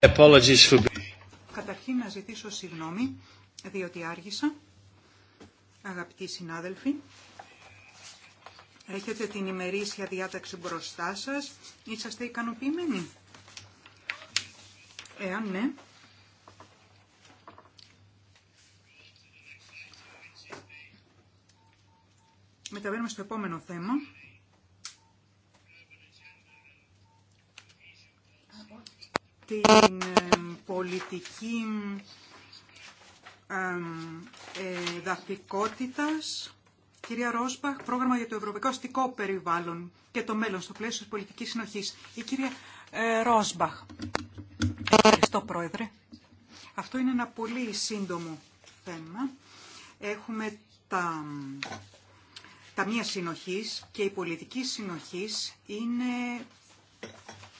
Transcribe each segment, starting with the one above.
For... Καταρχήν να ζητήσω συγγνώμη, διότι άργησα. Αγαπητοί συνάδελφοι, έχετε την ημερήσια διάταξη μπροστά σας. Είσαστε ικανοποιημένοι. Εάν ναι, μεταβαίνουμε στο επόμενο θέμα. την πολιτική ε, δαφικότητας. Κυρία Ρόσμπαχ, πρόγραμμα για το ευρωπαϊκό αστικό περιβάλλον και το μέλλον στο πλαίσιο της πολιτικής συνοχής. Η κυρία ε, Ρόσμπαχ. Ευχαριστώ, Πρόεδρε. Αυτό είναι ένα πολύ σύντομο θέμα. Έχουμε τα μία συνοχής και η πολιτική συνοχής είναι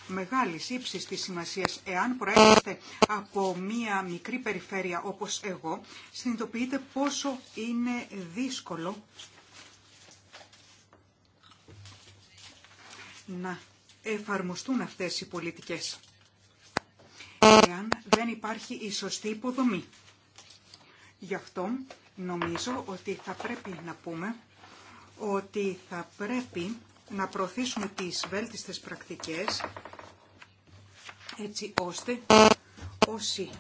μεγάλης ύψης της σημασίας. Εάν προέρχεται από μία μικρή περιφέρεια όπως εγώ, συνειδητοποιείτε πόσο είναι δύσκολο να εφαρμοστούν αυτές οι πολιτικές. Εάν δεν υπάρχει η σωστή υποδομή. Γι' αυτό νομίζω ότι θα πρέπει να πούμε ότι θα πρέπει να προωθήσουμε τις βέλτιστες πρακτικές έτσι ώστε όσοι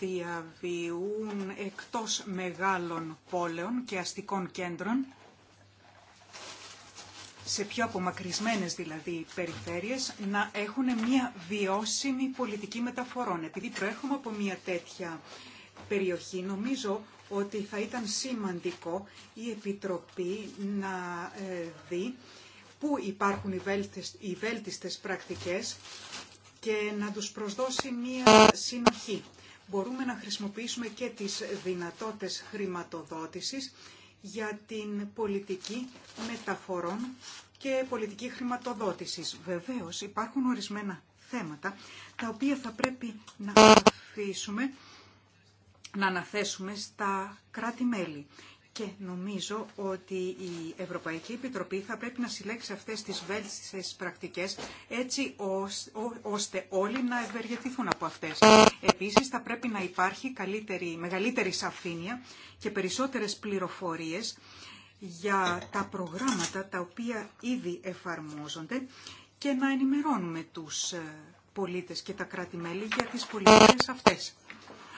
διαβιούν εκτός μεγάλων πόλεων και αστικών κέντρων, σε πιο απομακρυσμένες δηλαδή περιφέρειες, να έχουν μια βιώσιμη πολιτική μεταφορών. Επειδή προέρχομαι από μια τέτοια περιοχή, νομίζω ότι θα ήταν σημαντικό η Επιτροπή να ε, δει πού υπάρχουν οι βέλτιστες πρακτικές και να τους προσδώσει μία συνοχή. Μπορούμε να χρησιμοποιήσουμε και τις δυνατότητες χρηματοδότησης για την πολιτική μεταφορών και πολιτική χρηματοδότησης. Βεβαίως υπάρχουν ορισμένα θέματα τα οποία θα πρέπει να αφήσουμε να αναθέσουμε στα κράτη-μέλη. Και νομίζω ότι η Ευρωπαϊκή Επιτροπή θα πρέπει να συλλέξει αυτές τις βέλτιστες πρακτικές έτσι ώστε όλοι να ευεργετηθούν από αυτές. Επίσης θα πρέπει να υπάρχει καλύτερη, μεγαλύτερη σαφήνεια και περισσότερες πληροφορίες για τα προγράμματα τα οποία ήδη εφαρμόζονται και να ενημερώνουμε τους ε, πολίτες και τα κράτη-μέλη για τις πολιτικές αυτές.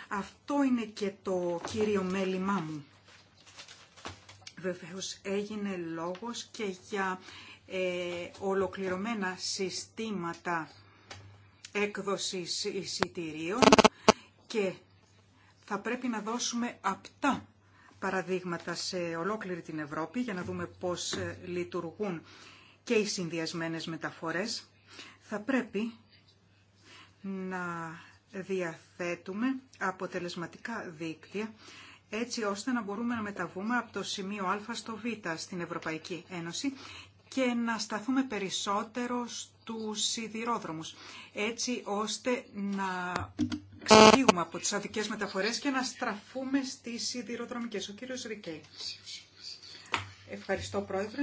Αυτό είναι και το κύριο μέλημά μου Βεβαίως έγινε λόγος και για ε, ολοκληρωμένα συστήματα έκδοσης εισιτηρίων και θα πρέπει να δώσουμε απτά παραδείγματα σε ολόκληρη την Ευρώπη για να δούμε πώς ε, λειτουργούν και οι συνδυασμένες μεταφορές. Θα πρέπει να διαθέτουμε αποτελεσματικά δίκτυα έτσι ώστε να μπορούμε να μεταβούμε από το σημείο Α στο Β στην Ευρωπαϊκή Ένωση και να σταθούμε περισσότερο στους σιδηρόδρομους, έτσι ώστε να ξεφύγουμε από τις αδικές μεταφορές και να στραφούμε στις σιδηροδρομικές. Ο κύριος Ρικέη. Ευχαριστώ, Πρόεδρε.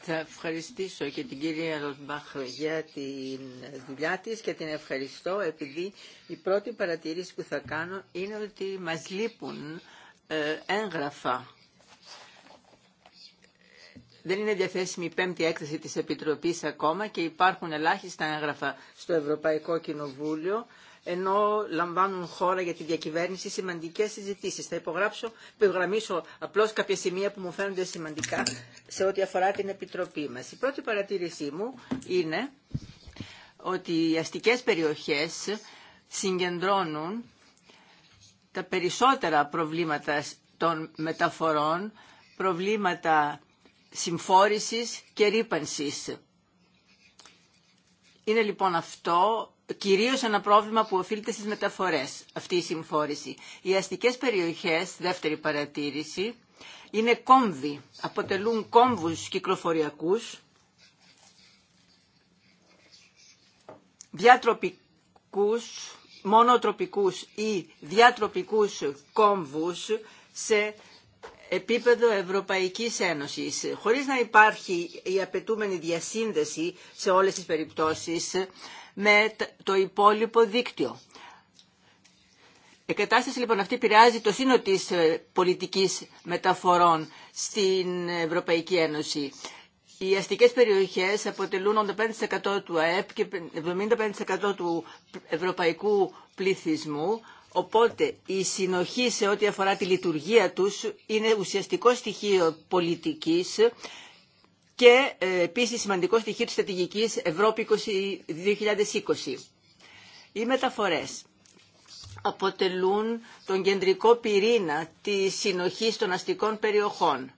Θα ευχαριστήσω και την κυρία Ροσμπάχ για τη δουλειά της και την ευχαριστώ επειδή η πρώτη παρατηρήση που θα κάνω είναι ότι μας λείπουν ε, έγγραφα. Δεν είναι διαθέσιμη η πέμπτη έκθεση της Επιτροπής ακόμα και υπάρχουν ελάχιστα έγγραφα στο Ευρωπαϊκό Κοινοβούλιο ενώ λαμβάνουν χώρα για τη διακυβέρνηση σημαντικές συζητήσεις. Θα υπογράψω, υπογραμμίσω απλώς κάποια σημεία που μου φαίνονται σημαντικά σε ό,τι αφορά την Επιτροπή μας. Η πρώτη παρατήρησή μου είναι ότι οι αστικές περιοχές συγκεντρώνουν τα περισσότερα προβλήματα των μεταφορών, προβλήματα συμφόρησης και ρήπανσης. Είναι λοιπόν αυτό κυρίως ένα πρόβλημα που οφείλεται στις μεταφορές, αυτή η συμφόρηση. Οι αστικές περιοχές, δεύτερη παρατήρηση, είναι κόμβοι, αποτελούν κόμβους κυκλοφοριακούς, διατροπικούς, μονοτροπικούς ή διατροπικούς κόμβους σε επίπεδο Ευρωπαϊκής Ένωσης, χωρίς να υπάρχει η απαιτούμενη διασύνδεση σε όλες τις περιπτώσεις με το υπόλοιπο δίκτυο. Η κατάσταση λοιπόν αυτή επηρεάζει το σύνο της ε, πολιτικής μεταφορών στην Ευρωπαϊκή Ένωση. Οι αστικές περιοχές αποτελούν 85% του ΑΕΠ και 75% του ευρωπαϊκού πληθυσμού, Οπότε η συνοχή σε ό,τι αφορά τη λειτουργία τους είναι ουσιαστικό στοιχείο πολιτικής και ε, επίσης σημαντικό στοιχείο της στρατηγικής Ευρώπη 2020. Οι μεταφορές αποτελούν τον κεντρικό πυρήνα της συνοχής των αστικών περιοχών.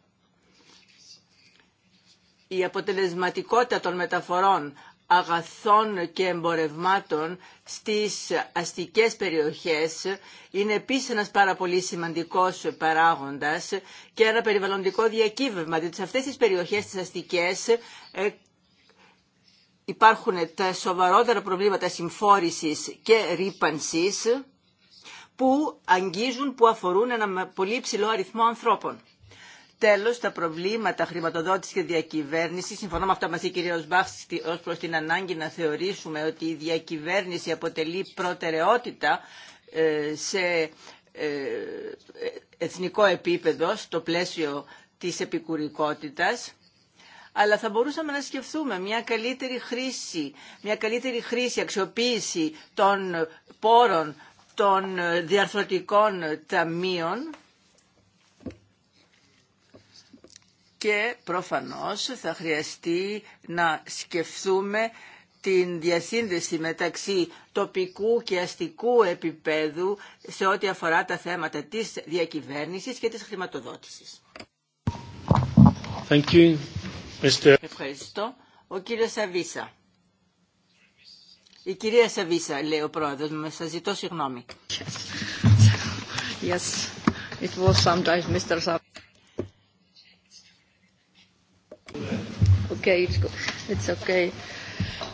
Η αποτελεσματικότητα των μεταφορών αγαθών και εμπορευμάτων στις αστικές περιοχές είναι επίσης ένας πάρα πολύ σημαντικός παράγοντας και ένα περιβαλλοντικό διακύβευμα, διότι σε αυτές τις περιοχές τις αστικές ε, υπάρχουν τα σοβαρότερα προβλήματα συμφόρησης και ρήπανσης που αγγίζουν, που αφορούν ένα πολύ υψηλό αριθμό ανθρώπων. Τέλο, τα προβλήματα χρηματοδότηση και διακυβέρνηση. Συμφωνώ με αυτά μαζί, η κυρία Μπαχ ω προ την ανάγκη να θεωρήσουμε ότι η διακυβέρνηση αποτελεί προτεραιότητα ε, σε ε, εθνικό επίπεδο στο πλαίσιο της επικουρικότητας αλλά θα μπορούσαμε να σκεφτούμε μια καλύτερη χρήση, μια καλύτερη χρήση, αξιοποίηση των πόρων των ε, διαρθρωτικών ταμείων και προφανώς θα χρειαστεί να σκεφτούμε την διασύνδεση μεταξύ τοπικού και αστικού επίπεδου σε ό,τι αφορά τα θέματα της διακυβέρνησης και της χρηματοδότησης. Thank you, Mr. Ευχαριστώ. Ο κύριος Σαβίσα. Η κυρία Σαβίσα, λέει ο πρόεδρος μου. Σας ζητώ συγγνώμη. Yes. Yes. It was sometimes Mr. Ε,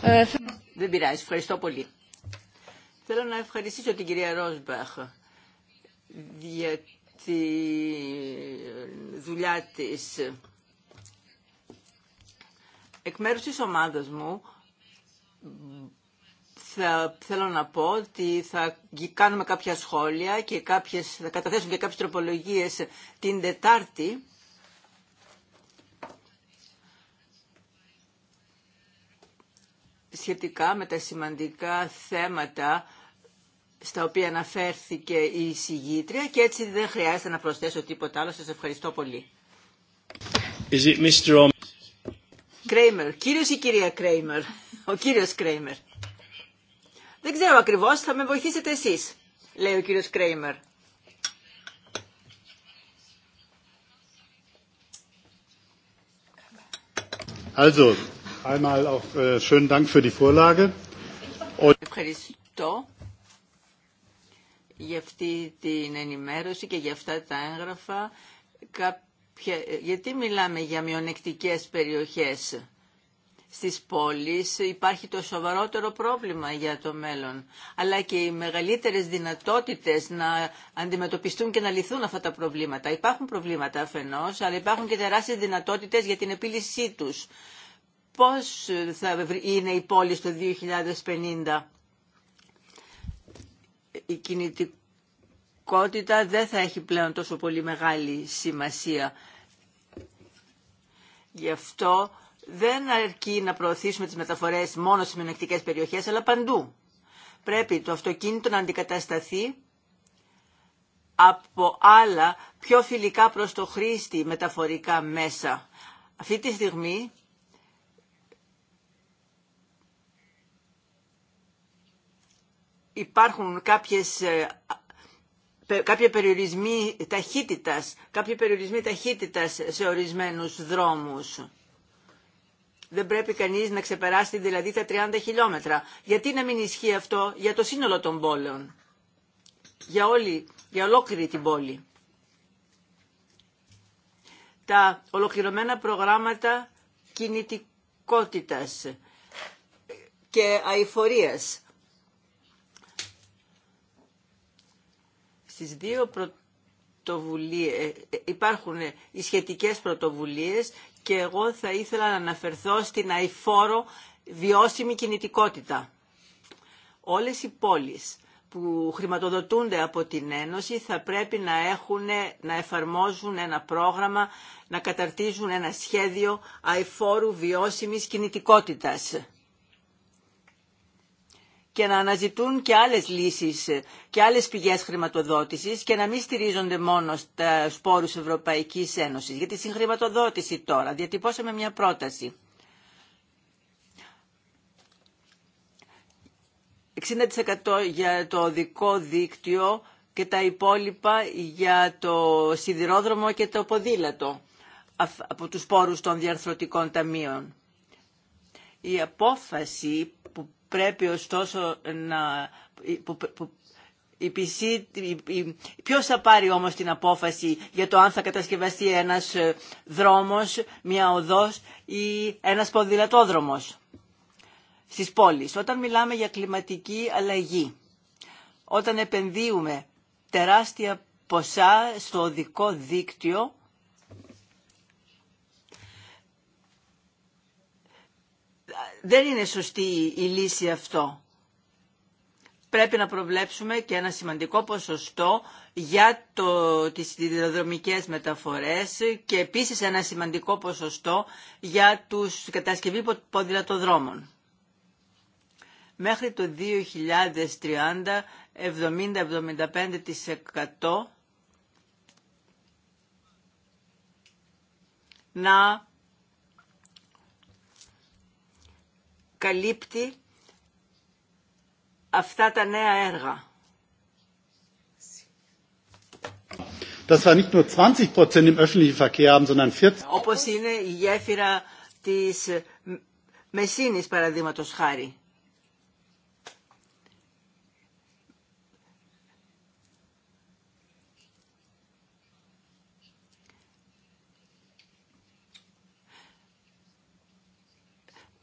ε, δεν πειράζει, ευχαριστώ πολύ. Θέλω να ευχαριστήσω την κυρία Ρόσμπαχ για τη δουλειά της. Εκ μέρους της ομάδας μου θα, θέλω να πω ότι θα κάνουμε κάποια σχόλια και κάποιες, θα καταθέσουμε και κάποιες τροπολογίες την Δετάρτη σχετικά με τα σημαντικά θέματα στα οποία αναφέρθηκε η συγγήτρια και έτσι δεν χρειάζεται να προσθέσω τίποτα άλλο. Σας ευχαριστώ πολύ. Is Κρέιμερ. Κύριος ή κυρία Κρέιμερ. Ο κύριος Κρέιμερ. Δεν ξέρω ακριβώς, θα με βοηθήσετε εσείς, λέει ο κύριος Κρέιμερ. Also, Einmal auch äh, schönen Dank für die Vorlage. Ευχαριστώ για αυτή την ενημέρωση και για αυτά τα έγγραφα. Ε, γιατί μιλάμε για μειονεκτικές περιοχές στις πόλεις υπάρχει το σοβαρότερο πρόβλημα για το μέλλον, αλλά και οι μεγαλύτερες δυνατότητες να αντιμετωπιστούν και να λυθούν αυτά τα προβλήματα. Υπάρχουν προβλήματα αφενός, αλλά υπάρχουν και τεράστιες δυνατότητες για την επίλυσή τους πώς θα είναι η πόλη στο 2050. Η κινητικότητα δεν θα έχει πλέον τόσο πολύ μεγάλη σημασία. Γι' αυτό δεν αρκεί να προωθήσουμε τις μεταφορές μόνο στις μειονεκτικές περιοχές, αλλά παντού. Πρέπει το αυτοκίνητο να αντικατασταθεί από άλλα πιο φιλικά προς το χρήστη μεταφορικά μέσα. Αυτή τη στιγμή υπάρχουν κάποιες ε, κάποια περιορισμοί ταχύτητας, κάποια περιορισμοί ταχύτητας σε ορισμένους δρόμους. Δεν πρέπει κανείς να ξεπεράσει δηλαδή τα 30 χιλιόμετρα. Γιατί να μην ισχύει αυτό για το σύνολο των πόλεων, για, όλη, για ολόκληρη την πόλη. Τα ολοκληρωμένα προγράμματα κινητικότητας και αηφορίας Στις δύο πρωτοβουλίες, ε, ε, υπάρχουν ε, οι σχετικές πρωτοβουλίες και εγώ θα ήθελα να αναφερθώ στην αηφόρο βιώσιμη κινητικότητα. Όλες οι πόλεις που χρηματοδοτούνται από την Ένωση θα πρέπει να, έχουν, να εφαρμόζουν ένα πρόγραμμα, να καταρτίζουν ένα σχέδιο αηφόρου βιώσιμης κινητικότητας και να αναζητούν και άλλες λύσεις και άλλες πηγές χρηματοδότησης και να μην στηρίζονται μόνο στα σπόρους Ευρωπαϊκής Ένωσης. γιατί τη συγχρηματοδότηση τώρα διατυπώσαμε μια πρόταση. 60% για το οδικό δίκτυο και τα υπόλοιπα για το σιδηρόδρομο και το ποδήλατο από τους πόρους των διαρθρωτικών ταμείων. Η απόφαση πρέπει ωστόσο να... Που, θα πάρει όμως την απόφαση για το αν θα κατασκευαστεί ένας ε, δρόμος, μια οδός ή ένας ποδηλατόδρομος στις πόλεις. Όταν μιλάμε για κλιματική αλλαγή, όταν επενδύουμε τεράστια ποσά στο οδικό δίκτυο, δεν είναι σωστή η λύση αυτό. Πρέπει να προβλέψουμε και ένα σημαντικό ποσοστό για το, τις διαδρομικές μεταφορές και επίσης ένα σημαντικό ποσοστό για τους κατασκευή ποδηλατοδρόμων. Μέχρι το 2030, 70-75% να καλύπτει αυτά τα νέα έργα. Όπω 20 Όπως είναι η γέφυρα της Μεσίνης, παραδείγματος χάρη.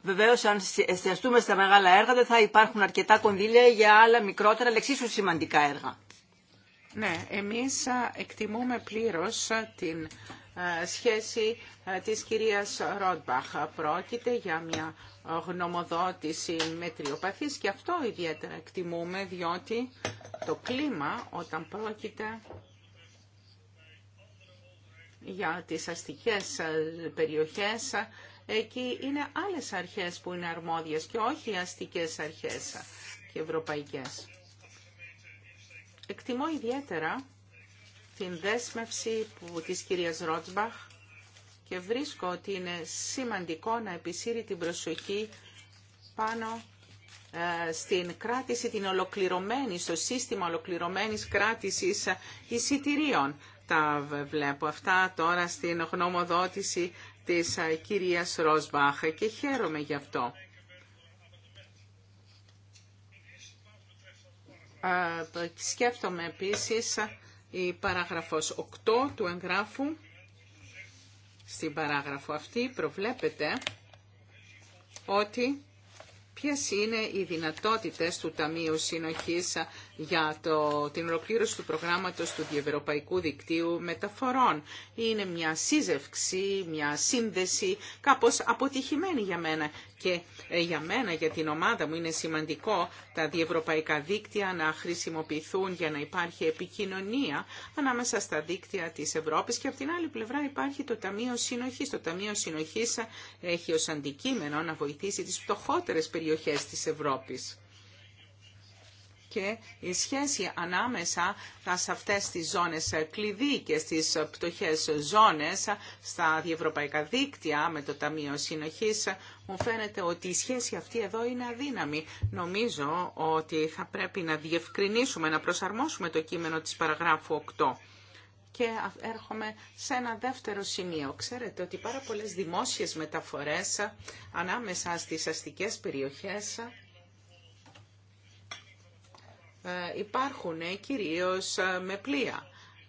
Βεβαίω, αν εστιαστούμε στα μεγάλα έργα δεν θα υπάρχουν αρκετά κονδύλια για άλλα μικρότερα αλλά εξίσου σημαντικά έργα. Ναι, εμείς εκτιμούμε πλήρως την σχέση της κυρίας Ρόντμπαχ. Πρόκειται για μια γνωμοδότηση μετριοπαθής και αυτό ιδιαίτερα εκτιμούμε διότι το κλίμα όταν πρόκειται για τις αστικές περιοχές εκεί είναι άλλες αρχές που είναι αρμόδιες και όχι αστικές αρχές και ευρωπαϊκές. Εκτιμώ ιδιαίτερα την δέσμευση που, της κυρίας Ρότσμπαχ και βρίσκω ότι είναι σημαντικό να επισύρει την προσοχή πάνω ε, στην κράτηση, την ολοκληρωμένη, στο σύστημα ολοκληρωμένης κράτησης εισιτηρίων. Τα βλέπω αυτά τώρα στην γνωμοδότηση της ε, κυρίας Ροσμπάχ και χαίρομαι γι' αυτό. Ε, σκέφτομαι επίσης ε, η παράγραφος 8 του εγγράφου. Στην παράγραφο αυτή προβλέπεται ότι ποιες είναι οι δυνατότητες του Ταμείου Συνοχής για το, την ολοκλήρωση του προγράμματος του Διευρωπαϊκού Δικτύου Μεταφορών. Είναι μια σύζευξη, μια σύνδεση κάπως αποτυχημένη για μένα και ε, για μένα, για την ομάδα μου είναι σημαντικό τα διευρωπαϊκά δίκτυα να χρησιμοποιηθούν για να υπάρχει επικοινωνία ανάμεσα στα δίκτυα της Ευρώπης και από την άλλη πλευρά υπάρχει το Ταμείο Συνοχής. Το Ταμείο Συνοχής έχει ως αντικείμενο να βοηθήσει τις φτωχότερες περιοχές της Ευρώπης και η σχέση ανάμεσα σε αυτές τις ζώνες ε, κλειδί και στις πτωχές ζώνες στα διευρωπαϊκά δίκτυα με το Ταμείο Συνοχής μου φαίνεται ότι η σχέση αυτή εδώ είναι αδύναμη. Νομίζω ότι θα πρέπει να διευκρινίσουμε, να προσαρμόσουμε το κείμενο της παραγράφου 8. Και έρχομαι σε ένα δεύτερο σημείο. Ξέρετε ότι πάρα πολλές δημόσιες μεταφορές ανάμεσα στις αστικές περιοχές ε, υπάρχουν ε, κυρίως ε, με πλοία.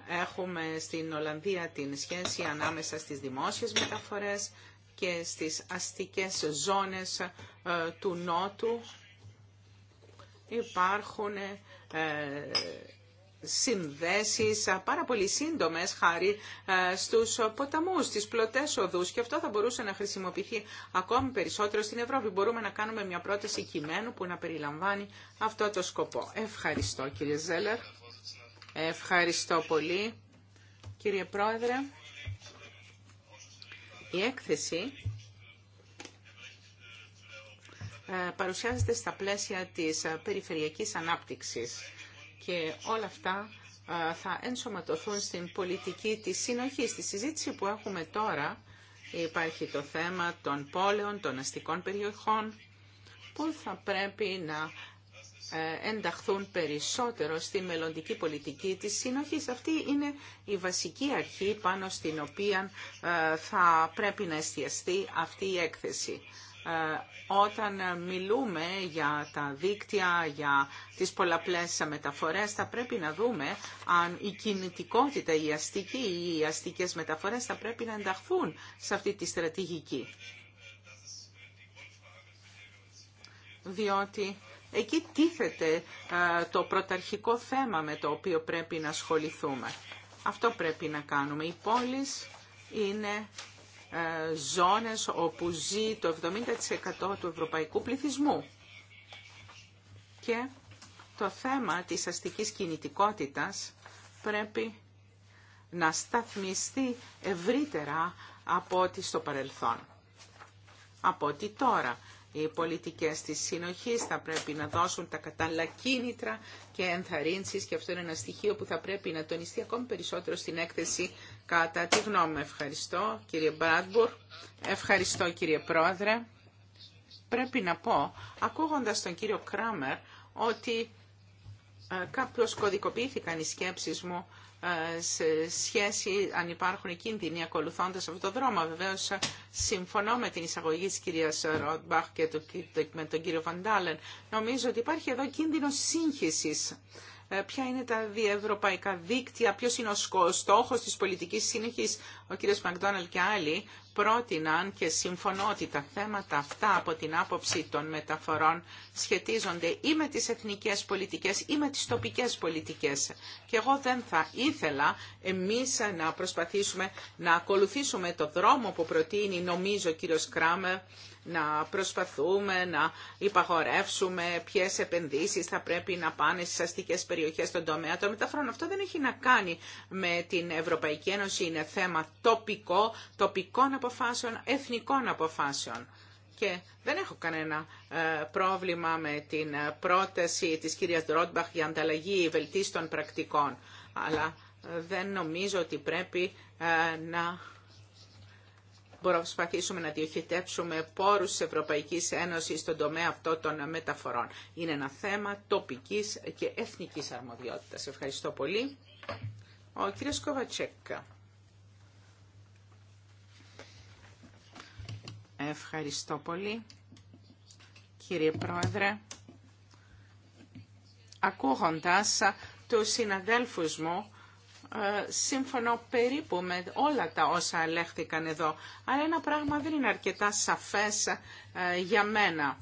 Έχουμε στην Ολλανδία την σχέση ανάμεσα στις δημόσιες μεταφορές και στις αστικές ζώνες του Νότου. Υπάρχουν συνδέσεις πάρα πολύ σύντομες χάρη στους ποταμούς, στις πλωτές οδούς και αυτό θα μπορούσε να χρησιμοποιηθεί ακόμη περισσότερο στην Ευρώπη. Μπορούμε να κάνουμε μια πρόταση κειμένου που να περιλαμβάνει αυτό το σκοπό. Ευχαριστώ κύριε Ζέλερ. Ευχαριστώ πολύ κύριε Πρόεδρε. Η έκθεση ε, παρουσιάζεται στα πλαίσια της ε, περιφερειακής ανάπτυξης και όλα αυτά θα ενσωματωθούν στην πολιτική της συνοχής. Στη συζήτηση που έχουμε τώρα υπάρχει το θέμα των πόλεων, των αστικών περιοχών που θα πρέπει να ε, ενταχθούν περισσότερο στη μελλοντική πολιτική της συνοχής. Αυτή είναι η βασική αρχή πάνω στην οποία ε, θα πρέπει να εστιαστεί αυτή η έκθεση. Ε, όταν μιλούμε για τα δίκτυα, για τις πολλαπλές μεταφορές, θα πρέπει να δούμε αν η κινητικότητα, η αστική οι αστικές μεταφορές θα πρέπει να ενταχθούν σε αυτή τη στρατηγική. Διότι εκεί τίθεται ε, το πρωταρχικό θέμα με το οποίο πρέπει να ασχοληθούμε. Αυτό πρέπει να κάνουμε. Οι πόλεις είναι ε, ζώνες όπου ζει το 70% του ευρωπαϊκού πληθυσμού. Και το θέμα της αστικής κινητικότητας πρέπει να σταθμιστεί ευρύτερα από ό,τι στο παρελθόν. Από ό,τι τώρα. Οι πολιτικές της συνοχής θα πρέπει να δώσουν τα κατάλληλα κίνητρα και ενθαρρύνσεις και αυτό είναι ένα στοιχείο που θα πρέπει να τονιστεί ακόμη περισσότερο στην έκθεση κατά τη γνώμη μου. Ευχαριστώ κύριε Μπράτμπουρ, ευχαριστώ κύριε Πρόεδρε. Πρέπει να πω, ακούγοντας τον κύριο Κράμερ, ότι ε, κάποιος κωδικοποιήθηκαν οι σκέψεις μου ε, σε σχέση αν υπάρχουν κίνδυνοι ακολουθώντας αυτό το δρόμο. Βεβαίως συμφωνώ με την εισαγωγή της κυρίας Ροτμπαχ και με τον κύριο Βαντάλεν. Νομίζω ότι υπάρχει εδώ κίνδυνος σύγχυσης ε, ποια είναι τα διευρωπαϊκά δίκτυα, ποιος είναι ο στόχος της πολιτικής συνεχής ο κύριος Μακδόναλ και άλλοι πρότειναν και συμφωνώ ότι τα θέματα αυτά από την άποψη των μεταφορών σχετίζονται ή με τις εθνικές πολιτικές ή με τις τοπικές πολιτικές. Και εγώ δεν θα ήθελα εμείς να προσπαθήσουμε να ακολουθήσουμε το δρόμο που προτείνει νομίζω ο κύριος Κράμερ να προσπαθούμε να υπαγορεύσουμε ποιε επενδύσεις θα πρέπει να πάνε στις αστικές περιοχές στον τομέα των μεταφορών. Αυτό δεν έχει να κάνει με την Ευρωπαϊκή Ένωση, είναι θέμα τοπικό, τοπικών αποφάσεων, εθνικών αποφάσεων. Και δεν έχω κανένα ε, πρόβλημα με την ε, πρόταση της κυρίας Ντρόντμπαχ για ανταλλαγή βελτίστων πρακτικών. Αλλά ε, δεν νομίζω ότι πρέπει να προσπαθήσουμε να διοχετεύσουμε πόρους της Ευρωπαϊκής Ένωσης στον τομέα αυτό των μεταφορών. Είναι ένα θέμα τοπικής και εθνικής αρμοδιότητας. Ευχαριστώ πολύ. Ο κύριος Κοβατσέκ. Ευχαριστώ πολύ. Κύριε Πρόεδρε, ακούγοντας τους συναδέλφους μου, ε, σύμφωνο περίπου με όλα τα όσα ελέγχθηκαν εδώ, αλλά ένα πράγμα δεν είναι αρκετά σαφές ε, για μένα.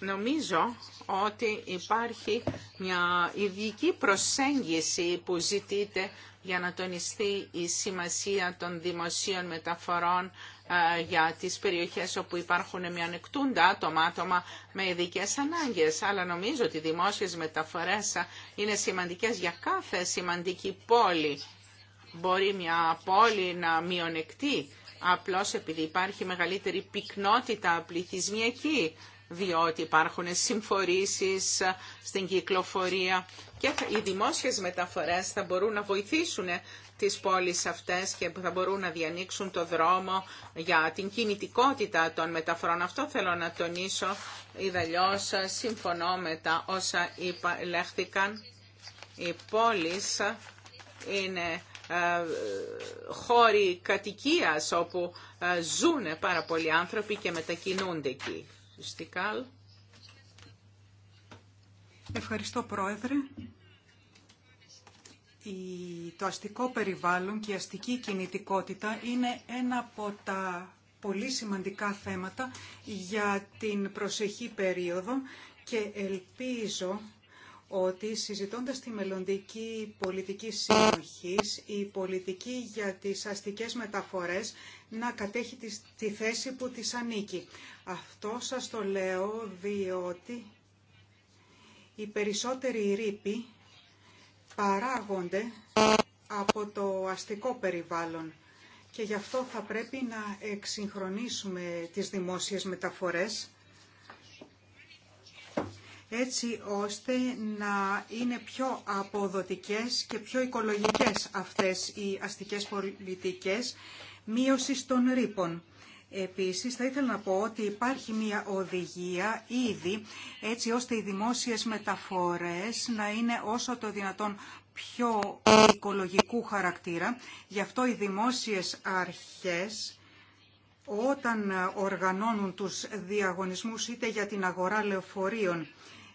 Νομίζω ότι υπάρχει μια ειδική προσέγγιση που ζητείται για να τονιστεί η σημασία των δημοσίων μεταφορών ε, για τις περιοχές όπου υπάρχουν μειονεκτούντα άτομα, άτομα με ειδικέ ανάγκες. Αλλά νομίζω ότι οι δημόσιες μεταφορές είναι σημαντικές για κάθε σημαντική πόλη. Μπορεί μια πόλη να μειονεκτεί απλώς επειδή υπάρχει μεγαλύτερη πυκνότητα πληθυσμιακή, διότι υπάρχουν συμφορήσεις ε, στην κυκλοφορία και οι δημόσιες μεταφορές θα μπορούν να βοηθήσουν τις πόλεις αυτές και που θα μπορούν να διανοίξουν το δρόμο για την κινητικότητα των μεταφορών. Αυτό θέλω να τονίσω, ιδαλλιώς συμφωνώ με τα όσα είπα, λέχθηκαν. Οι πόλεις είναι ε, χώροι κατοικίας όπου ε, ζουν πάρα πολλοί άνθρωποι και μετακινούνται εκεί. Ευχαριστώ Πρόεδρε. Το αστικό περιβάλλον και η αστική κινητικότητα είναι ένα από τα πολύ σημαντικά θέματα για την προσεχή περίοδο και ελπίζω ότι συζητώντας τη μελλοντική πολιτική συνοχής, η πολιτική για τις αστικές μεταφορές να κατέχει τη θέση που της ανήκει. Αυτό σας το λέω διότι οι περισσότεροι ρήποι παράγονται από το αστικό περιβάλλον και γι' αυτό θα πρέπει να εξυγχρονίσουμε τις δημόσιες μεταφορές έτσι ώστε να είναι πιο αποδοτικές και πιο οικολογικές αυτές οι αστικές πολιτικές μείωσης των ρήπων. Επίσης θα ήθελα να πω ότι υπάρχει μια οδηγία ήδη έτσι ώστε οι δημόσιες μεταφορές να είναι όσο το δυνατόν πιο οικολογικού χαρακτήρα. Γι' αυτό οι δημόσιες αρχές όταν οργανώνουν τους διαγωνισμούς είτε για την αγορά λεωφορείων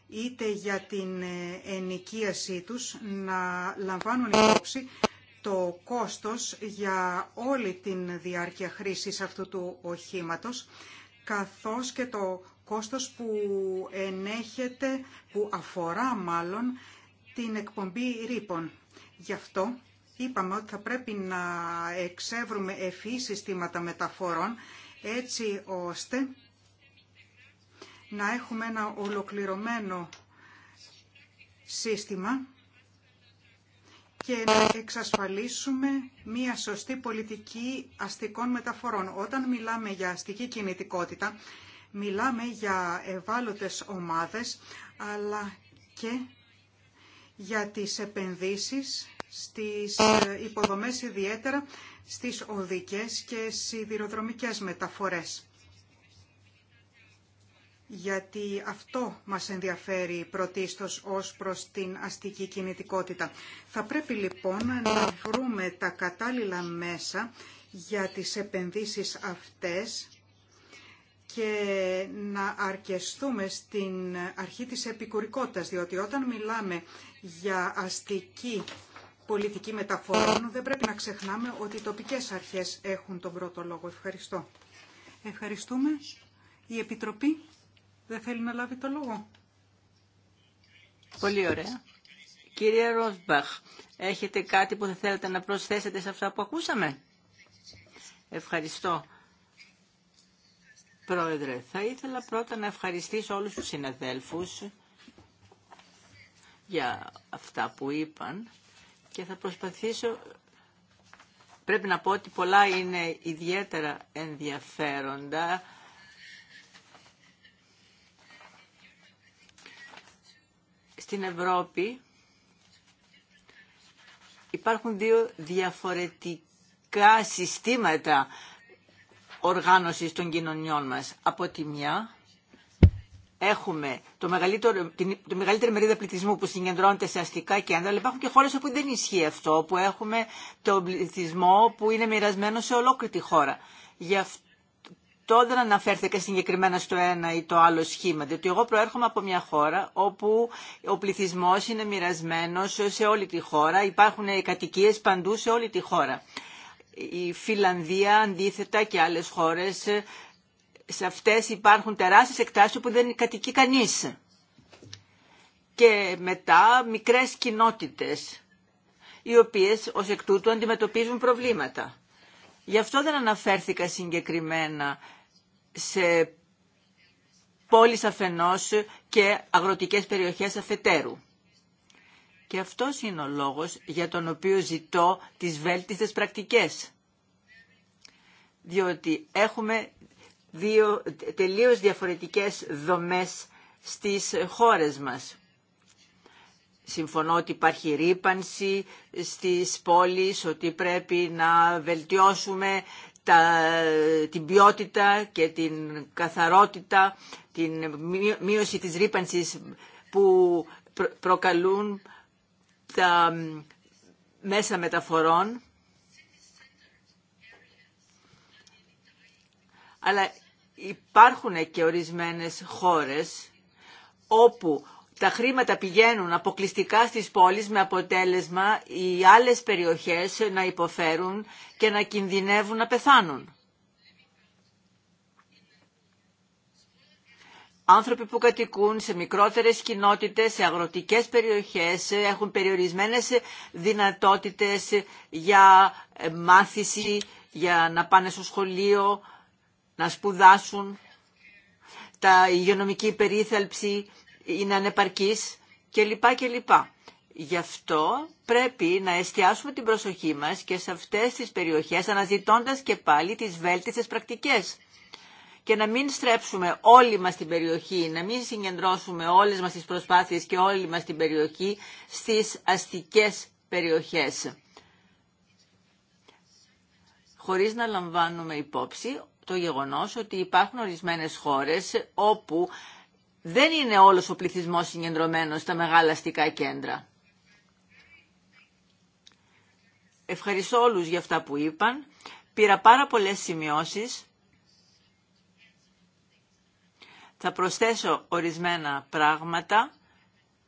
είτε για την ε, ενοικίασή τους να λαμβάνουν υπόψη το κόστος για όλη την διάρκεια χρήσης αυτού του οχήματος, καθώς και το κόστος που ενέχεται, που αφορά μάλλον, την εκπομπή ρήπων. Γι' αυτό είπαμε ότι θα πρέπει να εξεύρουμε ευφύ συστήματα μεταφορών, έτσι ώστε να έχουμε ένα ολοκληρωμένο σύστημα και να εξασφαλίσουμε μία σωστή πολιτική αστικών μεταφορών. Όταν μιλάμε για αστική κινητικότητα, μιλάμε για ευάλωτες ομάδες, αλλά και για τις επενδύσεις στις ε, υποδομές ιδιαίτερα στις οδικές και σιδηροδρομικές μεταφορές γιατί αυτό μας ενδιαφέρει πρωτίστως ως προς την αστική κινητικότητα. Θα πρέπει λοιπόν να βρούμε τα κατάλληλα μέσα για τις επενδύσεις αυτές και να αρκεστούμε στην αρχή της επικουρικότητας, διότι όταν μιλάμε για αστική πολιτική μεταφορά, δεν πρέπει να ξεχνάμε ότι οι τοπικές αρχές έχουν τον πρώτο λόγο. Ευχαριστώ. Ευχαριστούμε. Η Επιτροπή. Δεν θέλει να λάβει το λόγο. Πολύ ωραία. Κύριε Ροσμπαχ, έχετε κάτι που θα θέλετε να προσθέσετε σε αυτά που ακούσαμε. Ευχαριστώ. Πρόεδρε, θα ήθελα πρώτα να ευχαριστήσω όλους τους συναδέλφους για αυτά που είπαν και θα προσπαθήσω... Πρέπει να πω ότι πολλά είναι ιδιαίτερα ενδιαφέροντα στην Ευρώπη υπάρχουν δύο διαφορετικά συστήματα οργάνωσης των κοινωνιών μας. Από τη μια έχουμε το μεγαλύτερο, την, το μεγαλύτερη μερίδα πληθυσμού που συγκεντρώνεται σε αστικά κέντρα, αλλά υπάρχουν και χώρες όπου δεν ισχύει αυτό, που έχουμε τον πληθυσμό που είναι μοιρασμένο σε ολόκληρη τη χώρα. Γι' αυτό αυτό δεν αναφέρθηκα συγκεκριμένα στο ένα ή το άλλο σχήμα. Διότι εγώ προέρχομαι από μια χώρα όπου ο πληθυσμό είναι μοιρασμένο σε όλη τη χώρα. Υπάρχουν κατοικίε παντού σε όλη τη χώρα. Η Φιλανδία, αντίθετα και άλλες χώρες, σε αυτές υπάρχουν τεράστιες εκτάσεις οπου δεν κατοικεί κανείς. Και μετά μικρές κοινότητες, οι οποίες ως εκ τούτου αντιμετωπίζουν προβλήματα. Γι' αυτό δεν αναφέρθηκα συγκεκριμένα σε πόλεις αφενός και αγροτικές περιοχές αφετέρου. Και αυτός είναι ο λόγος για τον οποίο ζητώ τις βέλτιστες πρακτικές. Διότι έχουμε δύο τελείως διαφορετικές δομές στις χώρες μας. Συμφωνώ ότι υπάρχει ρήπανση στις πόλεις, ότι πρέπει να βελτιώσουμε τα, την ποιότητα και την καθαρότητα, την μείωση της ρήπανσης που προκαλούν τα μέσα μεταφορών. Αλλά υπάρχουν και ορισμένες χώρες όπου τα χρήματα πηγαίνουν αποκλειστικά στις πόλεις με αποτέλεσμα οι άλλες περιοχές να υποφέρουν και να κινδυνεύουν να πεθάνουν. Άνθρωποι που κατοικούν σε μικρότερες κοινότητες, σε αγροτικές περιοχές, έχουν περιορισμένες δυνατότητες για μάθηση, για να πάνε στο σχολείο, να σπουδάσουν. Τα υγειονομική περίθαλψη είναι ανεπαρκής κλπ. λοιπά. Γι' αυτό πρέπει να εστιάσουμε την προσοχή μας και σε αυτές τις περιοχές αναζητώντας και πάλι τις βέλτιστες πρακτικές και να μην στρέψουμε όλη μας την περιοχή, να μην συγκεντρώσουμε όλες μας τις προσπάθειες και όλη μας την περιοχή στις αστικές περιοχές. Χωρίς να λαμβάνουμε υπόψη το γεγονός ότι υπάρχουν ορισμένες χώρες όπου δεν είναι όλος ο πληθυσμός συγκεντρωμένος στα μεγάλα αστικά κέντρα. Ευχαριστώ όλους για αυτά που είπαν. Πήρα πάρα πολλές σημειώσεις. Θα προσθέσω ορισμένα πράγματα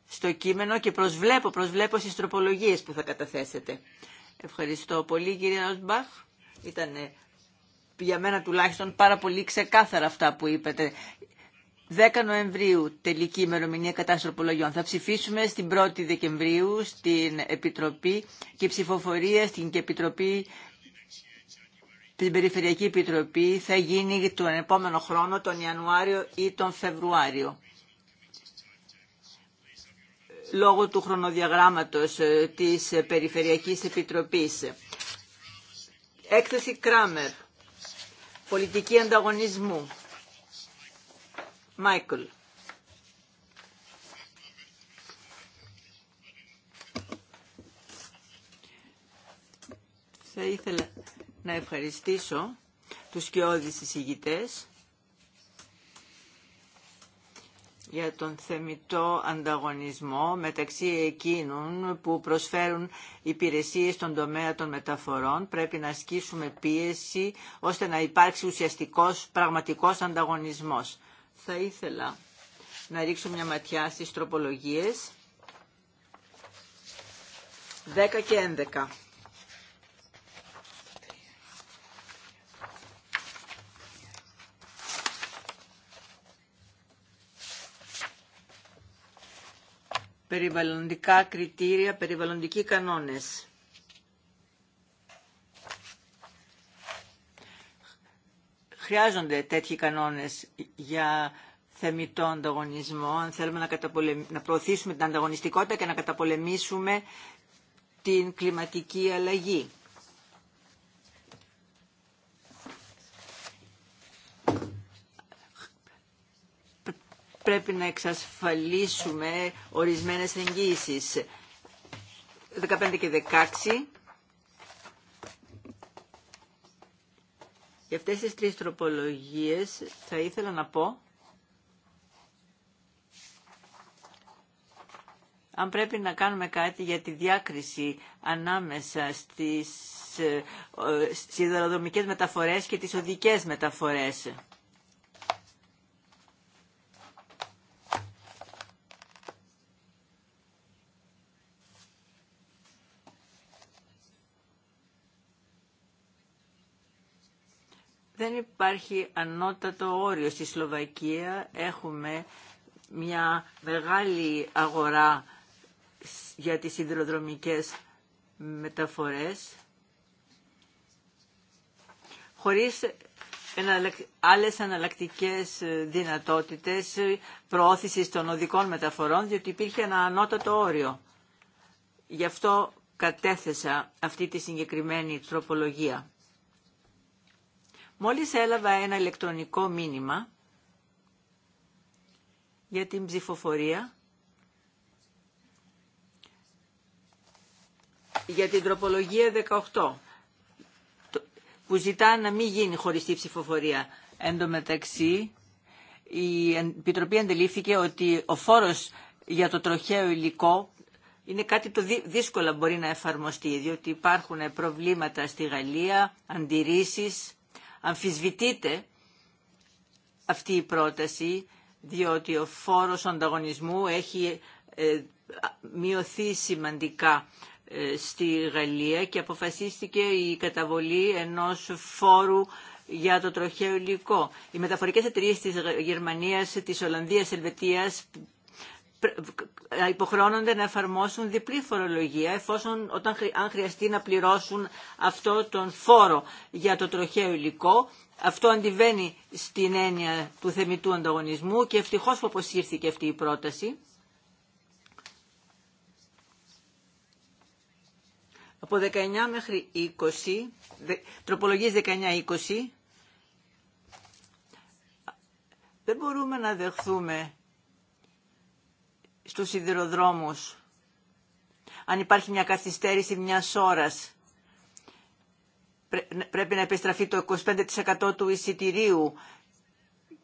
στο κείμενο και προσβλέπω, προσβλέπω στις τροπολογίες που θα καταθέσετε. Ευχαριστώ πολύ κύριε Ροσμπαχ. Ήταν για μένα τουλάχιστον πάρα πολύ ξεκάθαρα αυτά που είπατε. 10 Νοεμβρίου τελική ημερομηνία κατάσταση τροπολογιών. Θα ψηφίσουμε στην 1η Δεκεμβρίου στην Επιτροπή και ψηφοφορία στην Επιτροπή την Περιφερειακή Επιτροπή θα γίνει τον επόμενο χρόνο, τον Ιανουάριο ή τον Φεβρουάριο. Λόγω του χρονοδιαγράμματος ε, της Περιφερειακής Επιτροπής. Έκθεση Κράμερ. Πολιτική ανταγωνισμού. Μάικλ. Θα ήθελα να ευχαριστήσω τους σκιώδεις εισηγητές για τον θεμητό ανταγωνισμό μεταξύ εκείνων που προσφέρουν υπηρεσίες στον τομέα των μεταφορών. Πρέπει να ασκήσουμε πίεση ώστε να υπάρξει ουσιαστικός πραγματικός ανταγωνισμός θα ήθελα να ρίξω μια ματιά στις τροπολογίες 10 και 11. Περιβαλλοντικά κριτήρια, περιβαλλοντικοί κανόνες. χρειάζονται τέτοιοι κανόνες για θεμητό ανταγωνισμό, αν θέλουμε να, να προωθήσουμε την ανταγωνιστικότητα και να καταπολεμήσουμε την κλιματική αλλαγή. Πρέπει να εξασφαλίσουμε ορισμένες εγγύησεις. 15 και 16 Για αυτές τις τρεις τροπολογίες θα ήθελα να πω αν πρέπει να κάνουμε κάτι για τη διάκριση ανάμεσα στις ε, ε, σιδεροδρομικές μεταφορές και τις οδικές μεταφορές. δεν υπάρχει ανώτατο όριο. Στη Σλοβακία έχουμε μια μεγάλη αγορά για τις υδροδρομικές μεταφορές χωρίς άλλες αναλλακτικές δυνατότητες προώθησης των οδικών μεταφορών, διότι υπήρχε ένα ανώτατο όριο. Γι' αυτό κατέθεσα αυτή τη συγκεκριμένη τροπολογία. Μόλις έλαβα ένα ηλεκτρονικό μήνυμα για την ψηφοφορία, για την τροπολογία 18, που ζητά να μην γίνει χωριστή ψηφοφορία. Εν τω μεταξύ, η Επιτροπή αντιλήφθηκε ότι ο φόρος για το τροχαίο υλικό είναι κάτι το δύσκολο μπορεί να εφαρμοστεί, διότι υπάρχουν προβλήματα στη Γαλλία, αντιρρήσεις αμφισβητείται αυτή η πρόταση, διότι ο φόρος ανταγωνισμού έχει ε, μειωθεί σημαντικά ε, στη Γαλλία και αποφασίστηκε η καταβολή ενός φόρου για το τροχαίο υλικό. Οι μεταφορικές εταιρείες της Γερμανίας, της Ολλανδίας, Ελβετίας υποχρεώνονται να εφαρμόσουν διπλή φορολογία εφόσον όταν, αν χρειαστεί να πληρώσουν αυτό τον φόρο για το τροχαίο υλικό. Αυτό αντιβαίνει στην έννοια του θεμητού ανταγωνισμού και ευτυχώς που αποσύρθηκε αυτή η πρόταση. Από 19 μέχρι 20, τροπολογίες 19-20, δεν μπορούμε να δεχθούμε στους σιδηροδρόμους. Αν υπάρχει μια καθυστέρηση μια ώρας, πρέπει να επιστραφεί το 25% του εισιτηρίου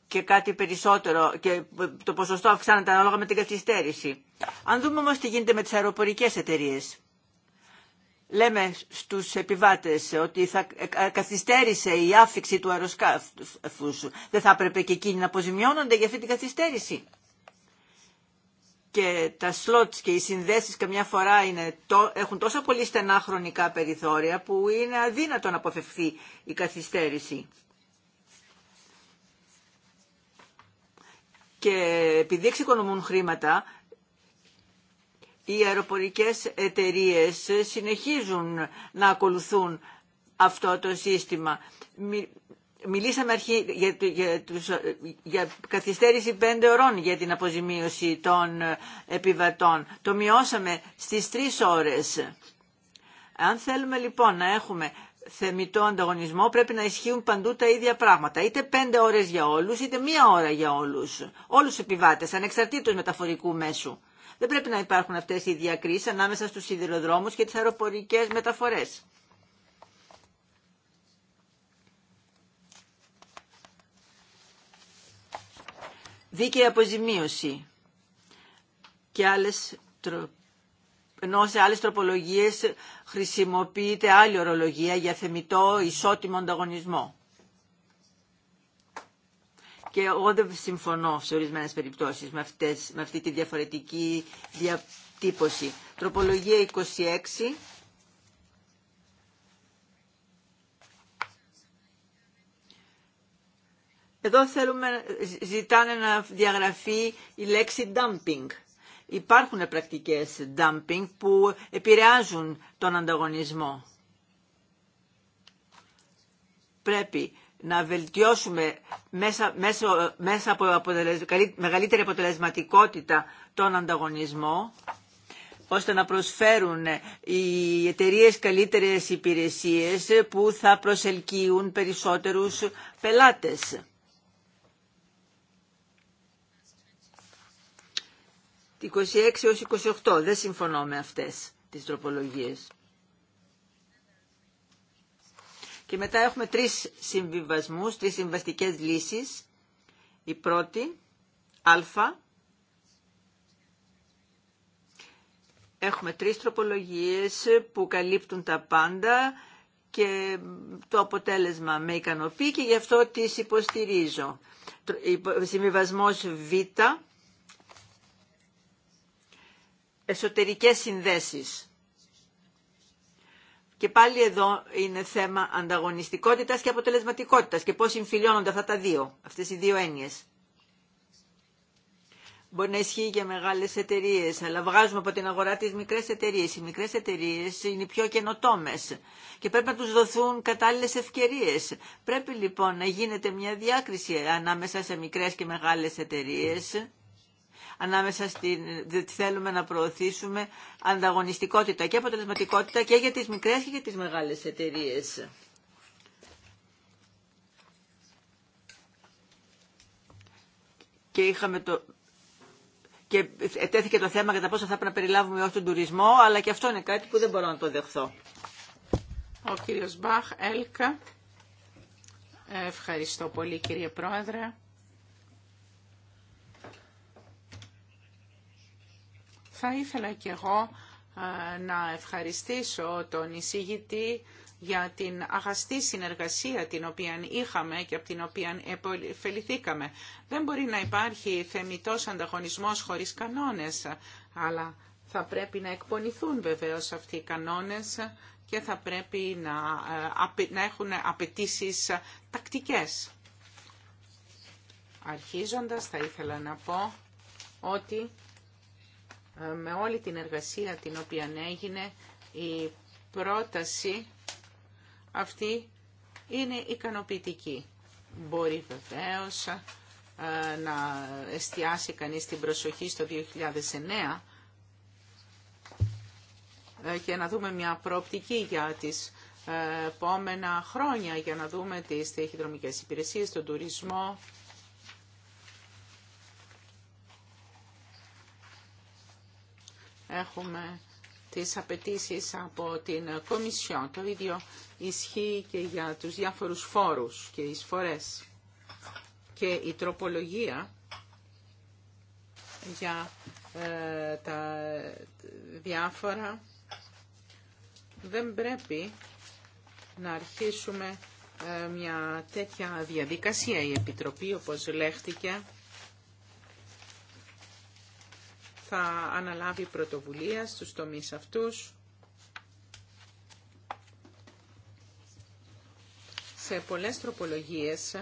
και κάτι περισσότερο και το ποσοστό αυξάνεται ανάλογα με την καθυστέρηση. Αν δούμε όμως τι γίνεται με τις αεροπορικές εταιρείες. Λέμε στους επιβάτες ότι θα καθυστέρησε η άφηξη του αεροσκάφους. Δεν θα έπρεπε και εκείνοι να αποζημιώνονται για αυτή την καθυστέρηση και τα σλότ και οι συνδέσεις καμιά φορά είναι, έχουν τόσο πολύ στενά χρονικά περιθώρια που είναι αδύνατο να αποφευθεί η καθυστέρηση. Και επειδή εξοικονομούν χρήματα, οι αεροπορικές εταιρείες συνεχίζουν να ακολουθούν αυτό το σύστημα. Μιλήσαμε αρχή για, για, τους, για καθυστέρηση πέντε ώρων για την αποζημίωση των ε, επιβατών. Το μειώσαμε στις τρεις ώρες. Αν θέλουμε λοιπόν να έχουμε θεμητό ανταγωνισμό πρέπει να ισχύουν παντού τα ίδια πράγματα. Είτε πέντε ώρες για όλους, είτε μία ώρα για όλους. Όλους τους επιβάτες, ανεξαρτήτως μεταφορικού μέσου. Δεν πρέπει να υπάρχουν αυτές οι διακρίσεις ανάμεσα στους σιδηροδρόμους και τις αεροπορικές μεταφορές. δίκαιη αποζημίωση και άλλες ενώ σε άλλες τροπολογίες χρησιμοποιείται άλλη ορολογία για θεμητό ισότιμο ανταγωνισμό. Και εγώ δεν συμφωνώ σε ορισμένες περιπτώσεις με, αυτές, με αυτή τη διαφορετική διατύπωση. Τροπολογία 26 Εδώ θέλουμε, ζητάνε να διαγραφεί η λέξη dumping. Υπάρχουν πρακτικές dumping που επηρεάζουν τον ανταγωνισμό. Πρέπει να βελτιώσουμε μέσα, μέσα, μέσα από μεγαλύτερη αποτελεσματικότητα τον ανταγωνισμό, ώστε να προσφέρουν οι εταιρείε καλύτερες υπηρεσίες που θα προσελκύουν περισσότερους πελάτες. 26 έως 28. Δεν συμφωνώ με αυτές τις τροπολογίες. Και μετά έχουμε τρεις συμβιβασμούς, τρεις συμβαστικές λύσεις. Η πρώτη, α. Έχουμε τρεις τροπολογίες που καλύπτουν τα πάντα και το αποτέλεσμα με ικανοποιεί και γι' αυτό τις υποστηρίζω. Συμβιβασμός β εσωτερικές συνδέσεις. Και πάλι εδώ είναι θέμα ανταγωνιστικότητας και αποτελεσματικότητας και πώς συμφιλιώνονται αυτά τα δύο, αυτές οι δύο έννοιες. Μπορεί να ισχύει για μεγάλες εταιρείες, αλλά βγάζουμε από την αγορά τις μικρές εταιρείες. Οι μικρές εταιρείες είναι οι πιο καινοτόμες και πρέπει να τους δοθούν κατάλληλες ευκαιρίες. Πρέπει λοιπόν να γίνεται μια διάκριση ανάμεσα σε μικρές και μεγάλες εταιρείες ανάμεσα στην, θέλουμε να προωθήσουμε ανταγωνιστικότητα και αποτελεσματικότητα και για τις μικρές και για τις μεγάλες εταιρείες. Και είχαμε το, και ετέθηκε το θέμα για τα πόσο θα πρέπει να περιλάβουμε όχι τον τουρισμό, αλλά και αυτό είναι κάτι που δεν μπορώ να το δεχθώ. Ο κύριος Μπαχ, Έλκα. Ευχαριστώ πολύ κύριε Πρόεδρε. Θα ήθελα και εγώ ε, να ευχαριστήσω τον εισηγητή για την αγαστή συνεργασία την οποία είχαμε και από την οποία επωφεληθήκαμε. Δεν μπορεί να υπάρχει θεμητός ανταγωνισμός χωρίς κανόνες, αλλά θα πρέπει να εκπονηθούν βεβαίως αυτοί οι κανόνες και θα πρέπει να, ε, να έχουν απαιτήσει τακτικές. Αρχίζοντας θα ήθελα να πω ότι με όλη την εργασία την οποία έγινε η πρόταση αυτή είναι ικανοποιητική. Μπορεί βεβαίως ε, να εστιάσει κανείς την προσοχή στο 2009 ε, και να δούμε μια προοπτική για τις ε, επόμενα χρόνια για να δούμε τις ταχυδρομικές υπηρεσίες, τον τουρισμό, έχουμε τις απαιτήσει από την Κομισιόν. Το ίδιο ισχύει και για τους διάφορους φόρους και εισφορές. Και η τροπολογία για ε, τα διάφορα δεν πρέπει να αρχίσουμε ε, μια τέτοια διαδικασία. Η Επιτροπή, όπως λέχτηκε, θα αναλάβει πρωτοβουλία στους τομείς αυτούς σε πολλές τροπολογίες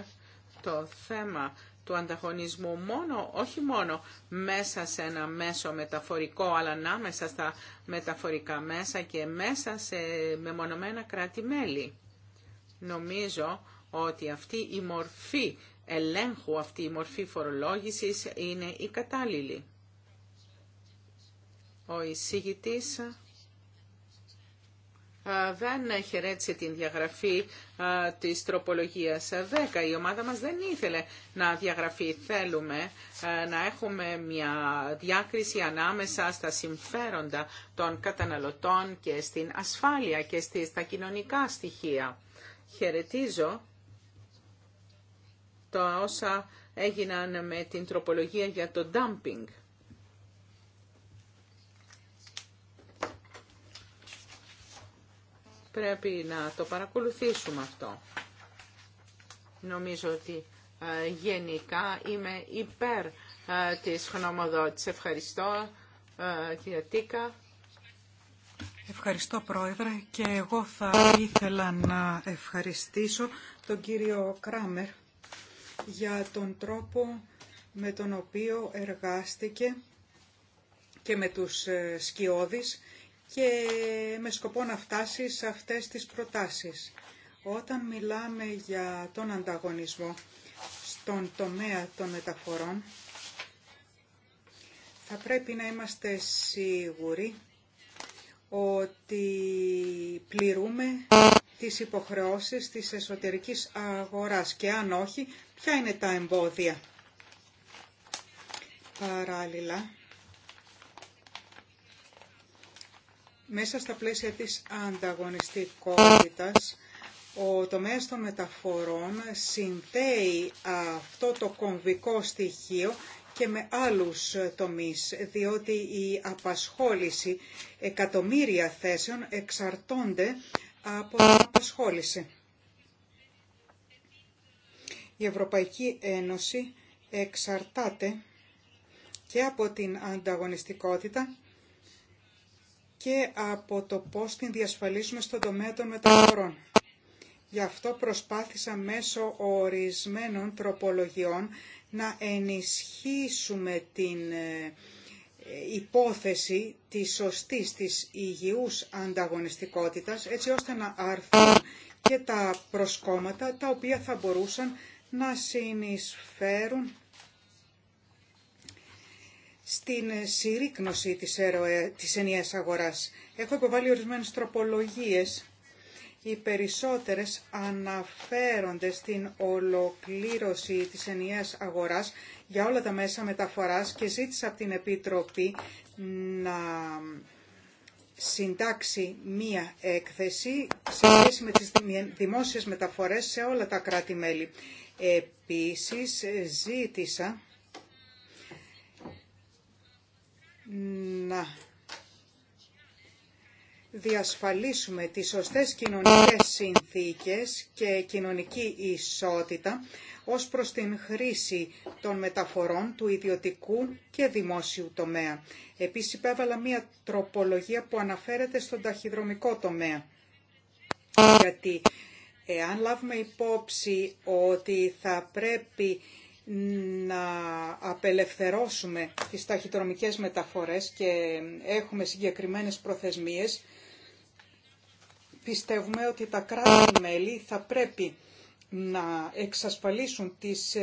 το θέμα του ανταγωνισμού μόνο, όχι μόνο μέσα σε ένα μέσο μεταφορικό, αλλά ανάμεσα στα μεταφορικά μέσα και μέσα σε μεμονωμένα κράτη-μέλη. Νομίζω ότι αυτή η μορφή ελέγχου, αυτή η μορφή φορολόγησης είναι η κατάλληλη. Ο εισηγητής δεν χαιρέτησε την διαγραφή της τροπολογίας 10. Η ομάδα μας δεν ήθελε να διαγραφεί. Θέλουμε να έχουμε μια διάκριση ανάμεσα στα συμφέροντα των καταναλωτών και στην ασφάλεια και στα κοινωνικά στοιχεία. Χαιρετίζω το όσα έγιναν με την τροπολογία για το dumping. πρέπει να το παρακολουθήσουμε αυτό. Νομίζω ότι ε, γενικά είμαι υπέρ ε, της γνωμοδότης. Ευχαριστώ ε, κυρία Τίκα. Ευχαριστώ Πρόεδρε και εγώ θα ήθελα να ευχαριστήσω τον κύριο Κράμερ για τον τρόπο με τον οποίο εργάστηκε και με τους σκιώδεις και με σκοπό να φτάσει σε αυτές τις προτάσεις. Όταν μιλάμε για τον ανταγωνισμό στον τομέα των μεταφορών, θα πρέπει να είμαστε σίγουροι ότι πληρούμε τις υποχρεώσεις της εσωτερικής αγοράς και αν όχι, ποια είναι τα εμπόδια. Παράλληλα, μέσα στα πλαίσια της ανταγωνιστικότητας, ο τομέας των μεταφορών συνδέει αυτό το κομβικό στοιχείο και με άλλους τομείς, διότι η απασχόληση εκατομμύρια θέσεων εξαρτώνται από την απασχόληση. Η Ευρωπαϊκή Ένωση εξαρτάται και από την ανταγωνιστικότητα και από το πώς την διασφαλίζουμε στον τομέα των μεταφορών. Γι' αυτό προσπάθησα μέσω ορισμένων τροπολογιών να ενισχύσουμε την ε, υπόθεση της σωστής, της υγιούς ανταγωνιστικότητας, έτσι ώστε να άρθουν και τα προσκόμματα τα οποία θα μπορούσαν να συνεισφέρουν στην συρρήκνωση της, έρω της ενιαίας αγοράς. Έχω υποβάλει ορισμένες τροπολογίες. Οι περισσότερες αναφέρονται στην ολοκλήρωση της ενιαίας αγοράς για όλα τα μέσα μεταφοράς και ζήτησα από την Επίτροπη να συντάξει μία έκθεση σε σχέση με τις δημόσιες μεταφορές σε όλα τα κράτη-μέλη. Επίσης ζήτησα να διασφαλίσουμε τις σωστές κοινωνικές συνθήκες και κοινωνική ισότητα ως προς την χρήση των μεταφορών του ιδιωτικού και δημόσιου τομέα. Επίσης υπέβαλα μία τροπολογία που αναφέρεται στον ταχυδρομικό τομέα. Γιατί εάν λάβουμε υπόψη ότι θα πρέπει να απελευθερώσουμε τις ταχυδρομικές μεταφορές και έχουμε συγκεκριμένες προθεσμίες, πιστεύουμε ότι τα κράτη-μέλη θα πρέπει να εξασφαλίσουν τις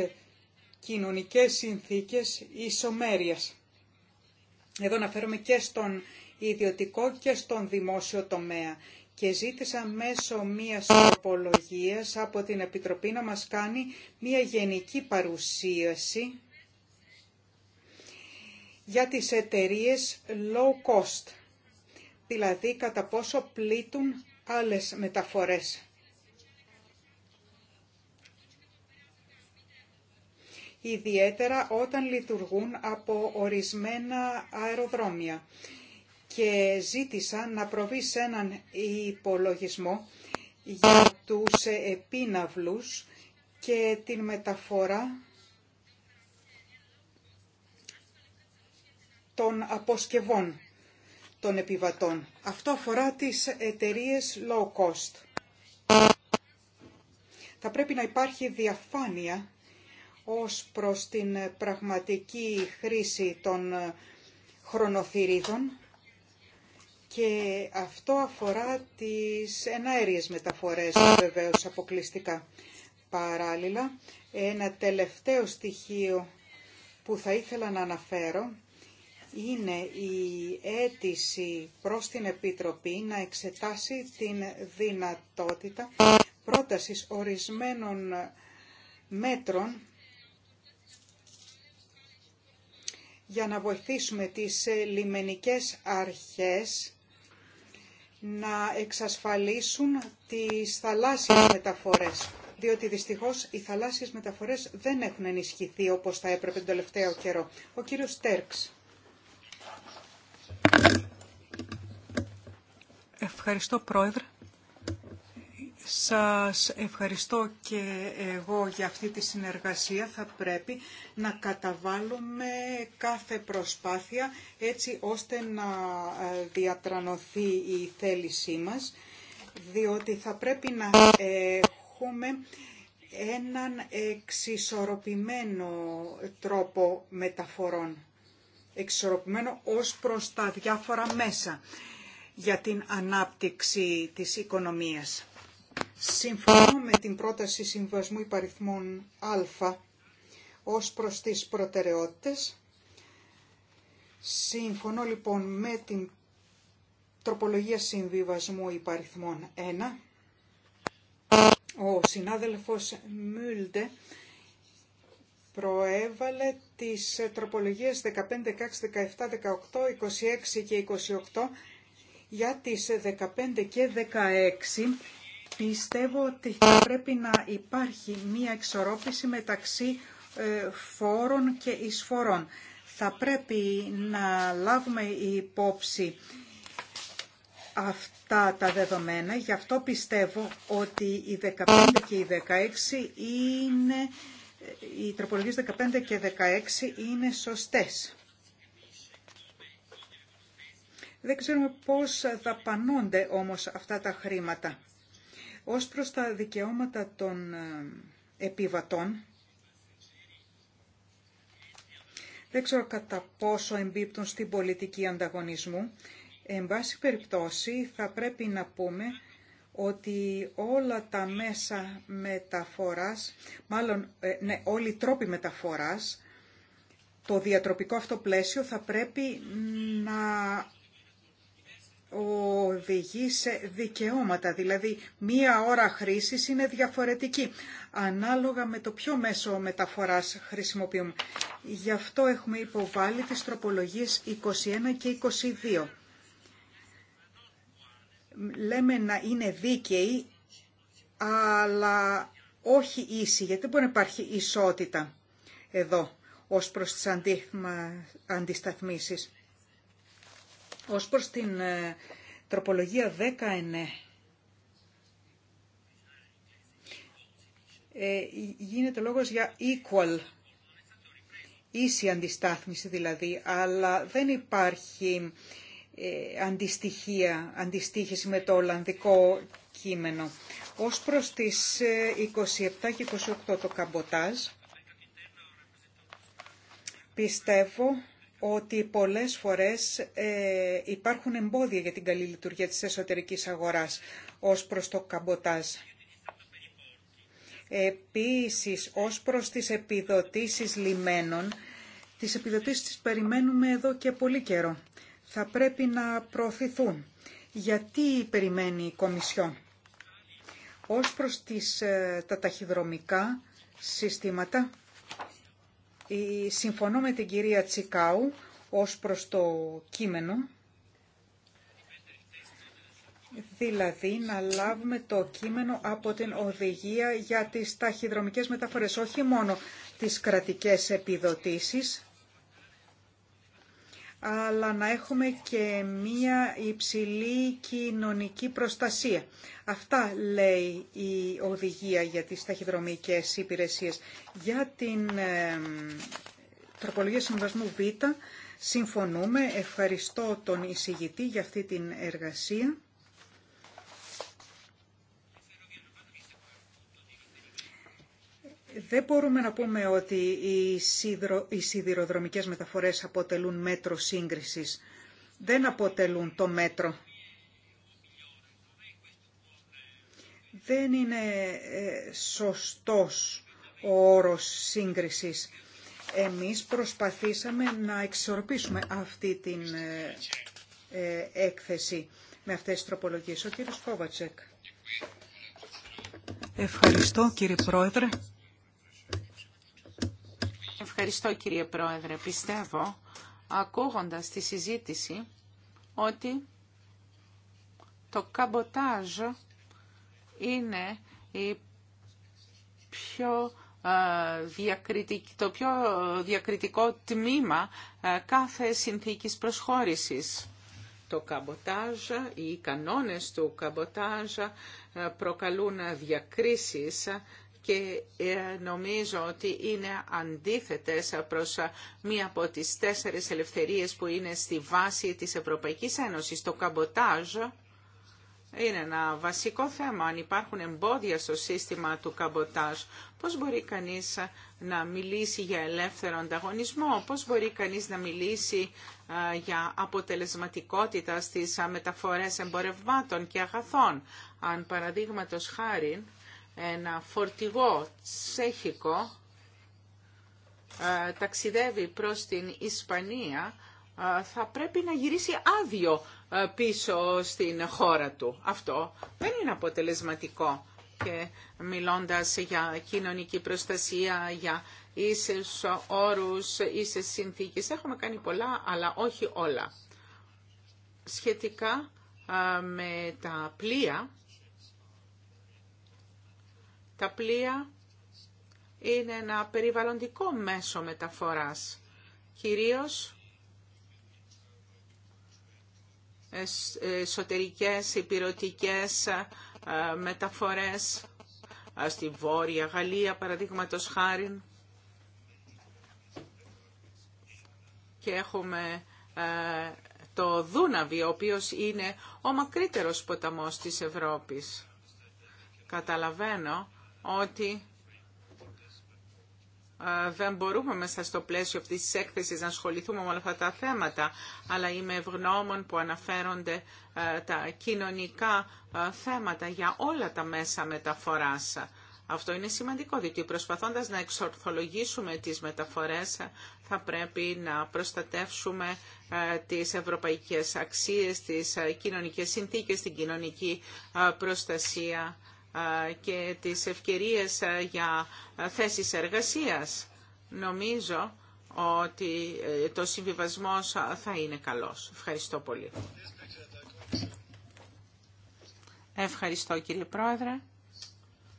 κοινωνικές συνθήκες ισομέρειας. Εδώ αναφέρομαι και στον ιδιωτικό και στον δημόσιο τομέα και ζήτησα μέσω μιας τροπολογίας από την Επιτροπή να μας κάνει μια γενική παρουσίαση για τις εταιρίες low cost, δηλαδή κατά πόσο πλήττουν άλλες μεταφορές. ιδιαίτερα όταν λειτουργούν από ορισμένα αεροδρόμια και ζήτησα να προβεί σε έναν υπολογισμό για τους επίναυλους και την μεταφορά των αποσκευών των επιβατών. Αυτό αφορά τις εταιρείες low cost. Θα πρέπει να υπάρχει διαφάνεια ως προς την πραγματική χρήση των χρονοθυρίδων και αυτό αφορά τις εναέριες μεταφορές βεβαίως αποκλειστικά. Παράλληλα, ένα τελευταίο στοιχείο που θα ήθελα να αναφέρω είναι η αίτηση προς την Επιτροπή να εξετάσει την δυνατότητα πρότασης ορισμένων μέτρων για να βοηθήσουμε τις λιμενικές αρχές να εξασφαλίσουν τις θαλάσσιες μεταφορές. Διότι δυστυχώς οι θαλάσσιες μεταφορές δεν έχουν ενισχυθεί όπως θα έπρεπε τον τελευταίο καιρό. Ο κύριος Τέρξ. Ευχαριστώ πρόεδρε. Σας ευχαριστώ και εγώ για αυτή τη συνεργασία. Θα πρέπει να καταβάλουμε κάθε προσπάθεια έτσι ώστε να ε, διατρανωθεί η θέλησή μας, διότι θα πρέπει να έχουμε έναν εξισορροπημένο τρόπο μεταφορών, εξισορροπημένο ως προς τα διάφορα μέσα για την ανάπτυξη της οικονομίας. Συμφωνώ με την πρόταση συμβασμού υπαριθμών Α ως προς τις προτεραιότητες. Συμφωνώ λοιπόν με την τροπολογία συμβιβασμού υπαριθμών 1. Ο συνάδελφος Μούλντε προέβαλε τις τροπολογίες 15, 16, 17, 18, 26 και 28 για τις 15 και 16 Πιστεύω ότι θα πρέπει να υπάρχει μία εξορρόπηση μεταξύ ε, φόρων και εισφορών. Θα πρέπει να λάβουμε υπόψη αυτά τα δεδομένα. Γι' αυτό πιστεύω ότι οι 15 και οι 16 είναι, οι τροπολογίες 15 και 16 είναι σωστές. Δεν ξέρουμε πώς δαπανώνται όμως αυτά τα χρήματα. Ως προς τα δικαιώματα των ε, επιβατών, δεν ξέρω κατά πόσο εμπίπτουν στην πολιτική ανταγωνισμού. Εν πάση περιπτώσει, θα πρέπει να πούμε ότι όλα τα μέσα μεταφοράς, μάλλον ε, ναι, όλοι οι τρόποι μεταφοράς, το διατροπικό αυτό πλαίσιο θα πρέπει να οδηγεί σε δικαιώματα, δηλαδή μία ώρα χρήσης είναι διαφορετική, ανάλογα με το ποιο μέσο μεταφοράς χρησιμοποιούμε. Γι' αυτό έχουμε υποβάλει τις τροπολογίες 21 και 22. Λέμε να είναι δίκαιοι, αλλά όχι ίση, γιατί δεν μπορεί να υπάρχει ισότητα εδώ ως προς τις αντισταθμίσεις. Ως προς την ε, τροπολογία 19, ε, γίνεται λόγος για equal, ίση αντιστάθμιση δηλαδή, αλλά δεν υπάρχει ε, αντιστοιχεία, αντιστοίχηση με το Ολλανδικό κείμενο. Ως προς τις 27 ε, και 28 το καμποτάζ, πιστεύω ότι πολλές φορές ε, υπάρχουν εμπόδια για την καλή λειτουργία της εσωτερικής αγοράς ως προς το καμποτάζ. Επίσης, ως προς τις επιδοτήσεις λιμένων, τις επιδοτήσεις τις περιμένουμε εδώ και πολύ καιρό. Θα πρέπει να προωθηθούν. Γιατί περιμένει η Κομισιόν. Ως προς τις, ε, τα ταχυδρομικά συστήματα, ε, συμφωνώ με την κυρία Τσικάου ως προς το κείμενο, δηλαδή να λάβουμε το κείμενο από την οδηγία για τις ταχυδρομικές μεταφορές, όχι μόνο τις κρατικές επιδοτήσεις, αλλά να έχουμε και μία υψηλή κοινωνική προστασία. Αυτά λέει η οδηγία για τις ταχυδρομικές υπηρεσίες. Για την τροπολογία συμβασμού Β συμφωνούμε. Ευχαριστώ τον εισηγητή για αυτή την εργασία. Δεν μπορούμε να πούμε ότι οι, σιδρο, οι σιδηροδρομικές μεταφορές αποτελούν μέτρο σύγκρισης. Δεν αποτελούν το μέτρο. Δεν είναι ε, σωστός ο όρος σύγκρισης. Εμείς προσπαθήσαμε να εξορπίσουμε αυτή την ε, ε, έκθεση με αυτές τις τροπολογίες. Ο Ευχαριστώ κύριε Πρόεδρε. Ευχαριστώ κύριε Πρόεδρε. Πιστεύω, ακούγοντας τη συζήτηση, ότι το καμποτάζ είναι η πιο ε, το πιο διακριτικό τμήμα ε, κάθε συνθήκης προσχώρησης. Το καμποτάζ, οι κανόνες του καμποτάζ ε, προκαλούν διακρίσεις και ε, νομίζω ότι είναι αντίθετες προς μία από τις τέσσερις ελευθερίες που είναι στη βάση της Ευρωπαϊκής Ένωσης. Το καμποτάζ είναι ένα βασικό θέμα. Αν υπάρχουν εμπόδια στο σύστημα του καμποτάζ, πώς μπορεί κανείς να μιλήσει για ελεύθερο ανταγωνισμό, πώς μπορεί κανείς να μιλήσει για αποτελεσματικότητα στις μεταφορές εμπορευμάτων και αγαθών. Αν παραδείγματος χάρη ένα φορτηγό τσέχικο ε, ταξιδεύει προς την Ισπανία, ε, θα πρέπει να γυρίσει άδειο ε, πίσω στην χώρα του. Αυτό δεν είναι αποτελεσματικό. Και μιλώντας για κοινωνική προστασία, για ίσες όρους, ίσες συνθήκες, έχουμε κάνει πολλά, αλλά όχι όλα. Σχετικά με τα πλοία, τα πλοία είναι ένα περιβαλλοντικό μέσο μεταφοράς, κυρίως εσωτερικές υπηρετικές ε, μεταφορές ε, στη Βόρεια Γαλλία, παραδείγματος χάρη. Και έχουμε ε, το Δούναβι, ο οποίος είναι ο μακρύτερος ποταμός της Ευρώπης. Καταλαβαίνω ότι δεν μπορούμε μέσα στο πλαίσιο αυτής της έκθεσης να ασχοληθούμε με όλα αυτά τα θέματα, αλλά είμαι ευγνώμων που αναφέρονται τα κοινωνικά θέματα για όλα τα μέσα μεταφοράς. Αυτό είναι σημαντικό, διότι προσπαθώντας να εξορθολογήσουμε τις μεταφορές θα πρέπει να προστατεύσουμε τις ευρωπαϊκές αξίες, τις κοινωνικές συνθήκες, την κοινωνική προστασία και τις ευκαιρίες για θέσεις εργασίας. Νομίζω ότι ε, το συμβιβασμός θα είναι καλός. Ευχαριστώ πολύ. Ευχαριστώ κύριε Πρόεδρε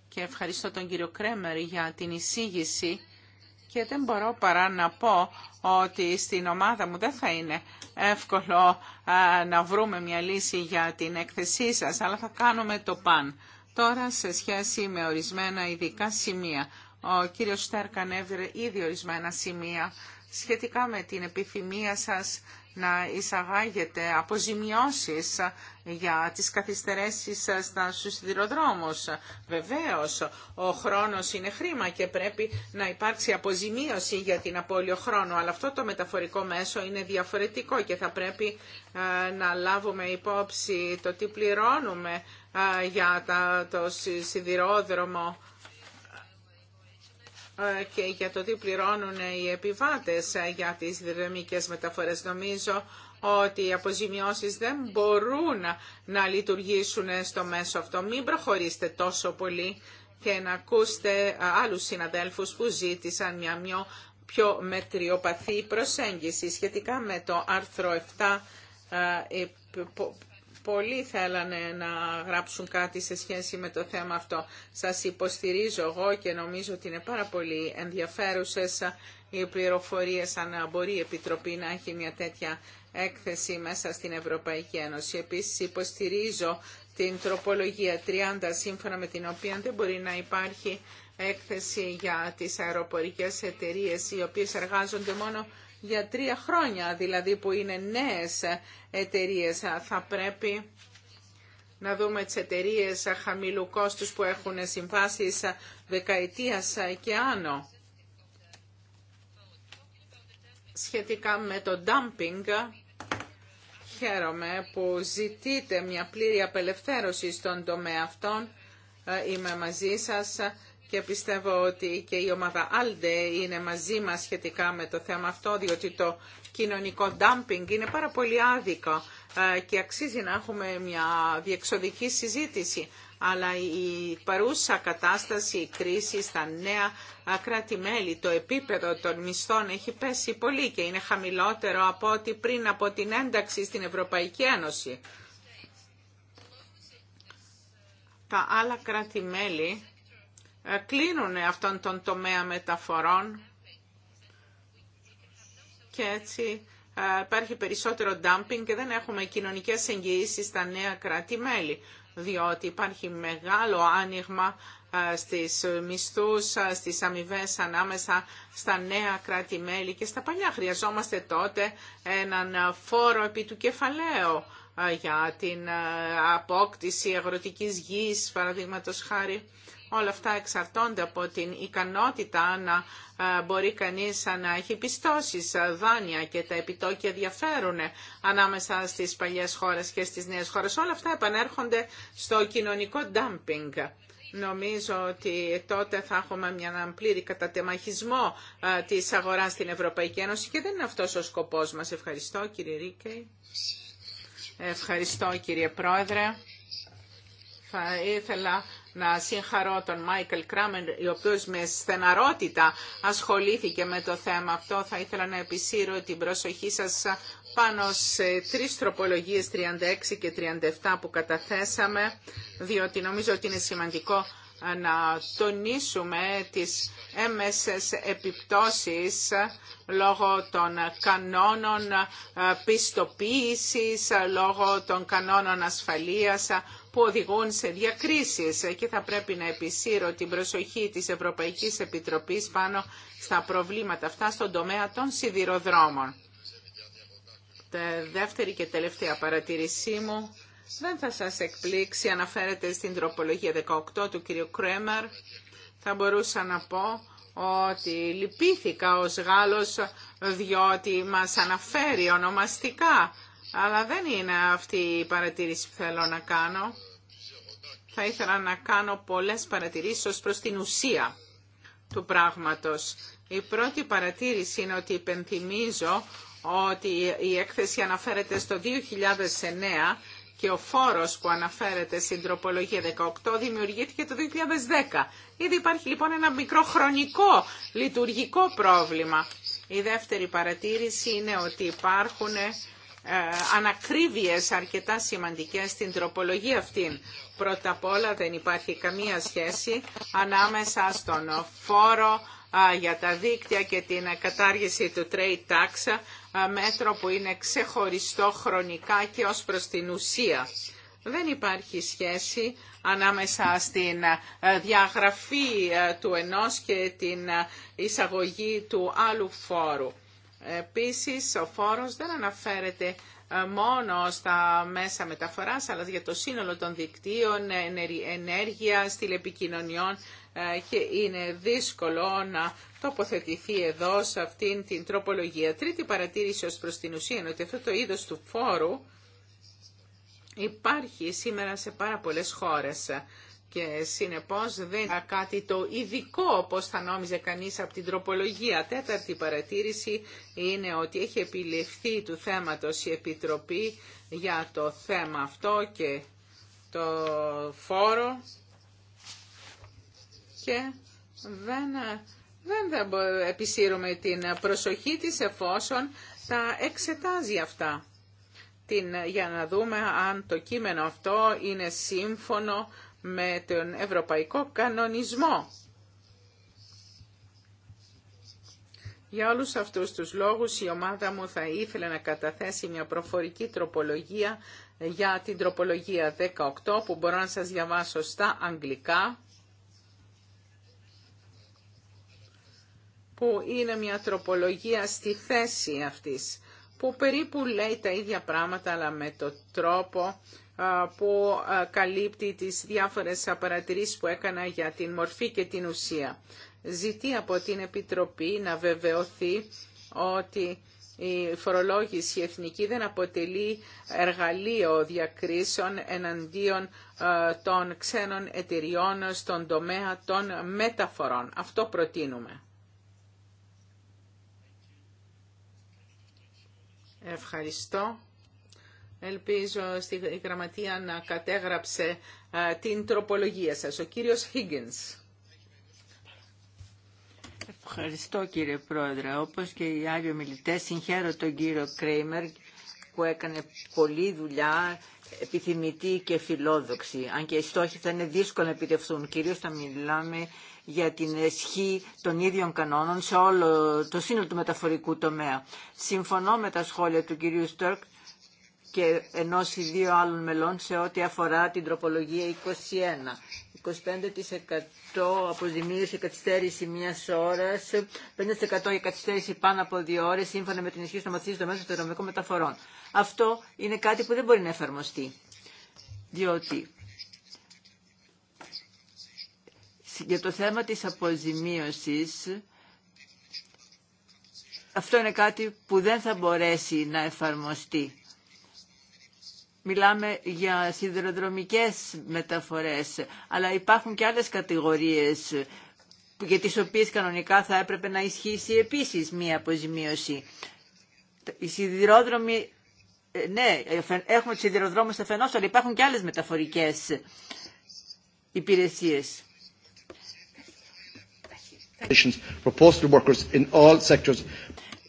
και ευχαριστώ τον κύριο Κρέμερ για την εισήγηση και δεν μπορώ παρά να πω ότι στην ομάδα μου δεν θα είναι εύκολο να βρούμε μια λύση για την έκθεσή σας, αλλά θα κάνουμε το παν. Τώρα σε σχέση με ορισμένα ειδικά σημεία. Ο κύριος Στέρκ ανέβηρε ήδη ορισμένα σημεία σχετικά με την επιθυμία σας να εισαγάγετε αποζημιώσεις για τις σας στους σιδηροδρόμους. Βεβαίως, ο χρόνος είναι χρήμα και πρέπει να υπάρξει αποζημίωση για την απώλειο χρόνο, αλλά αυτό το μεταφορικό μέσο είναι διαφορετικό και θα πρέπει ε, να λάβουμε υπόψη το τι πληρώνουμε για το σιδηρόδρομο και για το τι πληρώνουν οι επιβάτες για τις δρομικές μεταφορές. Νομίζω ότι οι αποζημιώσεις δεν μπορούν να λειτουργήσουν στο μέσο αυτό. Μην προχωρήσετε τόσο πολύ και να ακούστε άλλους συναδέλφους που ζήτησαν μια πιο, πιο μετριοπαθή προσέγγιση σχετικά με το άρθρο 7 πολλοί θέλανε να γράψουν κάτι σε σχέση με το θέμα αυτό. Σας υποστηρίζω εγώ και νομίζω ότι είναι πάρα πολύ ενδιαφέρουσες οι πληροφορίες αν μπορεί η Επιτροπή να έχει μια τέτοια έκθεση μέσα στην Ευρωπαϊκή Ένωση. Επίσης υποστηρίζω την τροπολογία 30 σύμφωνα με την οποία δεν μπορεί να υπάρχει έκθεση για τις αεροπορικές εταιρείες οι οποίες εργάζονται μόνο για τρία χρόνια, δηλαδή που είναι νέες εταιρείες. Θα πρέπει να δούμε τις εταιρείες χαμηλού κόστους που έχουν συμβάσεις δεκαετίας και άνω. Σχετικά με το dumping, χαίρομαι που ζητείτε μια πλήρη απελευθέρωση στον τομέα αυτών. Ε, είμαι μαζί σας και πιστεύω ότι και η ομάδα ALDE είναι μαζί μας σχετικά με το θέμα αυτό, διότι το κοινωνικό dumping είναι πάρα πολύ άδικο ε, και αξίζει να έχουμε μια διεξοδική συζήτηση. Αλλά η παρούσα κατάσταση, η κρίση στα νέα ε, κράτη-μέλη, το επίπεδο των μισθών έχει πέσει πολύ και είναι χαμηλότερο από ό,τι πριν από την ένταξη στην Ευρωπαϊκή Ένωση. Τα άλλα κράτη-μέλη ε, κλείνουν αυτόν τον τομέα μεταφορών και έτσι ε, υπάρχει περισσότερο dumping και δεν έχουμε κοινωνικές εγγυήσεις στα νέα κράτη-μέλη, διότι υπάρχει μεγάλο άνοιγμα ε, στις μισθούς, στις αμοιβέ ανάμεσα στα νέα κράτη-μέλη και στα παλιά. Χρειαζόμαστε τότε έναν φόρο επί του κεφαλαίου για την απόκτηση αγροτικής γης, παραδείγματος χάρη Όλα αυτά εξαρτώνται από την ικανότητα να ε, μπορεί κανείς να έχει πιστώσεις, ε, δάνεια και τα επιτόκια διαφέρουν ανάμεσα στις παλιές χώρες και στις νέες χώρες. Όλα αυτά επανέρχονται στο κοινωνικό dumping. Νομίζω ότι τότε θα έχουμε μια πλήρη κατατεμαχισμό ε, της αγοράς στην Ευρωπαϊκή Ένωση και δεν είναι αυτός ο σκοπός μας. Ευχαριστώ κύριε Ρίκε. Ευχαριστώ κύριε Πρόεδρε. Θα ήθελα να συγχαρώ τον Μάικλ Κράμερ, ο οποίο με στεναρότητα ασχολήθηκε με το θέμα αυτό. Θα ήθελα να επισύρω την προσοχή σα πάνω σε τρει τροπολογίες 36 και 37 που καταθέσαμε, διότι νομίζω ότι είναι σημαντικό να τονίσουμε τις έμεσες επιπτώσεις λόγω των κανόνων πιστοποίησης, λόγω των κανόνων ασφαλείας που οδηγούν σε διακρίσεις και θα πρέπει να επισύρω την προσοχή της Ευρωπαϊκής Επιτροπής πάνω στα προβλήματα αυτά στον τομέα των σιδηροδρόμων. Τα δεύτερη και τελευταία παρατηρήσή μου δεν θα σας εκπλήξει, αναφέρεται στην τροπολογία 18 του κ. Κρέμερ. Θα μπορούσα να πω ότι λυπήθηκα ως Γάλλος διότι μας αναφέρει ονομαστικά αλλά δεν είναι αυτή η παρατήρηση που θέλω να κάνω. Θα ήθελα να κάνω πολλές παρατηρήσεις ως προς την ουσία του πράγματος. Η πρώτη παρατήρηση είναι ότι υπενθυμίζω ότι η έκθεση αναφέρεται στο 2009 και ο φόρος που αναφέρεται στην τροπολογία 18 δημιουργήθηκε το 2010. Ήδη υπάρχει λοιπόν ένα μικροχρονικό λειτουργικό πρόβλημα. Η δεύτερη παρατήρηση είναι ότι υπάρχουν ε, ανακρίβειες αρκετά σημαντικές στην τροπολογία αυτήν. Πρώτα απ' όλα δεν υπάρχει καμία σχέση ανάμεσα στον φόρο ε, για τα δίκτυα και την κατάργηση του trade tax, ε, μέτρο που είναι ξεχωριστό χρονικά και ως προς την ουσία. Δεν υπάρχει σχέση ανάμεσα στην διαγραφή του ενός και την εισαγωγή του άλλου φόρου. Επίσης, ο φόρος δεν αναφέρεται ε, μόνο στα μέσα μεταφοράς, αλλά για το σύνολο των δικτύων, ε, ενέργειας, τηλεπικοινωνιών ε, και είναι δύσκολο να τοποθετηθεί εδώ σε αυτήν την τροπολογία. Τρίτη παρατήρηση ως προς την ουσία είναι ότι αυτό το είδος του φόρου υπάρχει σήμερα σε πάρα πολλές χώρες και συνεπώς δεν είναι κάτι το ειδικό όπως θα νόμιζε κανείς από την τροπολογία. Τέταρτη παρατήρηση είναι ότι έχει επιληφθεί του θέματος η Επιτροπή για το θέμα αυτό και το φόρο και δεν, δεν θα επισύρουμε την προσοχή της εφόσον τα εξετάζει αυτά. Την, για να δούμε αν το κείμενο αυτό είναι σύμφωνο με τον Ευρωπαϊκό Κανονισμό. Για όλους αυτούς τους λόγους η ομάδα μου θα ήθελε να καταθέσει μια προφορική τροπολογία για την τροπολογία 18 που μπορώ να σας διαβάσω στα αγγλικά που είναι μια τροπολογία στη θέση αυτής που περίπου λέει τα ίδια πράγματα αλλά με το τρόπο που καλύπτει τις διάφορες παρατηρήσεις που έκανα για την μορφή και την ουσία. Ζητεί από την Επιτροπή να βεβαιωθεί ότι η φορολόγηση εθνική δεν αποτελεί εργαλείο διακρίσεων εναντίον των ξένων εταιριών στον τομέα των μεταφορών. Αυτό προτείνουμε. Ευχαριστώ. Ελπίζω στη γραμματεία να κατέγραψε την τροπολογία σας. Ο κύριος Higgins. Ευχαριστώ κύριε Πρόεδρε. Όπως και οι άλλοι ομιλητές, συγχαίρω τον κύριο Κρέιμερ που έκανε πολλή δουλειά, επιθυμητή και φιλόδοξη. Αν και οι στόχοι θα είναι δύσκολο να επιτευχθούν, κυρίως θα μιλάμε για την ισχύ των ίδιων κανόνων σε όλο το σύνολο του μεταφορικού τομέα. Συμφωνώ με τα σχόλια του κυρίου Στέρκ και ενός ή δύο άλλων μελών σε ό,τι αφορά την τροπολογία 21. 25% αποζημίωση καθυστέρηση μια ώρα, 5% για καθυστέρηση πάνω από δύο ώρε σύμφωνα με την ισχύ νομοθεσία στο μέσο των δρομικών μεταφορών. Αυτό είναι κάτι που δεν μπορεί να εφαρμοστεί, διότι για το θέμα της αποζημίωσης, αυτό είναι κάτι που δεν θα μπορέσει να εφαρμοστεί Μιλάμε για σιδηροδρομικές μεταφορές, αλλά υπάρχουν και άλλες κατηγορίες για τις οποίες κανονικά θα έπρεπε να ισχύσει επίσης μία αποζημίωση. Οι σιδηρόδρομοι, ε, ναι, έχουμε τους σιδηροδρόμους αφενός, αλλά υπάρχουν και άλλες μεταφορικές υπηρεσίες.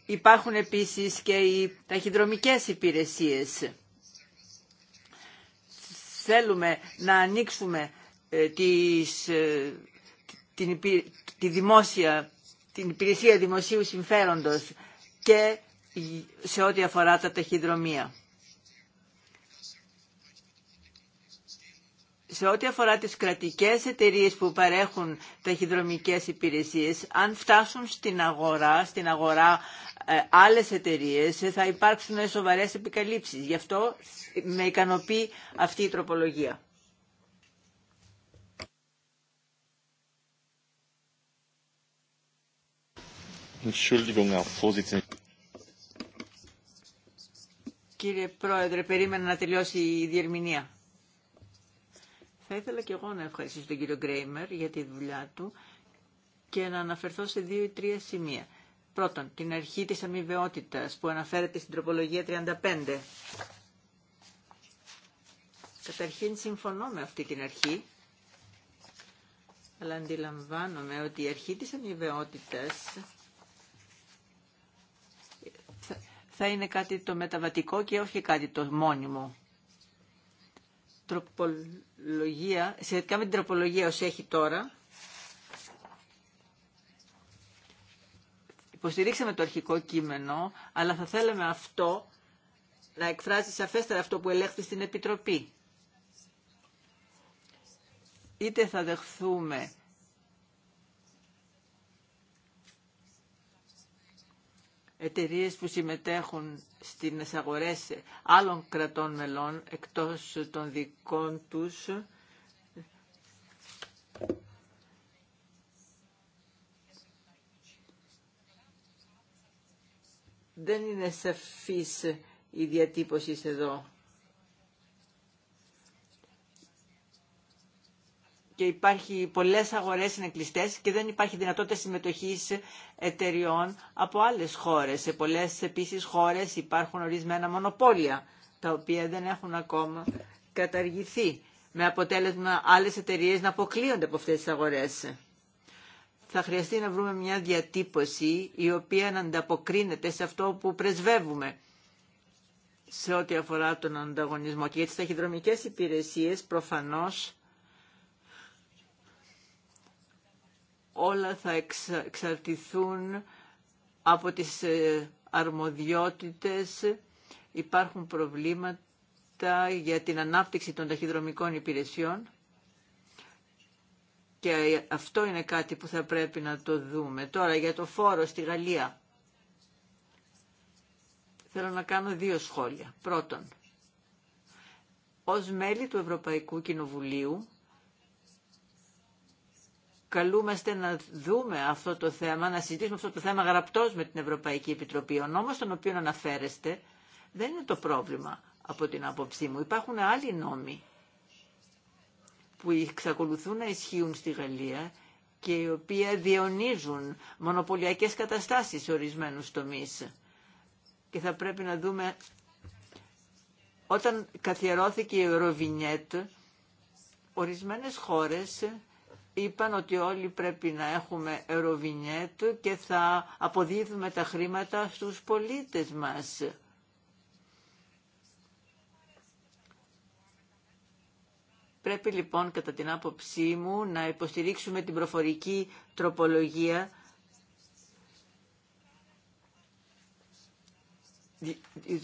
Υπάρχουν επίσης και οι ταχυδρομικές υπηρεσίες θέλουμε να ανοίξουμε ε, ε, την, τη δημόσια, την υπηρεσία δημοσίου συμφέροντος και σε ό,τι αφορά τα ταχυδρομεία. σε ό,τι αφορά τις κρατικές εταιρείες που παρέχουν ταχυδρομικές υπηρεσίες, αν φτάσουν στην αγορά, στην αγορά ε, άλλες εταιρείες, θα υπάρξουν σοβαρές επικαλύψεις. Γι' αυτό με ικανοποιεί αυτή η τροπολογία. Κύριε Πρόεδρε, περίμενα να τελειώσει η διερμηνία. Θα ήθελα και εγώ να ευχαριστήσω τον κύριο Γκρέιμερ για τη δουλειά του και να αναφερθώ σε δύο ή τρία σημεία. Πρώτον, την αρχή της αμοιβαιότητας που αναφέρεται στην τροπολογία 35. Καταρχήν συμφωνώ με αυτή την αρχή, αλλά αντιλαμβάνομαι ότι η αρχή της αμοιβαιότητας θα είναι κάτι το μεταβατικό και όχι κάτι το μόνιμο τροπολογία, σχετικά με την τροπολογία όσοι έχει τώρα, υποστηρίξαμε το αρχικό κείμενο, αλλά θα θέλαμε αυτό να εκφράζει σαφέστερα αυτό που ελέγχθη στην Επιτροπή. Είτε θα δεχθούμε εταιρείε που συμμετέχουν στι αγορέ άλλων κρατών μελών εκτός των δικών τους δεν είναι σαφής η διατύπωση εδώ. και υπάρχει πολλές αγορές είναι κλειστές και δεν υπάρχει δυνατότητα συμμετοχής εταιριών από άλλες χώρες. Σε πολλές επίσης χώρες υπάρχουν ορισμένα μονοπόλια τα οποία δεν έχουν ακόμα καταργηθεί με αποτέλεσμα άλλες εταιρείες να αποκλείονται από αυτές τις αγορές. Θα χρειαστεί να βρούμε μια διατύπωση η οποία να ανταποκρίνεται σε αυτό που πρεσβεύουμε σε ό,τι αφορά τον ανταγωνισμό. Και για τις ταχυδρομικές υπηρεσίες προφανώς όλα θα εξαρτηθούν από τις ε, αρμοδιότητες. Υπάρχουν προβλήματα για την ανάπτυξη των ταχυδρομικών υπηρεσιών και αυτό είναι κάτι που θα πρέπει να το δούμε. Τώρα για το φόρο στη Γαλλία. Θέλω να κάνω δύο σχόλια. Πρώτον, ως μέλη του Ευρωπαϊκού Κοινοβουλίου καλούμαστε να δούμε αυτό το θέμα, να συζητήσουμε αυτό το θέμα γραπτός με την Ευρωπαϊκή Επιτροπή. Ο νόμος τον οποίο αναφέρεστε δεν είναι το πρόβλημα από την άποψή μου. Υπάρχουν άλλοι νόμοι που εξακολουθούν να ισχύουν στη Γαλλία και οι οποίοι διονίζουν μονοπωλιακές καταστάσεις σε ορισμένους τομείς. Και θα πρέπει να δούμε, όταν καθιερώθηκε η Ευρωβινιέτ, ορισμένες χώρες είπαν ότι όλοι πρέπει να έχουμε ευρωβινιέτ και θα αποδίδουμε τα χρήματα στους πολίτες μας. Πρέπει λοιπόν κατά την άποψή μου να υποστηρίξουμε την προφορική τροπολογία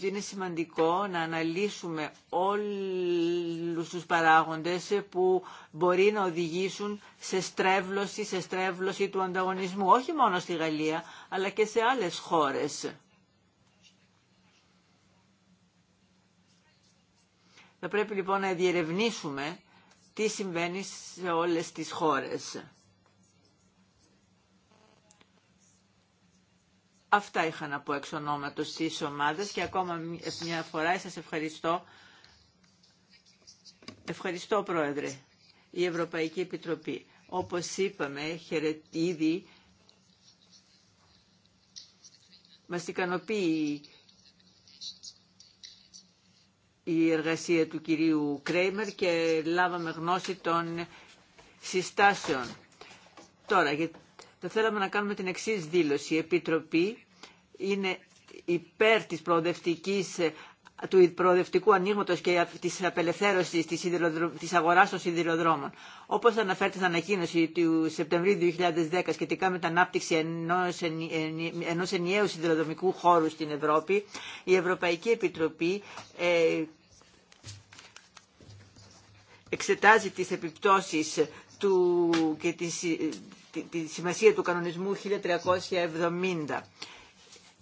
είναι σημαντικό να αναλύσουμε όλους τους παράγοντες που μπορεί να οδηγήσουν σε στρέβλωση, σε στρέβλωση του ανταγωνισμού, όχι μόνο στη Γαλλία, αλλά και σε άλλες χώρες. Θα πρέπει λοιπόν να διερευνήσουμε τι συμβαίνει σε όλες τις χώρες. Αυτά είχα να πω εξ ονόματος της ομάδας και ακόμα μια φορά σας ευχαριστώ. Ευχαριστώ Πρόεδρε, η Ευρωπαϊκή Επιτροπή. Όπως είπαμε, χαιρετίδη, μας ικανοποιεί η εργασία του κυρίου Κρέιμερ και λάβαμε γνώση των συστάσεων. Τώρα, γιατί θα θέλαμε να κάνουμε την εξή δήλωση. Η Επιτροπή είναι υπέρ της προοδευτικής του προοδευτικού ανοίγματο και τη απελευθέρωση τη αγορά των σιδηροδρόμων. Όπω αναφέρεται στην ανακοίνωση του Σεπτεμβρίου 2010 σχετικά με την ανάπτυξη ενό ενιαίου σιδηροδρομικού χώρου στην Ευρώπη, η Ευρωπαϊκή Επιτροπή ε, εξετάζει τις επιπτώσεις του και τη σημασία του κανονισμού 1370.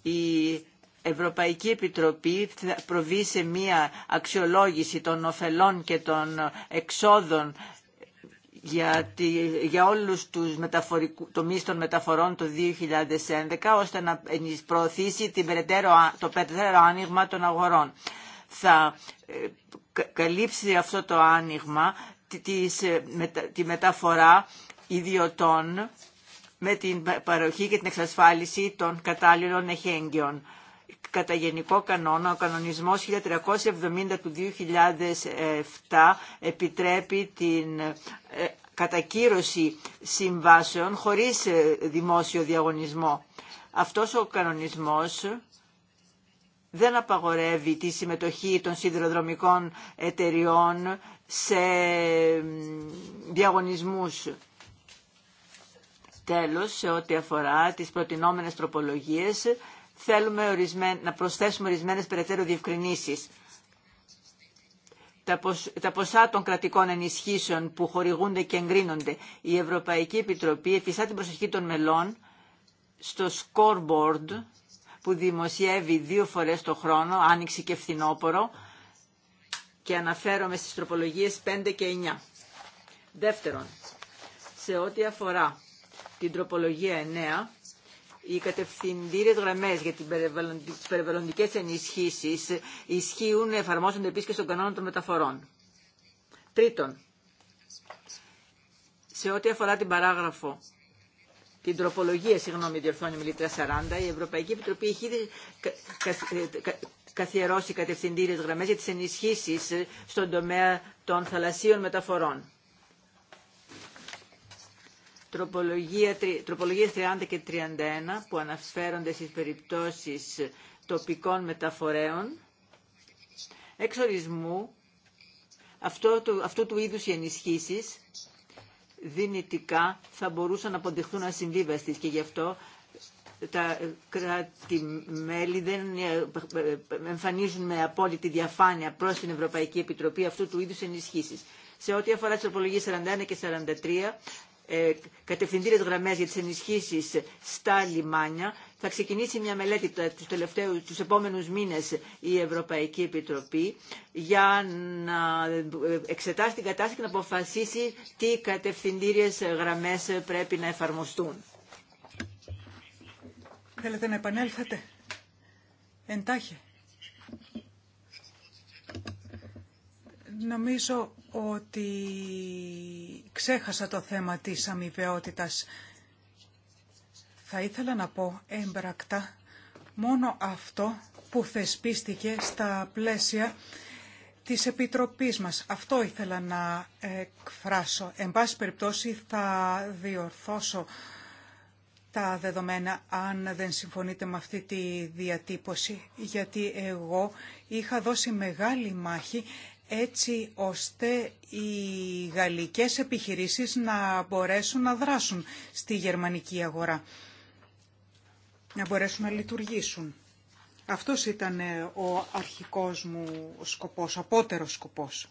Η Ευρωπαϊκή Επιτροπή προβεί σε μία αξιολόγηση των ωφελών και των εξόδων για, τη, για όλους τους τομείς των μεταφορών το 2011 ώστε να προωθήσει την περαιτέρω, το περαιτέρω άνοιγμα των αγορών. Θα ε, καλύψει αυτό το άνοιγμα τη ε, μεταφορά ιδιωτών με την παροχή και την εξασφάλιση των κατάλληλων εχέγγυων. Κατά γενικό κανόνα, ο κανονισμός 1370 του 2007 επιτρέπει την ε, κατακύρωση συμβάσεων χωρίς ε, δημόσιο διαγωνισμό. Αυτός ο κανονισμός δεν απαγορεύει τη συμμετοχή των σιδηροδρομικών εταιριών σε διαγωνισμούς Τέλος, σε ό,τι αφορά τις προτινόμενες τροπολογίες, θέλουμε να προσθέσουμε ορισμένες περαιτέρω διευκρινήσεις. Τα ποσά των κρατικών ενισχύσεων που χορηγούνται και εγκρίνονται. Η Ευρωπαϊκή Επιτροπή εφιστά την προσοχή των μελών στο scoreboard που δημοσιεύει δύο φορές το χρόνο, άνοιξη και φθινόπορο, και αναφέρομαι στις τροπολογίες 5 και 9. Δεύτερον, σε ό,τι αφορά την τροπολογία 9, οι κατευθυντήριε γραμμές για τις περιβαλλοντικές ενισχύσεις ισχύουν, εφαρμόζονται επίσης και στον κανόνα των μεταφορών. Τρίτον, σε ό,τι αφορά την παράγραφο την τροπολογία, συγγνώμη, διορθώνει μιλήτρια 40, η Ευρωπαϊκή Επιτροπή έχει ήδη καθιερώσει κατευθυντήριε γραμμέ για τι ενισχύσει στον τομέα των θαλασσίων μεταφορών. Τροπολογίε τροπολογίες 30 και 31 που αναφέρονται στις περιπτώσεις τοπικών μεταφορέων. εξ ορισμού του, αυτού του είδους οι ενισχύσεις δυνητικά θα μπορούσαν να αποδειχθούν ασυμβίβαστης και γι' αυτό τα κράτη-μέλη δεν ε, ε, εμφανίζουν με απόλυτη διαφάνεια προς την Ευρωπαϊκή Επιτροπή αυτού του είδους ενισχύσεις. Σε ό,τι αφορά τις τροπολογίες 41 και 43, ε, κατευθυντήρες γραμμές για τις ενισχύσεις στα λιμάνια. Θα ξεκινήσει μια μελέτη του επόμενου τους επόμενους μήνες η Ευρωπαϊκή Επιτροπή για να ε, εξετάσει την κατάσταση και να αποφασίσει τι κατευθυντήριες γραμμές πρέπει να εφαρμοστούν. Θέλετε να επανέλθετε. Εντάχει. Νομίζω ότι ξέχασα το θέμα της αμοιβαιότητας. Θα ήθελα να πω έμπρακτα μόνο αυτό που θεσπίστηκε στα πλαίσια της Επιτροπής μας. Αυτό ήθελα να εκφράσω. Εν πάση περιπτώσει θα διορθώσω τα δεδομένα αν δεν συμφωνείτε με αυτή τη διατύπωση γιατί εγώ είχα δώσει μεγάλη μάχη έτσι ώστε οι γαλλικές επιχειρήσεις να μπορέσουν να δράσουν στη γερμανική αγορά, να μπορέσουν να λειτουργήσουν. Αυτός ήταν ε, ο αρχικός μου σκοπός, απότερος σκοπός.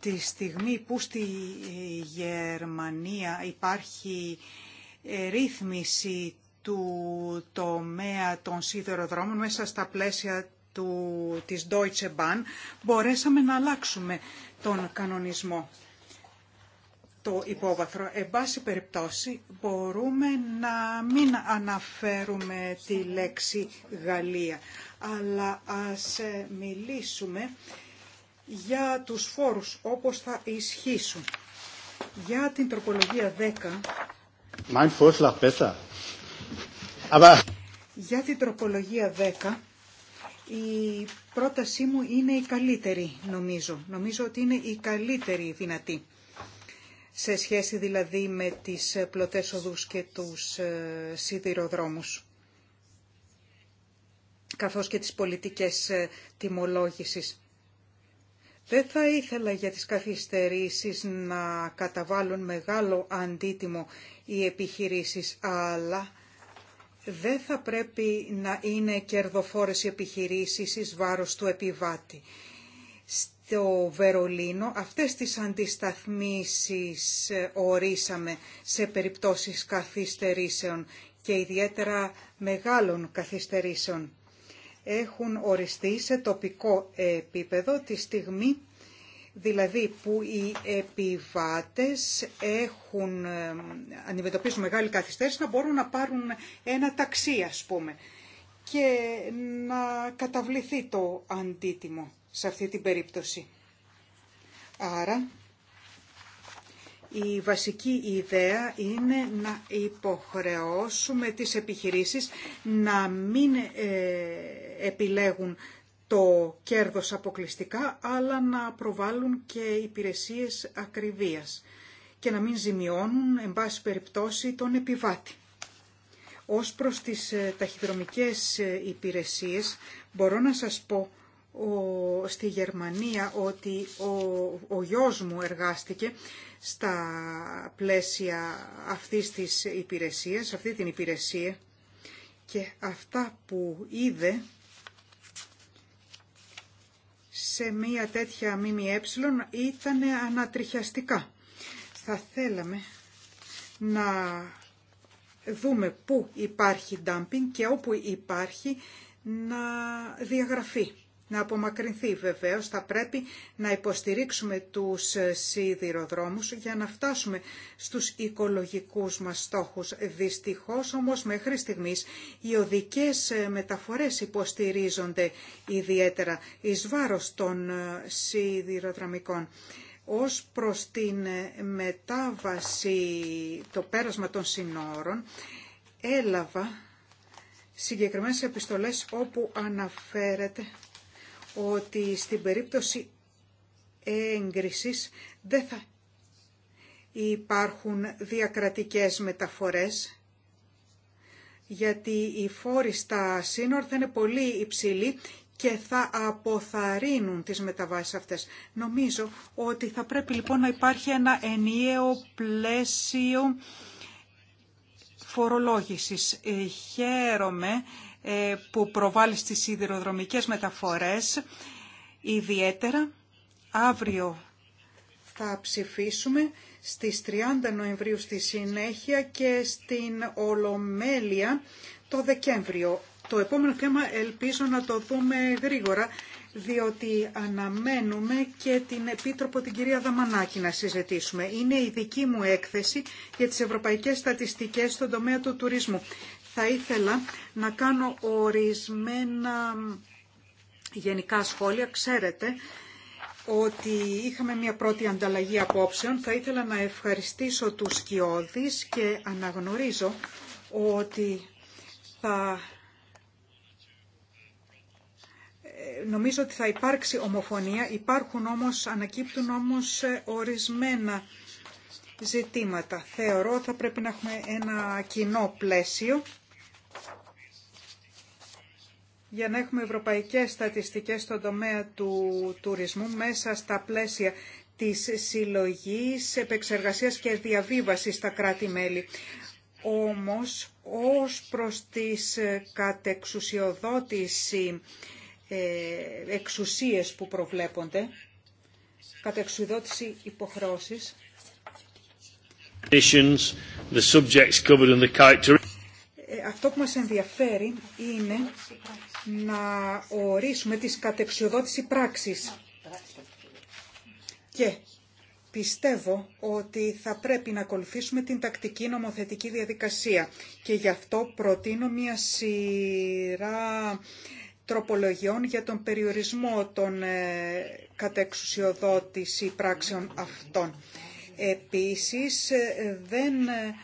Τη στιγμή που στη Γερμανία υπάρχει ε, ρύθμιση του τομέα των σίδεροδρόμων μέσα στα πλαίσια του, της Deutsche Bahn μπορέσαμε να αλλάξουμε τον κανονισμό το υπόβαθρο. Εν πάση περιπτώσει μπορούμε να μην αναφέρουμε τη λέξη Γαλλία, αλλά ας ε, μιλήσουμε για τους φόρους όπως θα ισχύσουν. Για την τροπολογία 10... Mein Vorschlag besser. Aber... Για την τροπολογία 10 η πρότασή μου είναι η καλύτερη νομίζω. Νομίζω ότι είναι η καλύτερη δυνατή σε σχέση δηλαδή με τις πλωτές οδούς και τους ε, σιδηροδρόμους καθώς και τις πολιτικές ε, τιμολόγησης. Δεν θα ήθελα για τις καθυστερήσεις να καταβάλουν μεγάλο αντίτιμο οι επιχειρήσεις, αλλά δεν θα πρέπει να είναι κερδοφόρες οι επιχειρήσεις εις βάρος του επιβάτη. Στο Βερολίνο αυτές τις αντισταθμίσεις ε, ορίσαμε σε περιπτώσεις καθυστερήσεων και ιδιαίτερα μεγάλων καθυστερήσεων. Έχουν οριστεί σε τοπικό επίπεδο τη στιγμή δηλαδή που οι επιβάτες έχουν, αντιμετωπίζουν μεγάλη καθυστέρηση να μπορούν να πάρουν ένα ταξί ας πούμε και να καταβληθεί το αντίτιμο σε αυτή την περίπτωση. Άρα η βασική ιδέα είναι να υποχρεώσουμε τις επιχειρήσεις να μην ε, επιλέγουν το κέρδος αποκλειστικά, αλλά να προβάλλουν και υπηρεσίες ακριβίας και να μην ζημιώνουν, εν πάση περιπτώσει, τον επιβάτη. Ως προς τις ε, ταχυδρομικές ε, υπηρεσίες, μπορώ να σας πω στη Γερμανία ότι ο, ο γιος μου εργάστηκε στα πλαίσια αυτής της υπηρεσίας, αυτή την υπηρεσία και αυτά που είδε σε μία τέτοια ΜΜΕ ήταν ανατριχιαστικά. Θα θέλαμε να δούμε πού υπάρχει dumping και όπου υπάρχει να διαγραφεί να απομακρυνθεί βεβαίως. Θα πρέπει να υποστηρίξουμε τους σιδηροδρόμους για να φτάσουμε στους οικολογικούς μας στόχους. Δυστυχώς όμως μέχρι στιγμής οι οδικές μεταφορές υποστηρίζονται ιδιαίτερα εις βάρος των σιδηροδραμικών ως προς την μετάβαση, το πέρασμα των συνόρων, έλαβα συγκεκριμένες επιστολές όπου αναφέρεται ότι στην περίπτωση έγκρισης δεν θα υπάρχουν διακρατικές μεταφορές γιατί οι φόροι στα σύνορα είναι πολύ υψηλοί και θα αποθαρρύνουν τις μεταβάσεις αυτές. Νομίζω ότι θα πρέπει λοιπόν να υπάρχει ένα ενιαίο πλαίσιο φορολόγησης. Ε, χαίρομαι ε, που προβάλλει στις σιδηροδρομικές μεταφορές. Ιδιαίτερα, αύριο θα ψηφίσουμε στις 30 Νοεμβρίου στη συνέχεια και στην Ολομέλεια το Δεκέμβριο. Το επόμενο θέμα ελπίζω να το δούμε γρήγορα, διότι αναμένουμε και την Επίτροπο την κυρία Δαμανάκη να συζητήσουμε. Είναι η δική μου έκθεση για τις ευρωπαϊκές στατιστικές στον τομέα του τουρισμού θα ήθελα να κάνω ορισμένα γενικά σχόλια. Ξέρετε ότι είχαμε μια πρώτη ανταλλαγή απόψεων. Θα ήθελα να ευχαριστήσω τους σκιώδεις και αναγνωρίζω ότι θα... Ε, νομίζω ότι θα υπάρξει ομοφωνία, υπάρχουν όμως, ανακύπτουν όμως ορισμένα ζητήματα. Θεωρώ θα πρέπει να έχουμε ένα κοινό πλαίσιο για να έχουμε ευρωπαϊκές στατιστικές στον τομέα του τουρισμού μέσα στα πλαίσια της συλλογής, επεξεργασίας και διαβίβασης στα κράτη-μέλη. Όμως, ως προς τις κατεξουσιοδότηση ε, εξουσίες που προβλέπονται, κατεξουσιοδότηση υποχρώσεις, ε, αυτό που μας ενδιαφέρει είναι να ορίσουμε τις κατεξιοδότηση πράξης. Και πιστεύω ότι θα πρέπει να ακολουθήσουμε την τακτική νομοθετική διαδικασία και γι' αυτό προτείνω μια σειρά τροπολογιών για τον περιορισμό των ε, κατεξουσιοδότηση πράξεων αυτών. Επίσης, ε, δεν ε,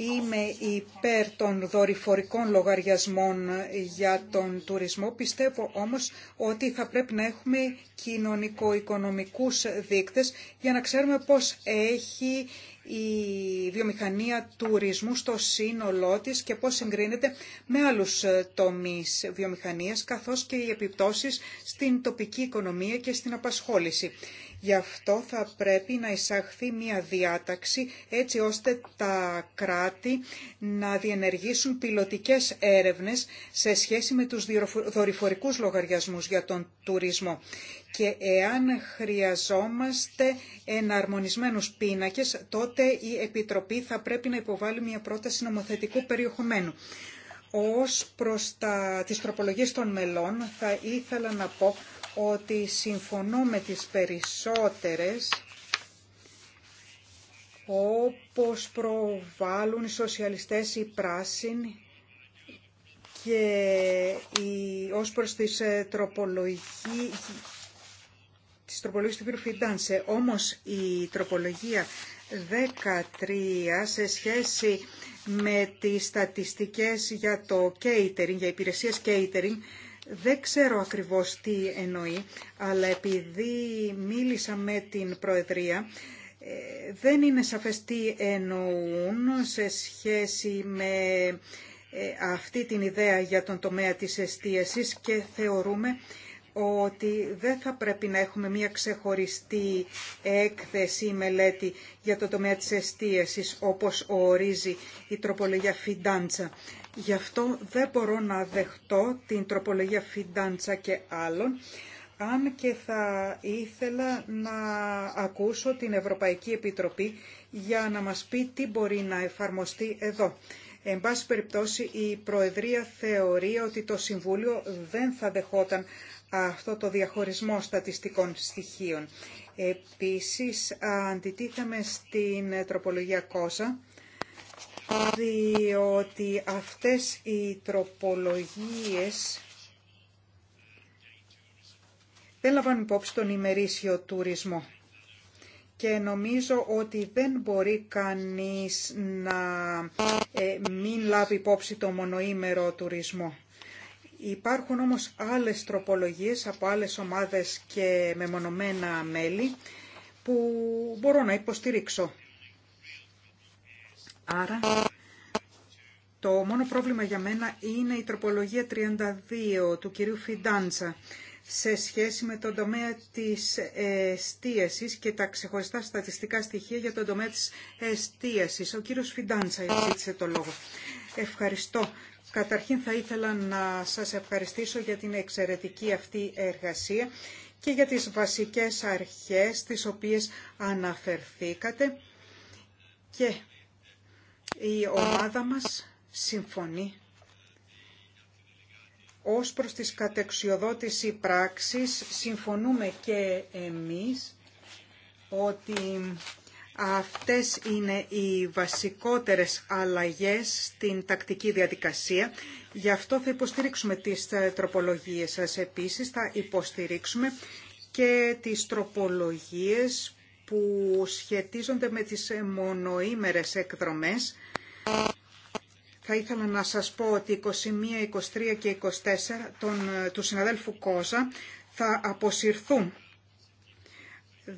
Είμαι υπέρ των δορυφορικών λογαριασμών για τον τουρισμό. Πιστεύω όμως ότι θα πρέπει να έχουμε κοινωνικο-οικονομικούς δείκτες για να ξέρουμε πώς έχει η βιομηχανία τουρισμού στο σύνολό της και πώς συγκρίνεται με άλλους τομείς βιομηχανίας καθώς και οι επιπτώσεις στην τοπική οικονομία και στην απασχόληση. Γι' αυτό θα πρέπει να εισαχθεί μια διάταξη έτσι ώστε τα κράτη να διενεργήσουν πιλωτικές έρευνες σε σχέση με τους δορυφορικούς λογαριασμούς για τον τουρισμό και εάν χρειαζόμαστε εναρμονισμένους πίνακες, τότε η Επιτροπή θα πρέπει να υποβάλει μια πρόταση νομοθετικού περιεχομένου. Ως προς τα, τις τροπολογίες των μελών θα ήθελα να πω ότι συμφωνώ με τις περισσότερες όπως προβάλλουν οι σοσιαλιστές οι πράσινοι και οι, ως προς τις ε, τροπολογίες της τροπολογίας του κ. Φιντάνσε. Όμως η τροπολογία 13 σε σχέση με τις στατιστικές για το catering, για υπηρεσίες catering, δεν ξέρω ακριβώς τι εννοεί, αλλά επειδή μίλησα με την Προεδρία, ε, δεν είναι σαφές τι εννοούν σε σχέση με ε, αυτή την ιδέα για τον τομέα της εστίασης και θεωρούμε ότι δεν θα πρέπει να έχουμε μία ξεχωριστή έκθεση ή μελέτη για το τομέα της εστίασης όπως ορίζει η τροπολογία Φιντάντσα. Γι' αυτό δεν μπορώ να δεχτώ την τροπολογία Φιντάντσα και άλλων, αν και θα ήθελα να ακούσω την Ευρωπαϊκή Επιτροπή για να μας πει τι μπορεί να εφαρμοστεί εδώ. Εν πάση περιπτώσει, η Προεδρία θεωρεί ότι το Συμβούλιο δεν θα δεχόταν αυτό το διαχωρισμό στατιστικών στοιχείων. Επίσης, αντιτίθεμε στην τροπολογία Κόσα, διότι αυτές οι τροπολογίες δεν λαμβάνουν υπόψη τον ημερήσιο τουρισμό. Και νομίζω ότι δεν μπορεί κανείς να ε, μην λάβει υπόψη το μονοήμερο τουρισμό. Υπάρχουν όμως άλλες τροπολογίες από άλλες ομάδες και μεμονωμένα μέλη που μπορώ να υποστηρίξω. Άρα το μόνο πρόβλημα για μένα είναι η τροπολογία 32 του κυρίου Φιντάντσα σε σχέση με τον τομέα της εστίασης και τα ξεχωριστά στατιστικά στοιχεία για τον τομέα της εστίασης. Ο κύριος Φιντάντσα ζήτησε το λόγο. Ευχαριστώ. Καταρχήν θα ήθελα να σας ευχαριστήσω για την εξαιρετική αυτή εργασία και για τις βασικές αρχές τις οποίες αναφερθήκατε και η ομάδα μας συμφωνεί ως προς τις κατεξιοδότηση πράξης συμφωνούμε και εμείς ότι αυτές είναι οι βασικότερες αλλαγές στην τακτική διαδικασία. Γι' αυτό θα υποστηρίξουμε τις τροπολογίες σας. Επίσης θα υποστηρίξουμε και τις τροπολογίες που σχετίζονται με τις μονοήμερες εκδρομές. Θα ήθελα να σας πω ότι 21, 23 και 24 τον, του συναδέλφου Κόζα θα αποσυρθούν.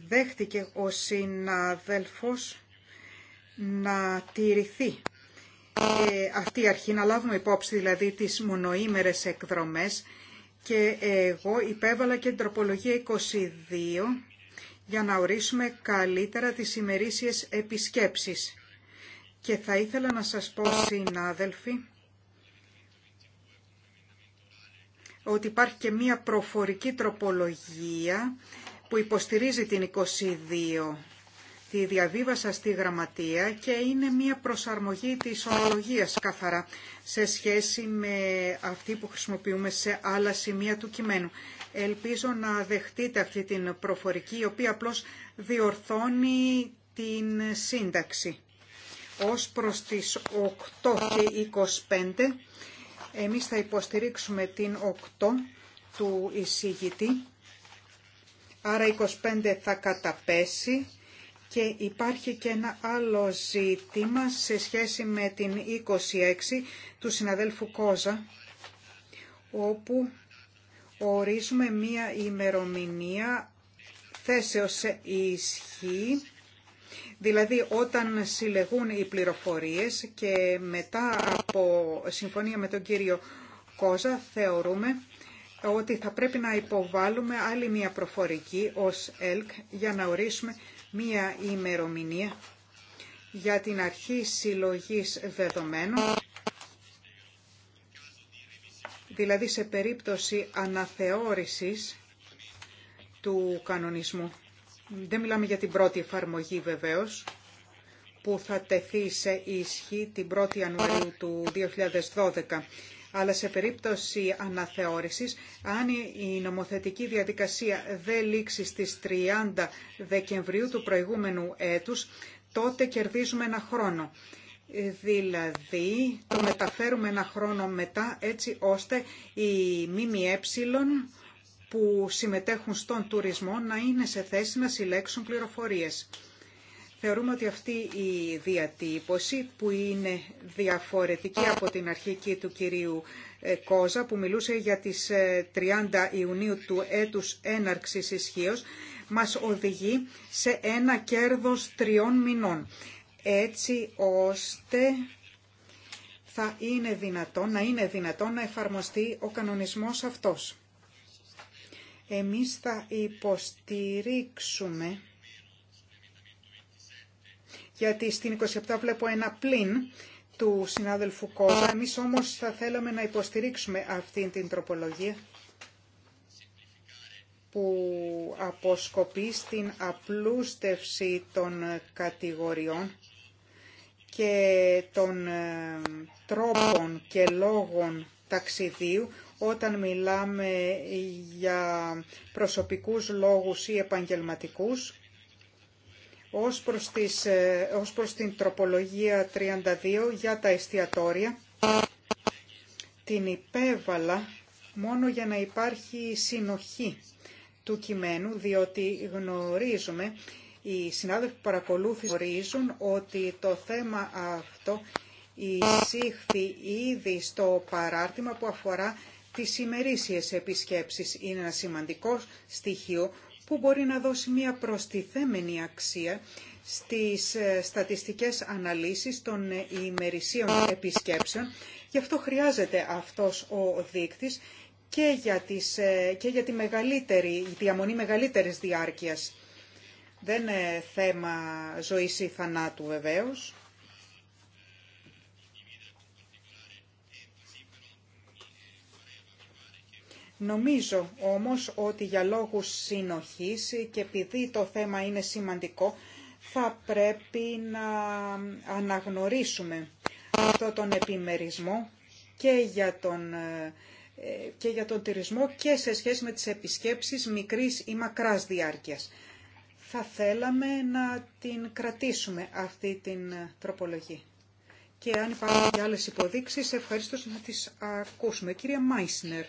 Δέχτηκε ο συναδέλφος να τηρηθεί ε, αυτή η αρχή, να λάβουμε υπόψη δηλαδή τις μονοήμερες εκδρομές και εγώ υπέβαλα και την τροπολογία 22 για να ορίσουμε καλύτερα τις ημερήσιες επισκέψεις. Και θα ήθελα να σας πω, συνάδελφοι, ότι υπάρχει και μία προφορική τροπολογία που υποστηρίζει την 22 τη διαβίβασα στη γραμματεία και είναι μία προσαρμογή της ορολογίας καθαρά σε σχέση με αυτή που χρησιμοποιούμε σε άλλα σημεία του κειμένου. Ελπίζω να δεχτείτε αυτή την προφορική, η οποία απλώς διορθώνει την σύνταξη. Ως προς τις 8 και 25, εμείς θα υποστηρίξουμε την 8 του εισηγητή, άρα 25 θα καταπέσει και υπάρχει και ένα άλλο ζήτημα σε σχέση με την 26 του συναδέλφου Κόζα, όπου ορίζουμε μία ημερομηνία θέσεως ισχύ, δηλαδή όταν συλλεγούν οι πληροφορίες και μετά από συμφωνία με τον κύριο Κόζα θεωρούμε ότι θα πρέπει να υποβάλουμε άλλη μία προφορική ως ΕΛΚ για να ορίσουμε μία ημερομηνία για την αρχή συλλογής δεδομένων δηλαδή σε περίπτωση αναθεώρησης του κανονισμού. Δεν μιλάμε για την πρώτη εφαρμογή βεβαίως, που θα τεθεί σε ισχύ την 1η Ιανουαρίου του 2012. Αλλά σε περίπτωση αναθεώρησης, αν η νομοθετική διαδικασία δεν λήξει στις 30 Δεκεμβρίου του προηγούμενου έτους, τότε κερδίζουμε ένα χρόνο. Ε, δηλαδή το μεταφέρουμε ένα χρόνο μετά έτσι ώστε οι ΜΜΕ που συμμετέχουν στον τουρισμό να είναι σε θέση να συλλέξουν πληροφορίες. Θεωρούμε ότι αυτή η διατύπωση που είναι διαφορετική από την αρχική του κυρίου ε, Κόζα που μιλούσε για τις 30 ε, Ιουνίου του έτους έναρξης ισχύω, μας οδηγεί σε ένα κέρδος τριών μηνών έτσι ώστε θα είναι δυνατόν, να είναι δυνατόν να εφαρμοστεί ο κανονισμός αυτός. Εμείς θα υποστηρίξουμε, γιατί στην 27 βλέπω ένα πλήν του συνάδελφου Κόζα, εμείς όμως θα θέλαμε να υποστηρίξουμε αυτή την τροπολογία που αποσκοπεί στην απλούστευση των κατηγοριών και των ε, τρόπων και λόγων ταξιδίου όταν μιλάμε για προσωπικούς λόγους ή επαγγελματικούς. Ως προς, ε, την τροπολογία 32 για τα εστιατόρια, την υπέβαλα μόνο για να υπάρχει συνοχή του κειμένου, διότι γνωρίζουμε οι συνάδελφοι που παρακολούθησαν γνωρίζουν ότι το θέμα αυτό εισήχθη ήδη στο παράρτημα που αφορά τις ημερήσιες επισκέψεις. Είναι ένα σημαντικό στοιχείο που μπορεί να δώσει μια προστιθέμενη αξία στις ε, στατιστικές αναλύσεις των ε, ημερησίων επισκέψεων. Γι' αυτό χρειάζεται αυτός ο δείκτης και για, τις, ε, και για τη διαμονή μεγαλύτερης διάρκειας. Δεν είναι θέμα ζωής ή θανάτου βεβαίως. Νομίζω όμως ότι για λόγους συνοχής και επειδή το θέμα είναι σημαντικό, θα πρέπει να αναγνωρίσουμε αυτό τον επιμερισμό και για τον, ε, και για τον τυρισμό και σε σχέση με τις επισκέψεις μικρής ή μακράς διάρκειας θα θέλαμε να την κρατήσουμε αυτή την τροπολογία. Και αν υπάρχουν και άλλες υποδείξεις, ευχαριστώ να τις ακούσουμε. Κυρία Μάισνερ.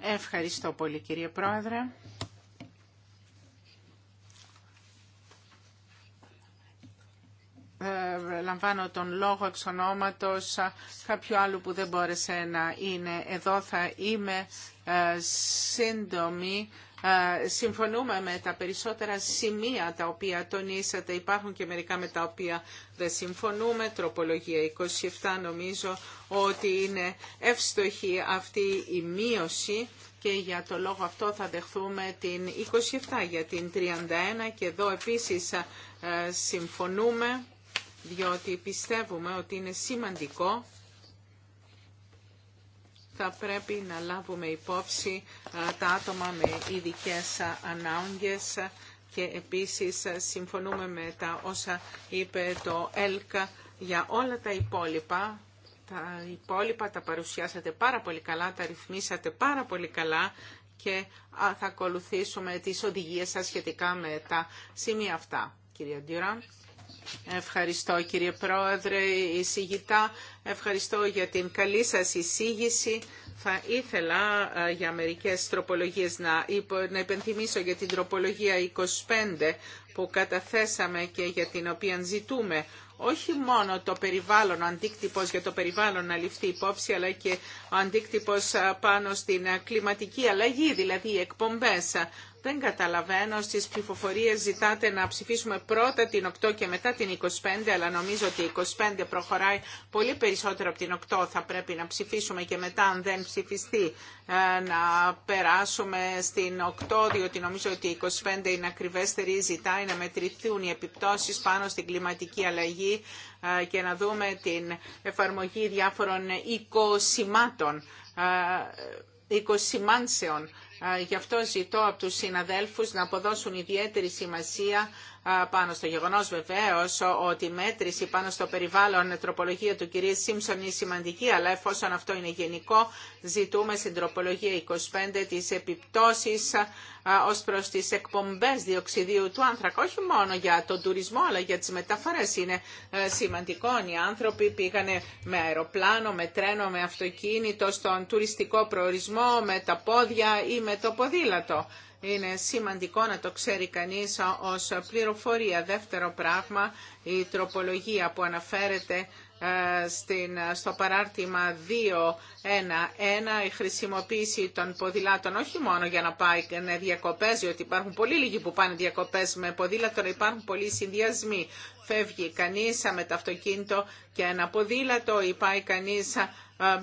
Ευχαριστώ πολύ κύριε Πρόεδρε. Ε, λαμβάνω τον λόγο εξ ονόματος κάποιου άλλου που δεν μπόρεσε να είναι εδώ. Θα είμαι ε, σύντομη συμφωνούμε με τα περισσότερα σημεία τα οποία τονίσατε. Υπάρχουν και μερικά με τα οποία δεν συμφωνούμε. Τροπολογία 27 νομίζω ότι είναι ευστοχή αυτή η μείωση και για το λόγο αυτό θα δεχθούμε την 27 για την 31 και εδώ επίσης συμφωνούμε διότι πιστεύουμε ότι είναι σημαντικό θα πρέπει να λάβουμε υπόψη τα άτομα με ειδικέ ανάγκες και επίσης συμφωνούμε με τα όσα είπε το ΕΛΚΑ για όλα τα υπόλοιπα. Τα υπόλοιπα τα παρουσιάσατε πάρα πολύ καλά, τα ρυθμίσατε πάρα πολύ καλά και θα ακολουθήσουμε τις οδηγίες σας σχετικά με τα σημεία αυτά. Κυρία Ντιουράν. Ευχαριστώ κύριε Πρόεδρε, εισηγητά. Ευχαριστώ για την καλή σας εισήγηση. Θα ήθελα ε, για μερικές τροπολογίες να, να υπενθυμίσω για την τροπολογία 25 που καταθέσαμε και για την οποία ζητούμε όχι μόνο το περιβάλλον, ο αντίκτυπος για το περιβάλλον να ληφθεί υπόψη, αλλά και ο αντίκτυπος ε, πάνω στην ε, κλιματική αλλαγή, δηλαδή οι εκπομπές. Δεν καταλαβαίνω, στις ψηφοφορίες ζητάτε να ψηφίσουμε πρώτα την 8 και μετά την 25, αλλά νομίζω ότι η 25 προχωράει πολύ περισσότερο από την 8. Θα πρέπει να ψηφίσουμε και μετά, αν δεν ψηφιστεί, ε, να περάσουμε στην 8, διότι νομίζω ότι η 25 είναι ακριβέστερη, ζητάει να μετρηθούν οι επιπτώσεις πάνω στην κλιματική αλλαγή ε, και να δούμε την εφαρμογή διάφορων οικοσημάτων, ε, οικοσημάνσεων Γι' αυτό ζητώ από τους συναδέλφους να αποδώσουν ιδιαίτερη σημασία πάνω στο γεγονός βεβαίως ότι η μέτρηση πάνω στο περιβάλλον τροπολογία του κυρίου Σίμψον είναι σημαντική, αλλά εφόσον αυτό είναι γενικό, ζητούμε στην τροπολογία 25 τις επιπτώσεις ως προς τις εκπομπές διοξιδίου του άνθρακα, όχι μόνο για τον τουρισμό, αλλά για τις μεταφορές. Είναι ε, σημαντικό, οι άνθρωποι πήγανε με αεροπλάνο, με τρένο, με αυτοκίνητο, στον τουριστικό προορισμό, με τα πόδια ή με το ποδήλατο είναι σημαντικό να το ξέρει κανείς ως πληροφορία. Δεύτερο πράγμα, η τροπολογία που αναφέρεται ε, στην, στο παράρτημα 2.1.1 η χρησιμοποίηση των ποδηλάτων όχι μόνο για να πάει να διακοπές διότι υπάρχουν πολύ λίγοι που πάνε διακοπές με ποδήλατο αλλά υπάρχουν πολλοί συνδυασμοί φεύγει κανείς με το αυτοκίνητο και ένα ποδήλατο ή πάει κανείς ε,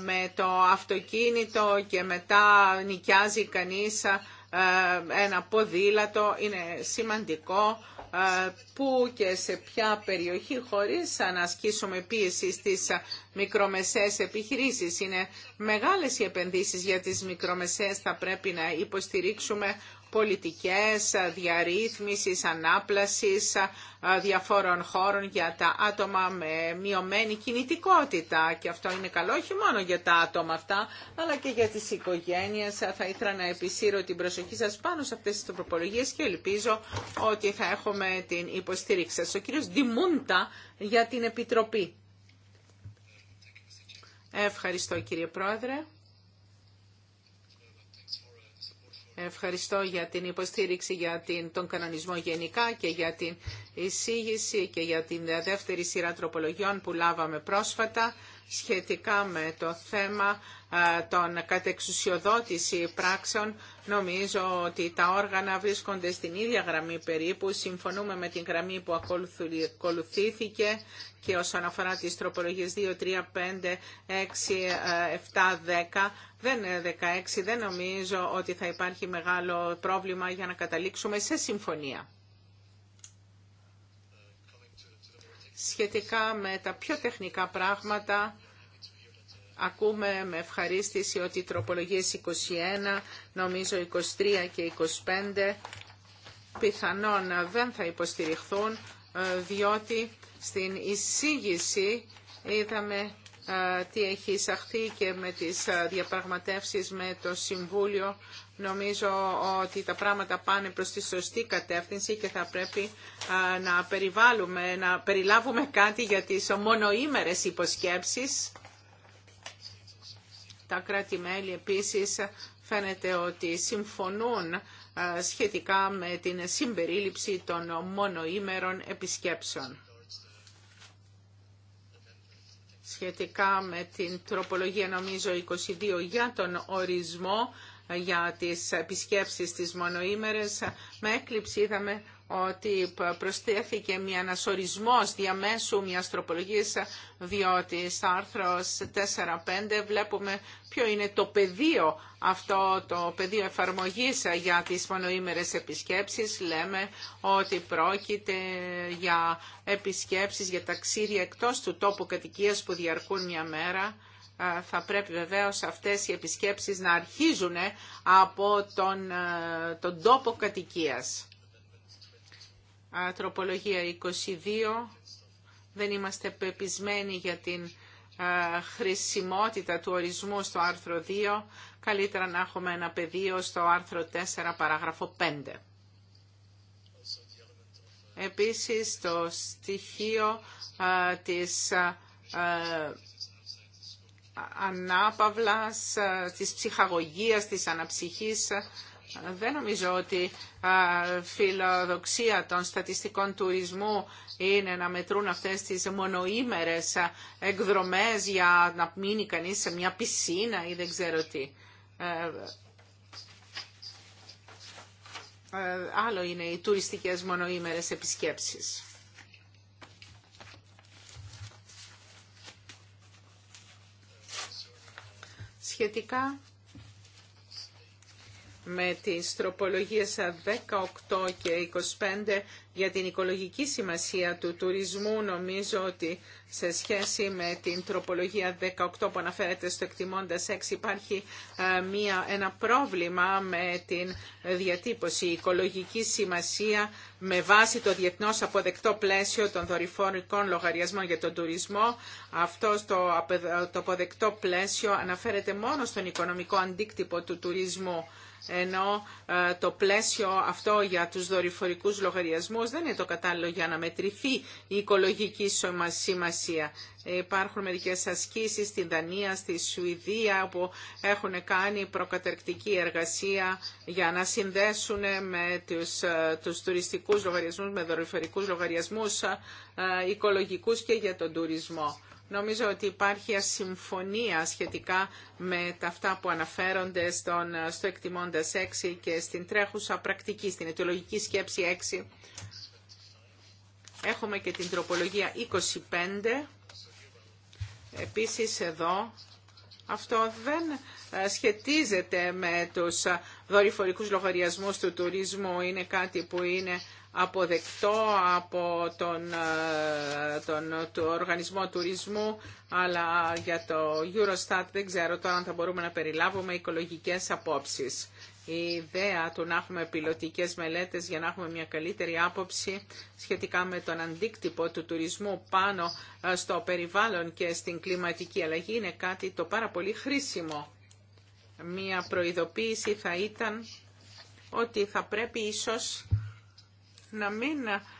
με το αυτοκίνητο και μετά νοικιάζει κανείς ε, ε, ένα ποδήλατο είναι σημαντικό ε, που και σε ποια περιοχή χωρίς να ασκήσουμε πίεση στις μικρομεσαίες επιχειρήσεις. Είναι μεγάλες οι επενδύσεις για τις μικρομεσαίες, θα πρέπει να υποστηρίξουμε πολιτικές διαρρύθμισης, ανάπλασης διαφόρων χώρων για τα άτομα με μειωμένη κινητικότητα. Και αυτό είναι καλό όχι μόνο για τα άτομα αυτά, αλλά και για τις οικογένειες. Θα ήθελα να επισύρω την προσοχή σας πάνω σε αυτές τις τροπολογίες και ελπίζω ότι θα έχουμε την υποστήριξη σας. Ο κύριος Ντιμούντα για την Επιτροπή. Ευχαριστώ κύριε Πρόεδρε. Ευχαριστώ για την υποστήριξη για την, τον κανονισμό γενικά και για την εισήγηση και για την δεύτερη σειρά τροπολογιών που λάβαμε πρόσφατα σχετικά με το θέμα των κατεξουσιοδότηση πράξεων. Νομίζω ότι τα όργανα βρίσκονται στην ίδια γραμμή περίπου. Συμφωνούμε με την γραμμή που ακολουθήθηκε και όσον αφορά τις τροπολογίες 2, 3, 5, 6, 7, 10, δεν, 16, ε, δεν νομίζω ότι θα υπάρχει μεγάλο πρόβλημα για να καταλήξουμε σε συμφωνία. σχετικά με τα πιο τεχνικά πράγματα. Ακούμε με ευχαρίστηση ότι οι τροπολογίες 21, νομίζω 23 και 25 πιθανόν δεν θα υποστηριχθούν ε, διότι στην εισήγηση είδαμε ε, τι έχει εισαχθεί και με τις ε, διαπραγματεύσεις με το Συμβούλιο Νομίζω ότι τα πράγματα πάνε προς τη σωστή κατεύθυνση και θα πρέπει να περιβάλλουμε, να περιλάβουμε κάτι για τις μονοήμερες υποσκέψεις. Τα κράτη-μέλη επίσης φαίνεται ότι συμφωνούν σχετικά με την συμπερίληψη των μονοήμερων επισκέψεων. Σχετικά με την τροπολογία νομίζω 22 για τον ορισμό για τις επισκέψεις τις μονοήμερες, με έκλειψη είδαμε ότι προσθέθηκε μια ανασορισμός διαμέσου μιας τροπολογίας, διότι στο άρθρο 4-5 βλέπουμε ποιο είναι το πεδίο αυτό, το πεδίο εφαρμογής για τις μονοήμερες επισκέψεις. Λέμε ότι πρόκειται για επισκέψεις, για ταξίδια εκτός του τόπου κατοικίας που διαρκούν μια μέρα θα πρέπει βεβαίως αυτές οι επισκέψεις να αρχίζουν ε, από τον, ε, τον τόπο κατοικίας. Τροπολογία 22. Δεν είμαστε πεπισμένοι για την χρησιμότητα του ορισμού στο άρθρο 2. Καλύτερα να έχουμε ένα πεδίο στο άρθρο 4 παράγραφο 5. Επίσης, το στοιχείο της α, ανάπαυλας, ε, της ψυχαγωγίας, της αναψυχής. Ε, δεν νομίζω ότι ε, φιλοδοξία των στατιστικών τουρισμού είναι να μετρούν αυτές τις μονοήμερες εκδρομές για να μείνει κανείς σε μια πισίνα ή δεν ξέρω τι. Άλλο είναι οι τουριστικές μονοήμερες επισκέψεις. σχετικά με τις τροπολογίες 18 και 25 για την οικολογική σημασία του τουρισμού. Νομίζω ότι σε σχέση με την τροπολογία 18 που αναφέρεται στο εκτιμώντας 6 υπάρχει ε, μία, ένα πρόβλημα με την διατύπωση οικολογικής οικολογική σημασία με βάση το διεθνώς αποδεκτό πλαίσιο των δορυφορικών λογαριασμών για τον τουρισμό. Αυτό το αποδεκτό πλαίσιο αναφέρεται μόνο στον οικονομικό αντίκτυπο του τουρισμού ενώ ε, το πλαίσιο αυτό για τους δορυφορικούς λογαριασμούς δεν είναι το κατάλληλο για να μετρηθεί η οικολογική σημασία. Υπάρχουν μερικές ασκήσεις στην Δανία, στη Σουηδία που έχουν κάνει προκαταρκτική εργασία για να συνδέσουν με τους, ε, τους τουριστικούς λογαριασμούς, με δορυφορικούς λογαριασμούς ε, οικολογικούς και για τον τουρισμό. Νομίζω ότι υπάρχει ασυμφωνία σχετικά με τα αυτά που αναφέρονται στον, στο εκτιμώντας 6 και στην τρέχουσα πρακτική, στην αιτιολογική σκέψη 6. Έχουμε και την τροπολογία 25. Επίσης εδώ αυτό δεν ε, σχετίζεται με τους ε, δορυφορικούς λογαριασμούς του τουρισμού. Είναι κάτι που είναι αποδεκτό από τον, ε, τον το Οργανισμό Τουρισμού, αλλά για το Eurostat δεν ξέρω τώρα αν θα μπορούμε να περιλάβουμε οικολογικές απόψεις. Η ιδέα του να έχουμε πιλωτικές μελέτες για να έχουμε μια καλύτερη άποψη σχετικά με τον αντίκτυπο του τουρισμού πάνω ε, στο περιβάλλον και στην κλιματική αλλαγή είναι κάτι το πάρα πολύ χρήσιμο. Μια προειδοποίηση θα ήταν ότι θα πρέπει ίσως να μην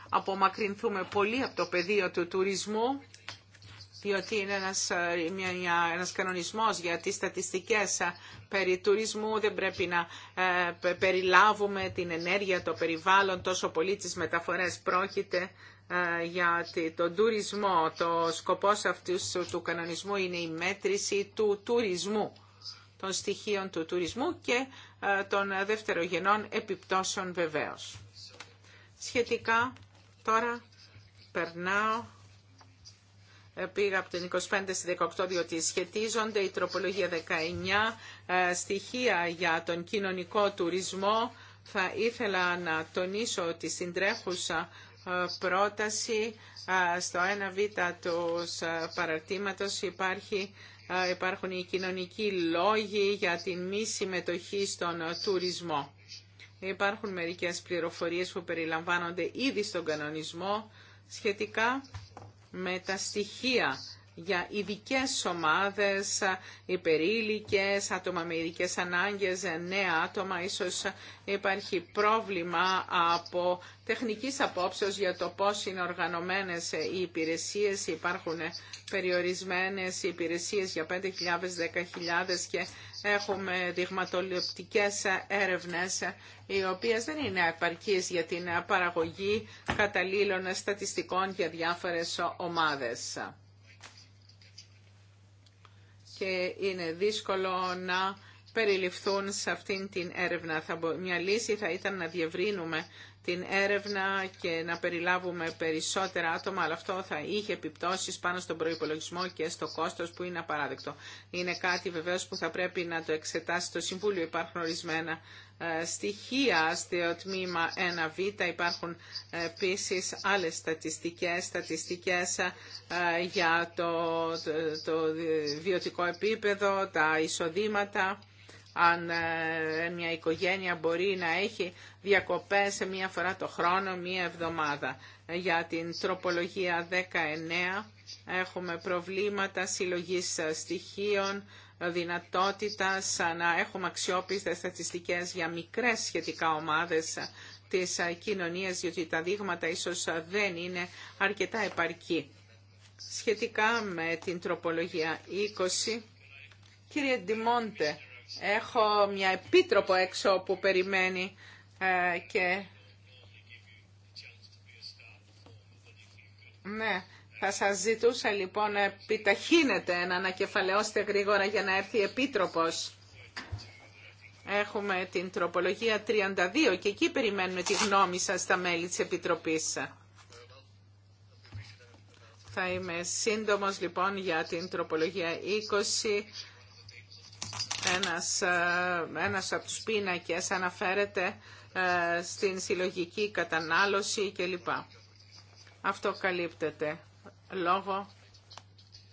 απομακρυνθούμε πολύ από το πεδίο του τουρισμού, διότι είναι ένας, ε, μια, ένας κανονισμός για τις στατιστικές ε, περί τουρισμού. Δεν πρέπει να ε, περιλάβουμε την ενέργεια, το περιβάλλον, τόσο πολύ τις μεταφορές πρόκειται για τον τουρισμό. Το σκοπός αυτού του κανονισμού είναι η μέτρηση του τουρισμού των στοιχείων του τουρισμού και των δευτερογενών επιπτώσεων βεβαίως σχετικά. Τώρα περνάω. Ε, πήγα από την 25 στη 18 διότι σχετίζονται η τροπολογία 19 ε, στοιχεία για τον κοινωνικό τουρισμό. Θα ήθελα να τονίσω ότι στην τρέχουσα ε, πρόταση στο 1β του παραρτήματος υπάρχει υπάρχουν οι κοινωνικοί λόγοι για τη μη συμμετοχή στον τουρισμό. Υπάρχουν μερικές πληροφορίες που περιλαμβάνονται ήδη στον κανονισμό σχετικά με τα στοιχεία για ειδικέ ομάδες, υπερήλικες, άτομα με ειδικέ ανάγκες, νέα άτομα. Ίσως υπάρχει πρόβλημα από τεχνικής απόψεως για το πώς είναι οργανωμένες οι υπηρεσίες. Υπάρχουν περιορισμένες υπηρεσίες για 5.000, 10.000 και έχουμε δειγματοληπτικές έρευνες οι οποίες δεν είναι επαρκείς για την παραγωγή καταλήλων στατιστικών για διάφορες ομάδες. Και είναι δύσκολο να περιληφθούν σε αυτήν την έρευνα. Μια λύση θα ήταν να διευρύνουμε την έρευνα και να περιλάβουμε περισσότερα άτομα, αλλά αυτό θα είχε επιπτώσεις πάνω στον προϋπολογισμό και στο κόστος που είναι απαράδεκτο. Είναι κάτι βεβαίως που θα πρέπει να το εξετάσει το Συμβούλιο. Υπάρχουν ορισμένα στοιχεία στο τμήμα 1β. Υπάρχουν επίση άλλες στατιστικές, στατιστικές για το, το, το βιωτικό επίπεδο, τα εισοδήματα αν ε, μια οικογένεια μπορεί να έχει διακοπές μία φορά το χρόνο, μία εβδομάδα. Ε, για την τροπολογία 19 έχουμε προβλήματα συλλογής ε, στοιχείων, δυνατότητας να έχουμε αξιόπιστες στατιστικές για μικρές σχετικά ομάδες της κοινωνίας, διότι τα δείγματα ίσως δεν είναι αρκετά επαρκή. Σχετικά με την τροπολογία 20, κύριε Ντιμόντε, Έχω μια επίτροπο έξω που περιμένει ε, και... Ναι, θα σας ζητούσα λοιπόν να επιταχύνετε, να ανακεφαλαιώσετε γρήγορα για να έρθει η επίτροπος. Έχουμε την τροπολογία 32 και εκεί περιμένουμε τη γνώμη σας στα μέλη της Επιτροπής. Θα είμαι σύντομος λοιπόν για την τροπολογία 20 ένας, ε, ένας από τους πίνακες αναφέρεται ε, στην συλλογική κατανάλωση κλπ. Αυτό καλύπτεται λόγω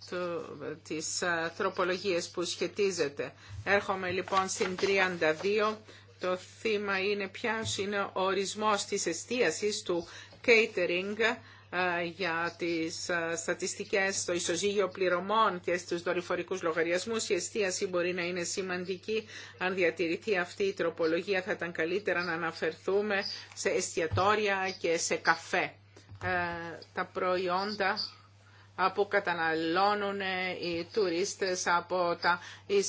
του, της ε, τροπολογίας που σχετίζεται. Έρχομαι λοιπόν στην 32. Το θύμα είναι ποιος είναι ο ορισμός της εστίασης του catering ε, για τις ε, στατιστικές στο ισοζύγιο πληρωμών και στους δορυφορικούς λογαριασμούς. Η εστίαση μπορεί να είναι σημαντική. Αν διατηρηθεί αυτή η τροπολογία θα ήταν καλύτερα να αναφερθούμε σε εστιατόρια και σε καφέ. Ε, τα προϊόντα που καταναλώνουν ε, οι τουρίστες από τα,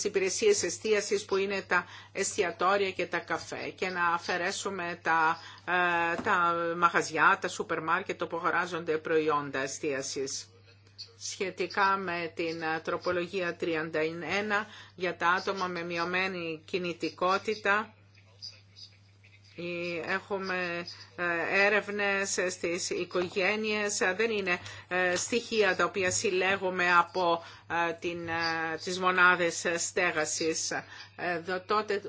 υπηρεσίε υπηρεσίες που είναι τα εστιατόρια και τα καφέ και να αφαιρέσουμε τα, ε, τα μαγαζιά, τα σούπερ μάρκετ όπου αγοράζονται προϊόντα εστίασης. Σχετικά με την ε, τροπολογία 31 για τα άτομα με μειωμένη κινητικότητα, ε, έχουμε ε, έρευνες στις οικογένειες, δεν είναι ε, στοιχεία τα οποία συλλέγουμε από την, τις μονάδες στέγασης. Τότε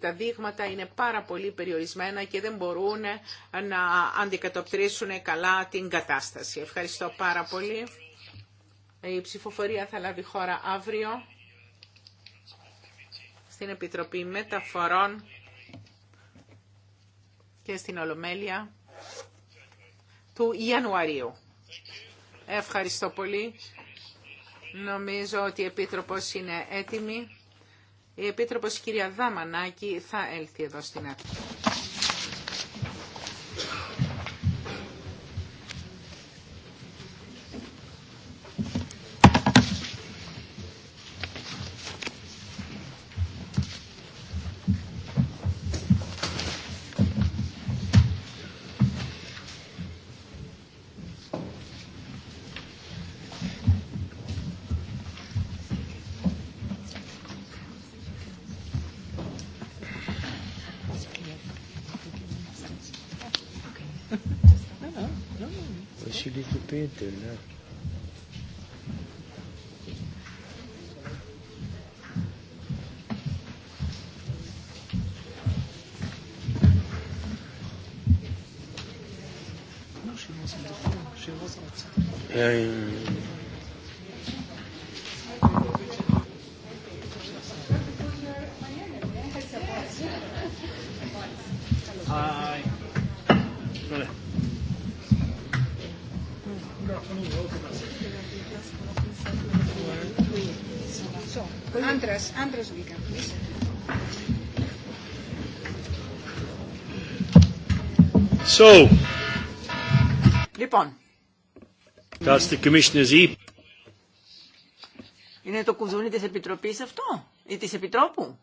τα δείγματα είναι πάρα πολύ περιορισμένα και δεν μπορούν να αντικατοπτρίσουν καλά την κατάσταση. Ευχαριστώ πάρα πολύ. Η ψηφοφορία θα λάβει χώρα αύριο στην Επιτροπή Μεταφορών και στην Ολομέλεια του Ιανουαρίου. Ευχαριστώ πολύ. Νομίζω ότι η Επίτροπος είναι έτοιμη. Η Επίτροπος κυρία Δαμανάκη θα έλθει εδώ στην Αθήνα. était là. Yeah, yeah. Λοιπόν. Είναι το κουδούνι της Επιτροπής αυτό ή της Επιτρόπου.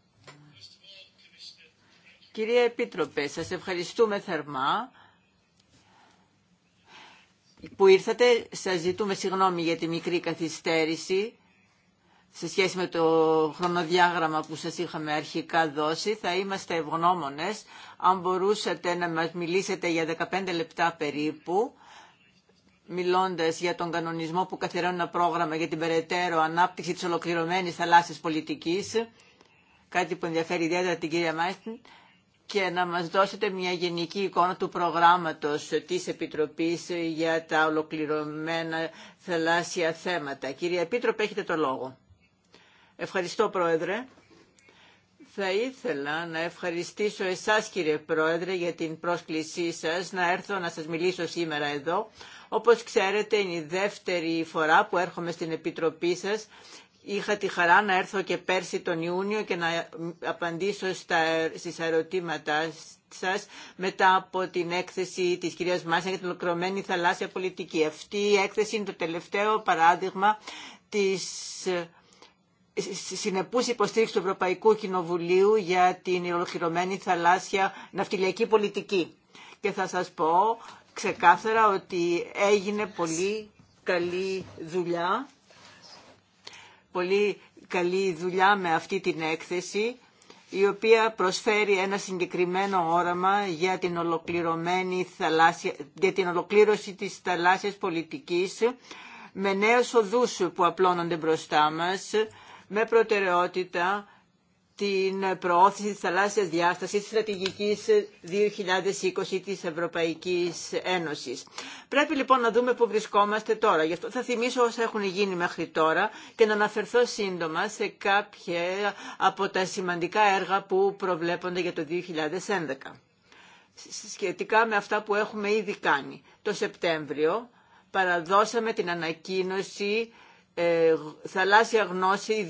Κυρία Επίτροπε, σας ευχαριστούμε θερμά που ήρθατε. Σας ζητούμε συγγνώμη για τη μικρή καθυστέρηση σε σχέση με το χρονοδιάγραμμα που σας είχαμε αρχικά δώσει. Θα είμαστε ευγνώμονες αν μπορούσατε να μας μιλήσετε για 15 λεπτά περίπου μιλώντας για τον κανονισμό που καθιερώνει ένα πρόγραμμα για την περαιτέρω ανάπτυξη της ολοκληρωμένης θαλάσσης πολιτικής, κάτι που ενδιαφέρει ιδιαίτερα την κυρία Μάιστιν, και να μας δώσετε μια γενική εικόνα του προγράμματος της Επιτροπής για τα ολοκληρωμένα θαλάσσια θέματα. Κύριε Επίτροπε, έχετε το λόγο. Ευχαριστώ Πρόεδρε. Θα ήθελα να ευχαριστήσω εσάς κύριε Πρόεδρε για την πρόσκλησή σας να έρθω να σας μιλήσω σήμερα εδώ. Όπως ξέρετε είναι η δεύτερη φορά που έρχομαι στην Επιτροπή σας. Είχα τη χαρά να έρθω και πέρσι τον Ιούνιο και να απαντήσω στα, στις ερωτήματα σας μετά από την έκθεση της κυρίας Μάσια για την ολοκληρωμένη θαλάσσια πολιτική. Αυτή η έκθεση είναι το τελευταίο παράδειγμα της συνεπούς υποστήριξη του Ευρωπαϊκού Κοινοβουλίου για την ολοκληρωμένη θαλάσσια ναυτιλιακή πολιτική. Και θα σας πω ξεκάθαρα ότι έγινε πολύ καλή δουλειά, πολύ καλή δουλειά με αυτή την έκθεση, η οποία προσφέρει ένα συγκεκριμένο όραμα για την, ολοκληρωμένη θαλάσσια, για την ολοκλήρωση της θαλάσσιας πολιτικής με νέες οδούς που απλώνονται μπροστά μας, με προτεραιότητα την προώθηση της θαλάσσιας διάστασης της στρατηγικής 2020 της Ευρωπαϊκής Ένωσης. Πρέπει λοιπόν να δούμε πού βρισκόμαστε τώρα. Γι' αυτό θα θυμίσω όσα έχουν γίνει μέχρι τώρα και να αναφερθώ σύντομα σε κάποια από τα σημαντικά έργα που προβλέπονται για το 2011. Σχετικά με αυτά που έχουμε ήδη κάνει. Το Σεπτέμβριο παραδώσαμε την ανακοίνωση ε, θαλάσσια γνώση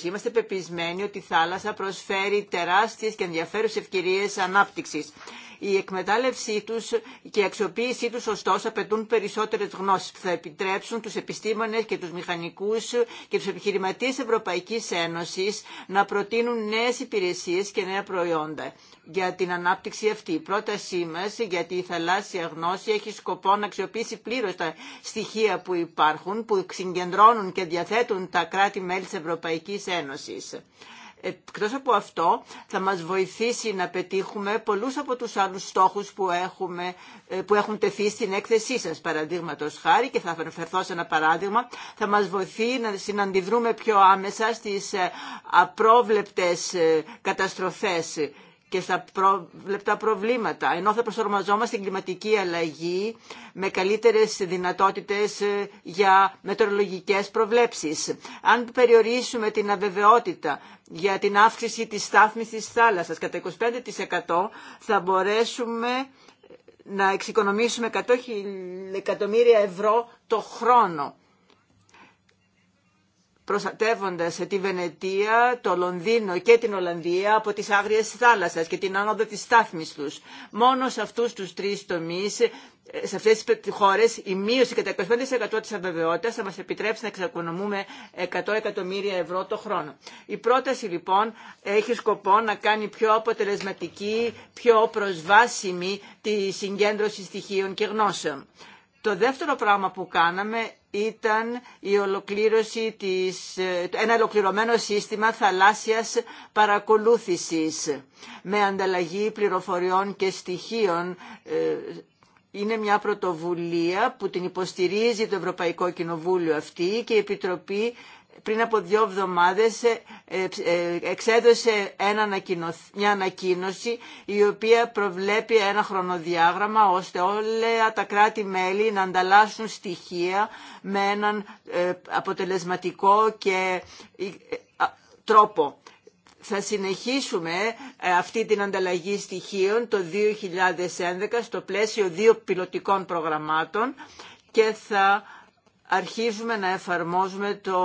2020. Είμαστε πεπισμένοι ότι η θάλασσα προσφέρει τεράστιες και ενδιαφέρουσες ευκαιρίες ανάπτυξης. Η εκμετάλλευσή τους και η αξιοποίησή του, ωστόσο απαιτούν περισσότερε γνώσει που θα επιτρέψουν τους επιστήμονε και τους μηχανικούς και του επιχειρηματίε Ευρωπαϊκή Ένωσης να προτείνουν νέε υπηρεσίε και νέα προϊόντα για την ανάπτυξη αυτή. Η πρότασή μα, για τη θαλάσσια γνώση έχει σκοπό να αξιοποιήσει πλήρω τα στοιχεία που υπάρχουν, που συγκεντρώνουν και διαθέτουν τα κράτη-μέλη τη Ευρωπαϊκή Ένωση εκτός από αυτό θα μας βοηθήσει να πετύχουμε πολλούς από τους άλλους στόχους που, έχουμε, ε, που έχουν τεθεί στην έκθεσή σας. Παραδείγματο χάρη και θα αναφερθώ σε ένα παράδειγμα, θα μας βοηθεί να συναντιδρούμε πιο άμεσα στις ε, απρόβλεπτες ε, καταστροφές και στα λεπτά προβλήματα. Ενώ θα προσαρμοζόμαστε στην κλιματική αλλαγή με καλύτερες δυνατότητες ε, για μετρολογικές προβλέψεις. Αν περιορίσουμε την αβεβαιότητα για την αύξηση της στάθμης της θάλασσας κατά 25% θα μπορέσουμε ε, να εξοικονομήσουμε 100 εκατομμύρια ευρώ το χρόνο προστατεύοντας τη Βενετία, το Λονδίνο και την Ολλανδία από τις άγριες θάλασσες και την άνοδο της στάθμης τους. Μόνο σε αυτούς τους τρεις τομείς, σε αυτές τις χώρες, η μείωση κατά 25% της αβεβαιότητας θα μας επιτρέψει να εξοικονομούμε 100 εκατομμύρια ευρώ το χρόνο. Η πρόταση λοιπόν έχει σκοπό να κάνει πιο αποτελεσματική, πιο προσβάσιμη τη συγκέντρωση στοιχείων και γνώσεων. Το δεύτερο πράγμα που κάναμε ήταν η ολοκλήρωση της, ένα ολοκληρωμένο σύστημα θαλάσσιας παρακολούθησης με ανταλλαγή πληροφοριών και στοιχείων. Ε, είναι μια πρωτοβουλία που την υποστηρίζει το Ευρωπαϊκό Κοινοβούλιο αυτή και η Επιτροπή πριν από δύο εβδομάδες ε, ε, ε, εξέδωσε μια ανακοίνωση η οποία προβλέπει ένα χρονοδιάγραμμα ώστε όλα τα κράτη-μέλη να ανταλλάσσουν στοιχεία με έναν αποτελεσματικό και τρόπο. Θα συνεχίσουμε αυτή την ανταλλαγή στοιχείων το 2011 στο πλαίσιο δύο πιλωτικών προγραμμάτων και θα αρχίζουμε να εφαρμόζουμε το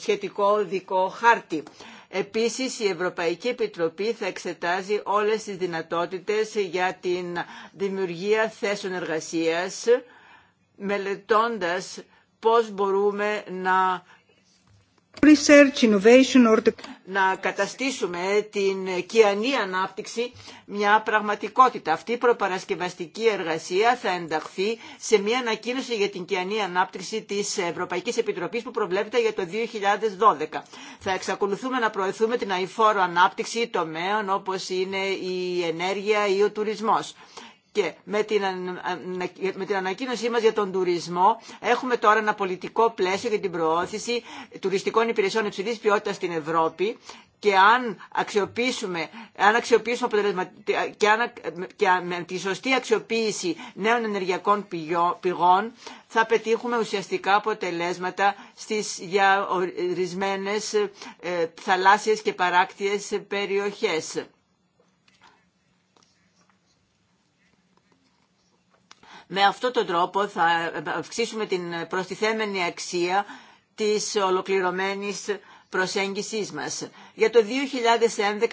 σχετικό δικό χάρτη. Επίσης, η Ευρωπαϊκή Επιτροπή θα εξετάζει όλες τις δυνατότητες για την δημιουργία θέσεων εργασίας, μελετώντας πώς μπορούμε να να καταστήσουμε την κιανή ανάπτυξη μια πραγματικότητα. Αυτή η προπαρασκευαστική εργασία θα ενταχθεί σε μια ανακοίνωση για την κιανή ανάπτυξη της Ευρωπαϊκής Επιτροπής που προβλέπεται για το 2012. Θα εξακολουθούμε να προωθούμε την αηφόρο ανάπτυξη τομέων όπως είναι η ενέργεια ή ο τουρισμός. Και με την, με την ανακοίνωσή μας για τον τουρισμό έχουμε τώρα ένα πολιτικό πλαίσιο για την προώθηση τουριστικών υπηρεσιών υψηλής ποιότητας στην Ευρώπη και αν αξιοποιήσουμε, αν αξιοποιήσουμε και, αν, και με τη σωστή αξιοποίηση νέων ενεργειακών πηγών θα πετύχουμε ουσιαστικά αποτελέσματα στις για ορισμένες ε, θαλάσσιες και παράκτιες περιοχές. Με αυτό τον τρόπο θα αυξήσουμε την προστιθέμενη αξία της ολοκληρωμένης προσέγγισής μας. Για το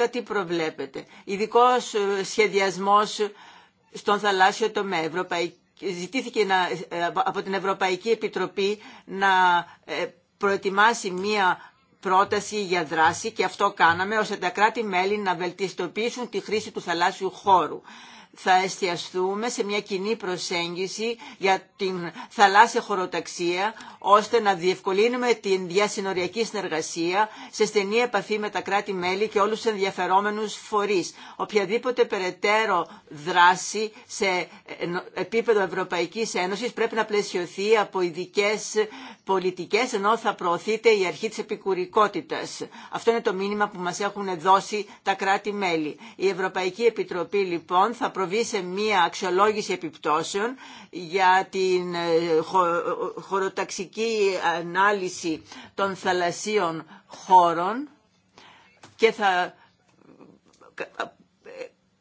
2011 τι προβλέπετε. Ειδικό σχεδιασμός στον θαλάσσιο τομέα. Ευρωπαϊκή ζητήθηκε να, από την Ευρωπαϊκή Επιτροπή να ε, προετοιμάσει μία πρόταση για δράση και αυτό κάναμε ώστε τα κράτη-μέλη να βελτιστοποιήσουν τη χρήση του θαλάσσιου χώρου θα εστιαστούμε σε μια κοινή προσέγγιση για την θαλάσσια χωροταξία, ώστε να διευκολύνουμε την διασυνοριακή συνεργασία σε στενή επαφή με τα κράτη-μέλη και όλους τους ενδιαφερόμενους φορείς. Οποιαδήποτε περαιτέρω δράση σε επίπεδο Ευρωπαϊκής Ένωσης πρέπει να πλαισιωθεί από ειδικέ πολιτικές, ενώ θα προωθείται η αρχή της επικουρικότητας. Αυτό είναι το μήνυμα που μας έχουν δώσει τα κράτη-μέλη. Η Ευρωπαϊκή Επιτροπή λοιπόν θα προβεί σε μία αξιολόγηση επιπτώσεων για την ε, ε, χωροταξική ανάλυση των θαλασσίων χώρων και ε, θα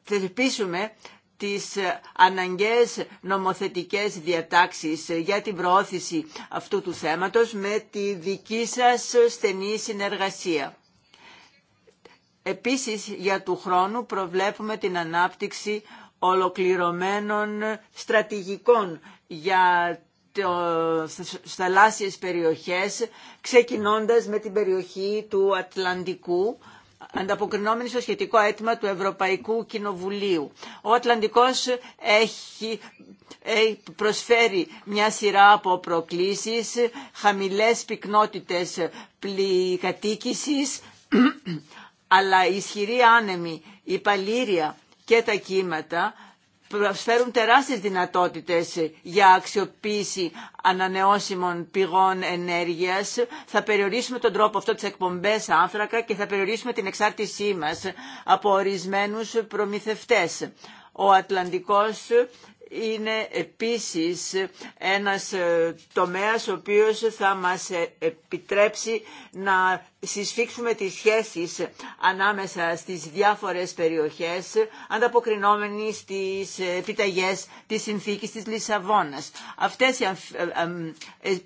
θεσπίσουμε τις αναγκαίες νομοθετικές διατάξεις για την προώθηση αυτού του θέματος με τη δική σας στενή συνεργασία. Επίσης, για του χρόνου προβλέπουμε την ανάπτυξη ολοκληρωμένων στρατηγικών για στις θαλάσσιες περιοχές, ξεκινώντας με την περιοχή του Ατλαντικού, ανταποκρινόμενη στο σχετικό αίτημα του Ευρωπαϊκού Κοινοβουλίου. Ο Ατλαντικός έχει, προσφέρει μια σειρά από προκλήσεις, χαμηλές πυκνότητες πληκατοίκηση, αλλά ισχυρή άνεμη, υπαλλήρια και τα κύματα προσφέρουν τεράστιες δυνατότητες για αξιοποίηση ανανεώσιμων πηγών ενέργειας. Θα περιορίσουμε τον τρόπο αυτό της εκπομπές άνθρακα και θα περιορίσουμε την εξάρτησή μας από ορισμένους προμηθευτές. Ο Ατλαντικός είναι επίσης ένας ε, τομέας ο οποίος θα μας ε, επιτρέψει να συσφίξουμε τις σχέσεις ανάμεσα στις διάφορες περιοχές ανταποκρινόμενοι στις επιταγές της συνθήκης της Λισαβόνας. Αυτές οι ε,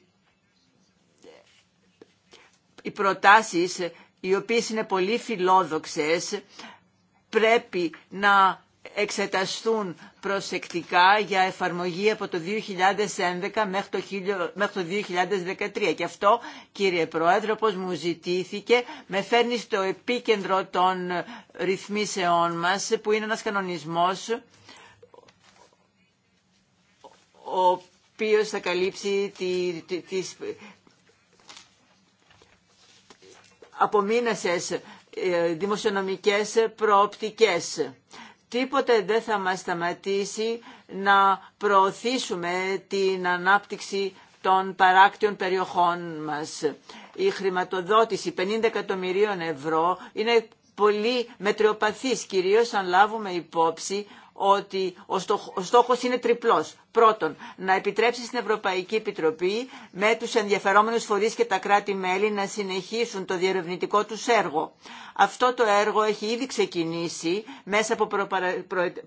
οι προτάσεις οι οποίες είναι πολύ φιλόδοξες πρέπει να εξεταστούν προσεκτικά για εφαρμογή από το 2011 μέχρι το, 2013. Και αυτό, κύριε Πρόεδρε, όπως μου ζητήθηκε, με φέρνει στο επίκεντρο των ρυθμίσεών μας, που είναι ένας κανονισμός ο οποίος θα καλύψει τη, τη, τις απομείνασες ε, δημοσιονομικές προοπτικές τίποτε δεν θα μας σταματήσει να προωθήσουμε την ανάπτυξη των παράκτιων περιοχών μας. Η χρηματοδότηση 50 εκατομμυρίων ευρώ είναι πολύ μετριοπαθής, κυρίως αν λάβουμε υπόψη ότι ο στόχος είναι τριπλός. Πρώτον, να επιτρέψει στην Ευρωπαϊκή Επιτροπή με τους ενδιαφερόμενους φορείς και τα κράτη-μέλη να συνεχίσουν το διερευνητικό τους έργο. Αυτό το έργο έχει ήδη ξεκινήσει μέσα από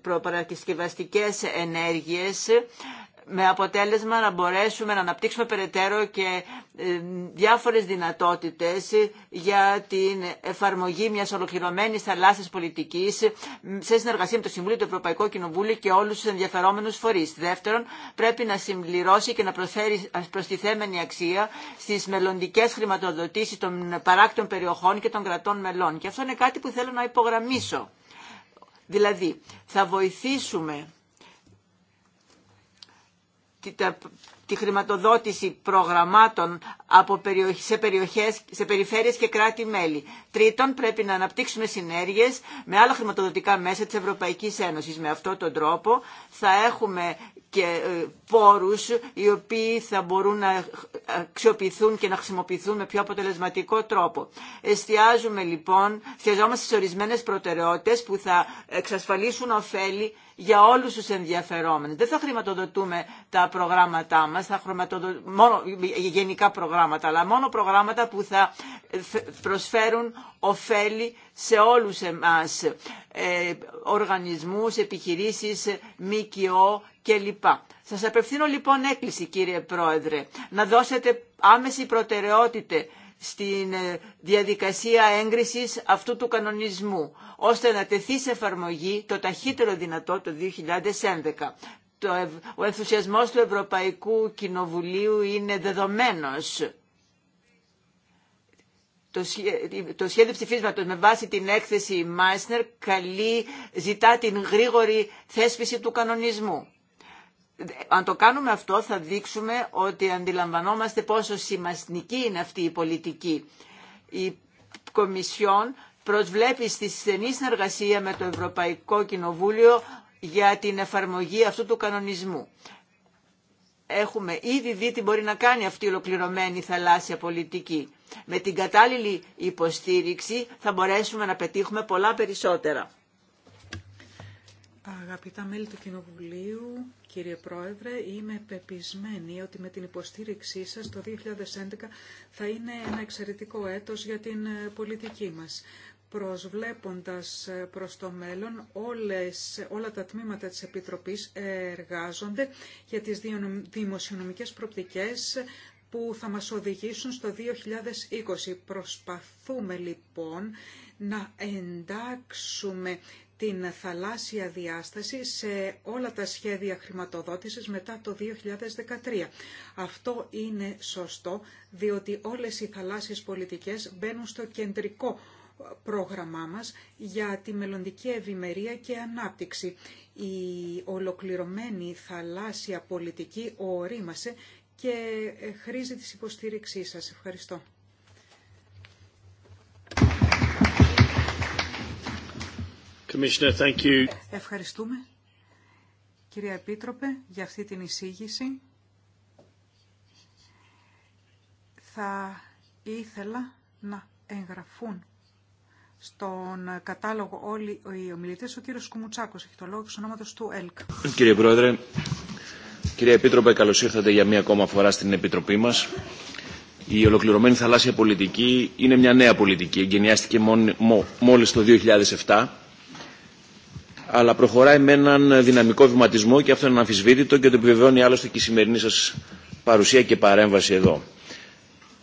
προπαρασκευαστικές ενέργειες με αποτέλεσμα να μπορέσουμε να αναπτύξουμε περαιτέρω και ε, διάφορες δυνατότητες για την εφαρμογή μιας ολοκληρωμένης θαλάσσιας πολιτικής σε συνεργασία με το Συμβούλιο, το Ευρωπαϊκό Κοινοβούλιο και όλους τους ενδιαφερόμενους φορείς. Δεύτερον, πρέπει να συμπληρώσει και να προσφέρει προστιθέμενη αξία στις μελλοντικέ χρηματοδοτήσεις των παράκτων περιοχών και των κρατών μελών. Και αυτό είναι κάτι που θέλω να υπογραμμίσω. Δηλαδή, θα βοηθήσουμε τη χρηματοδότηση προγραμμάτων από σε, περιοχές, σε περιφέρειες και κράτη-μέλη. Τρίτον, πρέπει να αναπτύξουμε συνέργειες με άλλα χρηματοδοτικά μέσα της Ευρωπαϊκής Ένωσης. Με αυτόν τον τρόπο θα έχουμε και ε, πόρους οι οποίοι θα μπορούν να αξιοποιηθούν και να χρησιμοποιηθούν με πιο αποτελεσματικό τρόπο. Εστιάζουμε λοιπόν, εστιαζόμαστε σε ορισμένες προτεραιότητες που θα εξασφαλίσουν ωφέλη για όλους τους ενδιαφερόμενους. Δεν θα χρηματοδοτούμε τα προγράμματά μας, θα χρηματοδο... μόνο γενικά προγράμματα, αλλά μόνο προγράμματα που θα προσφέρουν ωφέλη σε όλους εμάς, ε, οργανισμούς, επιχειρήσεις, ΜΚΟ κλπ. Σας απευθύνω λοιπόν έκκληση κύριε Πρόεδρε, να δώσετε άμεση προτεραιότητα στην ε, διαδικασία έγκρισης αυτού του κανονισμού, ώστε να τεθεί σε εφαρμογή το ταχύτερο δυνατό το 2011. Ο ενθουσιασμός του Ευρωπαϊκού Κοινοβουλίου είναι δεδομένος. Το σχέδιο ψηφίσματος με βάση την έκθεση Μάισνερ καλεί ζητά την γρήγορη θέσπιση του κανονισμού αν το κάνουμε αυτό θα δείξουμε ότι αντιλαμβανόμαστε πόσο σημαντική είναι αυτή η πολιτική. Η Κομισιόν προσβλέπει στη στενή συνεργασία με το Ευρωπαϊκό Κοινοβούλιο για την εφαρμογή αυτού του κανονισμού. Έχουμε ήδη δει τι μπορεί να κάνει αυτή η ολοκληρωμένη θαλάσσια πολιτική. Με την κατάλληλη υποστήριξη θα μπορέσουμε να πετύχουμε πολλά περισσότερα. Αγαπητά μέλη του Κοινοβουλίου, κύριε Πρόεδρε, είμαι πεπισμένη ότι με την υποστήριξή σας το 2011 θα είναι ένα εξαιρετικό έτος για την ε, πολιτική μας. Προσβλέποντας ε, προς το μέλλον, όλες, ε, όλα τα τμήματα της Επιτροπής εργάζονται για τις δημοσιονομικές προπτικές που θα μας οδηγήσουν στο 2020. Προσπαθούμε λοιπόν να εντάξουμε την θαλάσσια διάσταση σε όλα τα σχέδια χρηματοδότησης μετά το 2013. Αυτό είναι σωστό, διότι όλες οι θαλάσσιες πολιτικές μπαίνουν στο κεντρικό πρόγραμμά μας για τη μελλοντική ευημερία και ανάπτυξη. Η ολοκληρωμένη θαλάσσια πολιτική ορίμασε και χρήζει της υποστήριξής σας. Ευχαριστώ. Ευχαριστούμε, κύριε Επίτροπε, για αυτή την εισήγηση. Θα ήθελα να εγγραφούν στον κατάλογο όλοι οι ομιλητές. Ο κύριος Κουμουτσάκος έχει το λόγο του ονόματος του ΕΛΚ. Κύριε Πρόεδρε, κύριε Επίτροπε, καλώς ήρθατε για μία ακόμα φορά στην Επιτροπή μας. Η ολοκληρωμένη θαλάσσια πολιτική είναι μια νέα πολιτική. Εγκαινιάστηκε μόλις το 2007 αλλά προχωράει με έναν δυναμικό βηματισμό και αυτό είναι αναμφισβήτητο και το επιβεβαιώνει άλλωστε και η σημερινή σας παρουσία και παρέμβαση εδώ.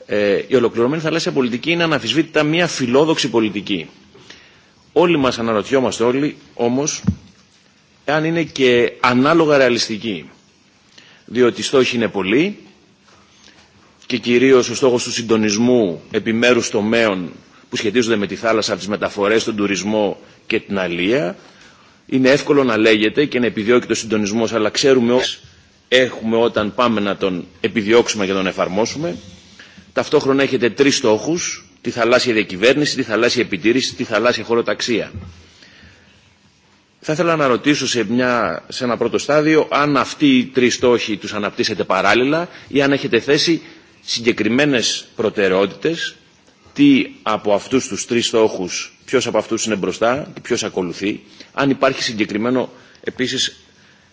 Ε, η ολοκληρωμένη θαλάσσια πολιτική είναι αναμφισβήτητα μια φιλόδοξη πολιτική. Όλοι μας αναρωτιόμαστε όλοι όμως εάν είναι και ανάλογα ρεαλιστική. Διότι οι στόχοι είναι πολλοί και κυρίως ο στόχος του συντονισμού επιμέρους τομέων που σχετίζονται με τη θάλασσα, τις μεταφορές, τον τουρισμό και την αλία είναι εύκολο να λέγεται και να επιδιώκει το συντονισμός, αλλά ξέρουμε ότι έχουμε όταν πάμε να τον επιδιώξουμε και να τον εφαρμόσουμε. Ταυτόχρονα έχετε τρει στόχου, τη θαλάσσια διακυβέρνηση, τη θαλάσσια επιτήρηση, τη θαλάσσια χωροταξία. Θα ήθελα να ρωτήσω σε, μια, σε ένα πρώτο στάδιο αν αυτοί οι τρει στόχοι του αναπτύσσετε παράλληλα ή αν έχετε θέσει συγκεκριμένες προτεραιότητες τι από αυτούς τους τρεις στόχους, ποιος από αυτούς είναι μπροστά και ποιος ακολουθεί, αν υπάρχει συγκεκριμένο επίσης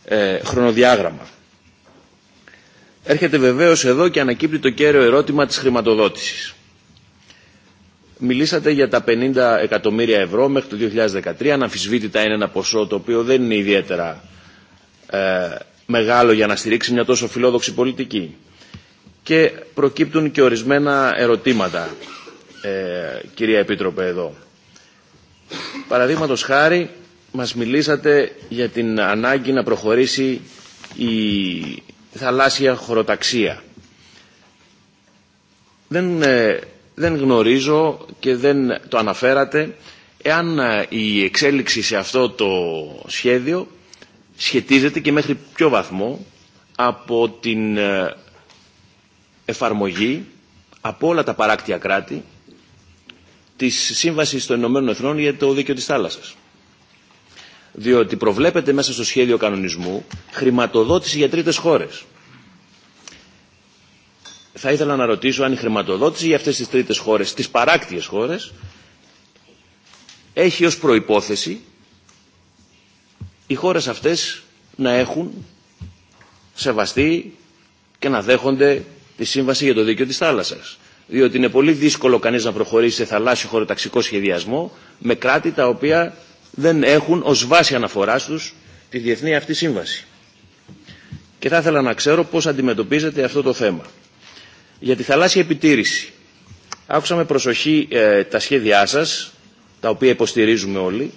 ε, χρονοδιάγραμμα. Έρχεται βεβαίως εδώ και ανακύπτει το κέριο ερώτημα της χρηματοδότησης. Μιλήσατε για τα 50 εκατομμύρια ευρώ μέχρι το 2013. Αναμφισβήτητα είναι ένα ποσό το οποίο δεν είναι ιδιαίτερα ε, μεγάλο για να στηρίξει μια τόσο φιλόδοξη πολιτική. Και προκύπτουν και ορισμένα ερωτήματα. Ε, κυρία Επίτροπε, εδώ. Παραδείγματο χάρη, μας μιλήσατε για την ανάγκη να προχωρήσει η θαλάσσια χωροταξία. Δεν, ε, δεν γνωρίζω και δεν το αναφέρατε εάν ε, η εξέλιξη σε αυτό το σχέδιο σχετίζεται και μέχρι ποιο βαθμό από την εφαρμογή από όλα τα παράκτια κράτη της Σύμβασης των Ηνωμένων Εθνών για το Δίκαιο της Θάλασσας. Διότι προβλέπεται μέσα στο σχέδιο κανονισμού χρηματοδότηση για τρίτες χώρες. Θα ήθελα να ρωτήσω αν η χρηματοδότηση για αυτές τις τρίτες χώρες, τις παράκτιες χώρες, έχει ως προϋπόθεση οι χώρες αυτές να έχουν σεβαστεί και να δέχονται τη Σύμβαση για το Δίκαιο της Θάλασσας διότι είναι πολύ δύσκολο κανείς να προχωρήσει σε θαλάσσιο χωροταξικό σχεδιασμό με κράτη τα οποία δεν έχουν ως βάση αναφοράς τους τη διεθνή αυτή σύμβαση. Και θα ήθελα να ξέρω πώς αντιμετωπίζετε αυτό το θέμα. Για τη θαλάσσια επιτήρηση. Άκουσα με προσοχή ε, τα σχέδιά σας, τα οποία υποστηρίζουμε όλοι.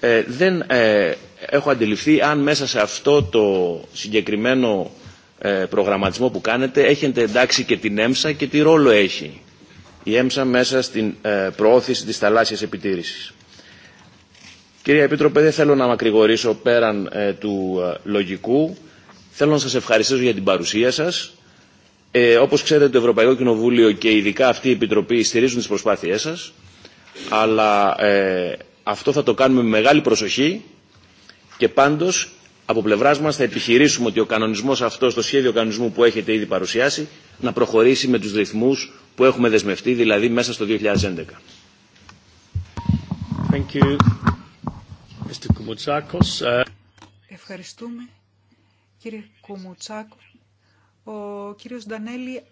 Ε, δεν ε, έχω αντιληφθεί αν μέσα σε αυτό το συγκεκριμένο ε, προγραμματισμό που κάνετε έχετε εντάξει και την ΕΜΣΑ και τι ρόλο έχει η ΕΜΣΑ μέσα στην ε, προώθηση της θαλάσσιας επιτήρησης. Κυρία Επίτροπε, δεν θέλω να μακρηγορήσω πέραν ε, του λογικού. Θέλω να σας ευχαριστήσω για την παρουσία σας. Ε, όπως ξέρετε, το Ευρωπαϊκό Κοινοβούλιο και ειδικά αυτή η Επιτροπή στηρίζουν τις προσπάθειές σας. Αλλά ε, αυτό θα το κάνουμε με μεγάλη προσοχή και πάντως από πλευρά μα θα επιχειρήσουμε ότι ο κανονισμό αυτό, το σχέδιο κανονισμού που έχετε ήδη παρουσιάσει, να προχωρήσει με του ρυθμού που έχουμε δεσμευτεί, δηλαδή μέσα στο 2011. Thank you. Mr. Ευχαριστούμε. Κύριε Κουμουτσάκο, ο κύριος Δανέλη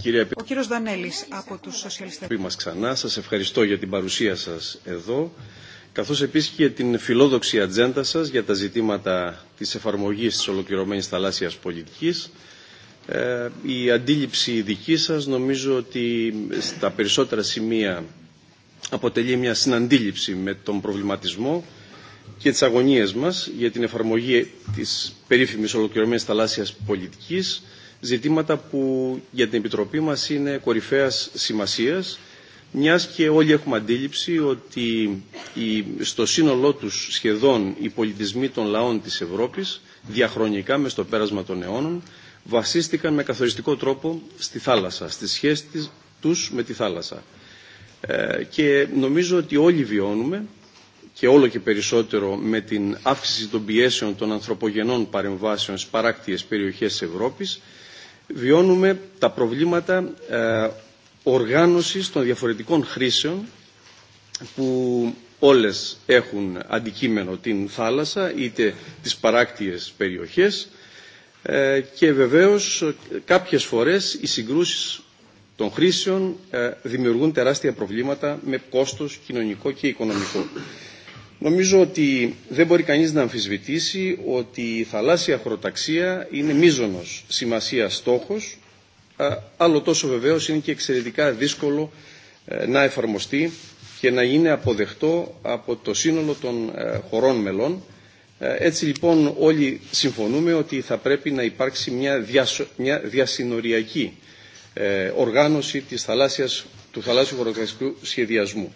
Κύριε... Ο κύριος Δανέλης από τους Σοσιαλιστές. Είμαστε ξανά. Σας ευχαριστώ για την παρουσία σας εδώ καθώς επίσης και την φιλόδοξη ατζέντα σας για τα ζητήματα της εφαρμογής της ολοκληρωμένης θαλάσσιας πολιτικής. Ε, η αντίληψη δική σας νομίζω ότι στα περισσότερα σημεία αποτελεί μια συναντήληψη με τον προβληματισμό και τις αγωνίες μας για την εφαρμογή της περίφημης ολοκληρωμένης θαλάσσιας πολιτικής, ζητήματα που για την Επιτροπή μας είναι κορυφαίας σημασίας μιας και όλοι έχουμε αντίληψη ότι στο σύνολό τους σχεδόν οι πολιτισμοί των λαών της Ευρώπης διαχρονικά με στο πέρασμα των αιώνων βασίστηκαν με καθοριστικό τρόπο στη θάλασσα, στη σχέση τους με τη θάλασσα. Ε, και νομίζω ότι όλοι βιώνουμε και όλο και περισσότερο με την αύξηση των πιέσεων των ανθρωπογενών παρεμβάσεων στις παράκτιες περιοχές της Ευρώπης βιώνουμε τα προβλήματα ε, οργάνωσης των διαφορετικών χρήσεων που όλες έχουν αντικείμενο την θάλασσα είτε τις παράκτιες περιοχές ε, και βεβαίως ε, κάποιες φορές οι συγκρούσεις των χρήσεων ε, δημιουργούν τεράστια προβλήματα με κόστος κοινωνικό και οικονομικό. Νομίζω ότι δεν μπορεί κανείς να αμφισβητήσει ότι η θαλάσσια χροταξία είναι μίζωνος σημασία στόχος άλλο τόσο βεβαίως είναι και εξαιρετικά δύσκολο ε, να εφαρμοστεί και να είναι αποδεκτό από το σύνολο των ε, χωρών μελών. Ε, έτσι λοιπόν όλοι συμφωνούμε ότι θα πρέπει να υπάρξει μια, διασυνοριακή οργάνωση της θαλάσσιας... του θαλάσσιου χωροκρατικού σχεδιασμού.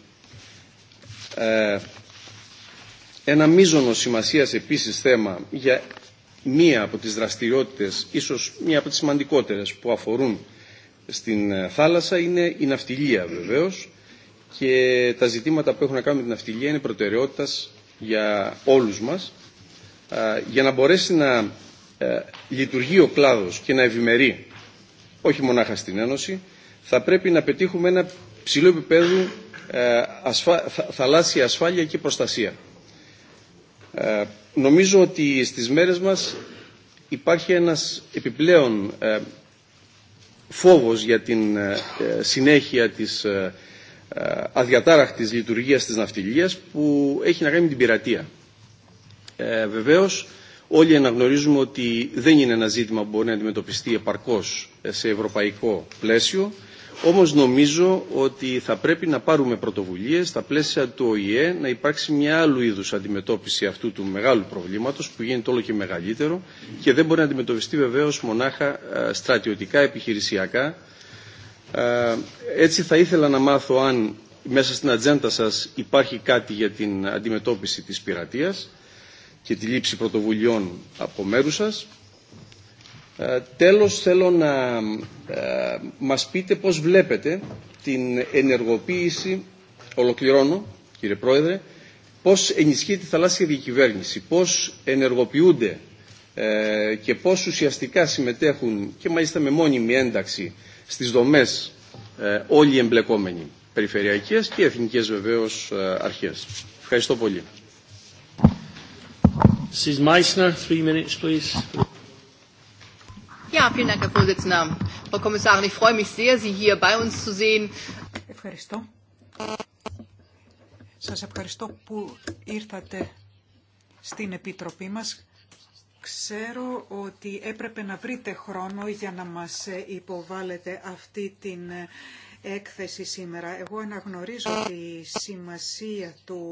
ένα μείζονο σημασίας επίσης θέμα για μία από τις δραστηριότητες, ίσως μία από τις σημαντικότερες που αφορούν στην ε, θάλασσα είναι η ναυτιλία βεβαίως και τα ζητήματα που έχουν να κάνουν με την ναυτιλία είναι προτεραιότητας για όλους μας για να μπορέσει να ε, λειτουργεί ο κλάδος και να ευημερεί όχι μονάχα στην Ένωση θα πρέπει να πετύχουμε ένα ψηλό επίπεδο ε, θαλάσσια ασφάλεια και προστασία. Ε, νομίζω ότι στις μέρες μας υπάρχει ένας επιπλέον ε, φόβος για την ε, συνέχεια της αδιατάραχτης λειτουργίας της ναυτιλίας που έχει να κάνει με την πειρατεία. Βεβαίως, όλοι αναγνωρίζουμε ότι δεν είναι ένα ζήτημα που μπορεί να αντιμετωπιστεί επαρκώς σε ευρωπαϊκό πλαίσιο όμως νομίζω ότι θα πρέπει να πάρουμε πρωτοβουλίες στα πλαίσια του ΟΗΕ να υπάρξει μια άλλου είδους αντιμετώπιση αυτού του μεγάλου προβλήματος που γίνεται όλο και μεγαλύτερο και δεν μπορεί να αντιμετωπιστεί βεβαίως μονάχα ε, στρατιωτικά επιχειρησιακά. Ε, έτσι θα ήθελα να μάθω αν μέσα στην ατζέντα σας υπάρχει κάτι για την αντιμετώπιση της πειρατείας και τη λήψη πρωτοβουλειών από μέρους σας. Ε, τέλος θέλω να ε, μας πείτε πώς βλέπετε την ενεργοποίηση, ολοκληρώνω κύριε Πρόεδρε, πώς ενισχύει τη θαλάσσια διακυβέρνηση, πώς ενεργοποιούνται ε, και πώς ουσιαστικά συμμετέχουν και μάλιστα με μόνιμη ένταξη στις δομές όλοι οι εμπλεκόμενοι, περιφερειακές και εθνικές βεβαίως αρχές. Ευχαριστώ πολύ. Ευχαριστώ. Σας ευχαριστώ που ήρθατε στην Επιτροπή μας. Ξέρω ότι έπρεπε να βρείτε χρόνο για να μας υποβάλλετε αυτή την έκθεση σήμερα. Εγώ αναγνωρίζω τη σημασία του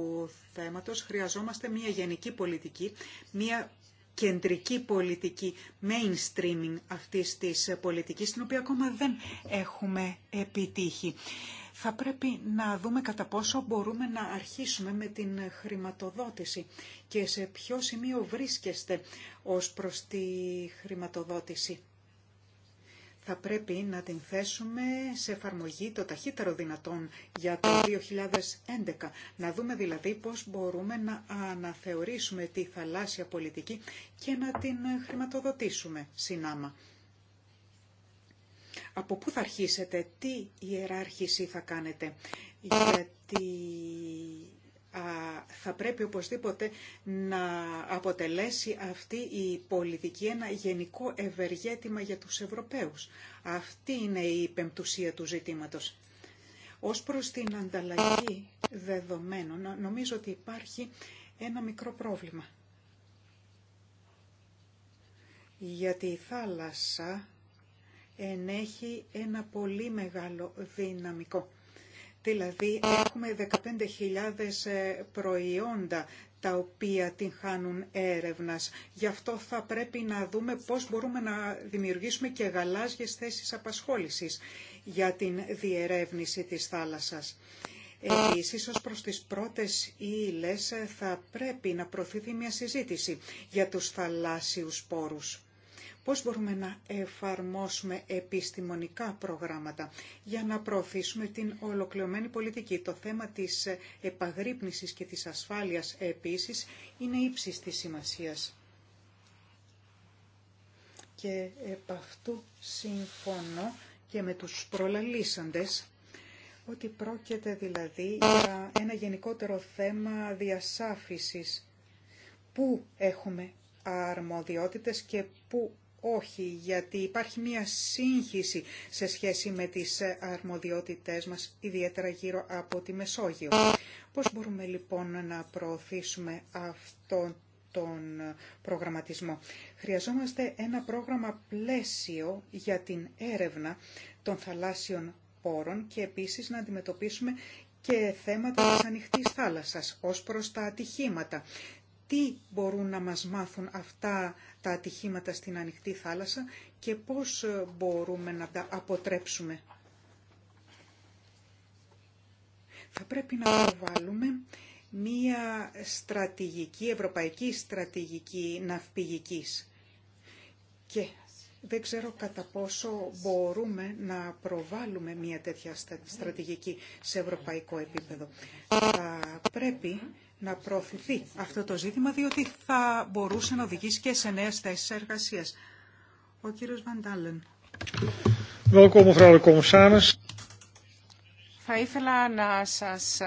θέματος. Χρειαζόμαστε μια γενική πολιτική, μια κεντρική πολιτική, mainstreaming αυτής της πολιτικής, την οποία ακόμα δεν έχουμε επιτύχει. Θα πρέπει να δούμε κατά πόσο μπορούμε να αρχίσουμε με την χρηματοδότηση και σε ποιο σημείο βρίσκεστε ως προς τη χρηματοδότηση θα πρέπει να την θέσουμε σε εφαρμογή το ταχύτερο δυνατόν για το 2011. Να δούμε δηλαδή πώς μπορούμε να αναθεωρήσουμε τη θαλάσσια πολιτική και να την χρηματοδοτήσουμε συνάμα. Από πού θα αρχίσετε, τι ιεράρχηση θα κάνετε, γιατί θα πρέπει οπωσδήποτε να αποτελέσει αυτή η πολιτική ένα γενικό ευεργέτημα για τους Ευρωπαίους. Αυτή είναι η πεμπτουσία του ζητήματος. Ως προς την ανταλλαγή δεδομένων, νομίζω ότι υπάρχει ένα μικρό πρόβλημα. Γιατί η θάλασσα ενέχει ένα πολύ μεγάλο δυναμικό Δηλαδή έχουμε 15.000 ε, προϊόντα τα οποία την χάνουν έρευνας. Γι' αυτό θα πρέπει να δούμε πώς μπορούμε να δημιουργήσουμε και γαλάζιες θέσεις απασχόλησης για την διερεύνηση της θάλασσας. Επίσης, ως προς τις πρώτες ύλες ε, θα πρέπει να προωθηθεί μια συζήτηση για τους θαλάσσιους πόρους. Πώς μπορούμε να εφαρμόσουμε επιστημονικά προγράμματα για να προωθήσουμε την ολοκληρωμένη πολιτική. Το θέμα της επαγρύπνησης και της ασφάλειας επίσης είναι ύψης της σημασίας. Και επ' αυτού συμφωνώ και με τους προλαλήσαντες ότι πρόκειται δηλαδή για ένα γενικότερο θέμα διασάφησης. Πού έχουμε αρμοδιότητες και πού όχι, γιατί υπάρχει μία σύγχυση σε σχέση με τις αρμοδιότητές μας, ιδιαίτερα γύρω από τη Μεσόγειο. Πώς μπορούμε λοιπόν να προωθήσουμε αυτόν τον προγραμματισμό. Χρειαζόμαστε ένα πρόγραμμα πλαίσιο για την έρευνα των θαλάσσιων πόρων και επίσης να αντιμετωπίσουμε και θέματα της ανοιχτής θάλασσας ως προς τα ατυχήματα, τι μπορούν να μας μάθουν αυτά τα ατυχήματα στην ανοιχτή θάλασσα και πώς ε, μπορούμε να τα αποτρέψουμε. Θα πρέπει να προβάλλουμε μία στρατηγική, ευρωπαϊκή στρατηγική ναυπηγικής. Και δεν ξέρω κατά πόσο μπορούμε να προβάλλουμε μία τέτοια στρατηγική σε ευρωπαϊκό επίπεδο. Θα πρέπει να προωθηθεί αυτό το ζήτημα, διότι θα μπορούσε να οδηγήσει και σε νέες θέσει εργασίας. Ο κύριος Βαντάλεν. Θα ήθελα να σας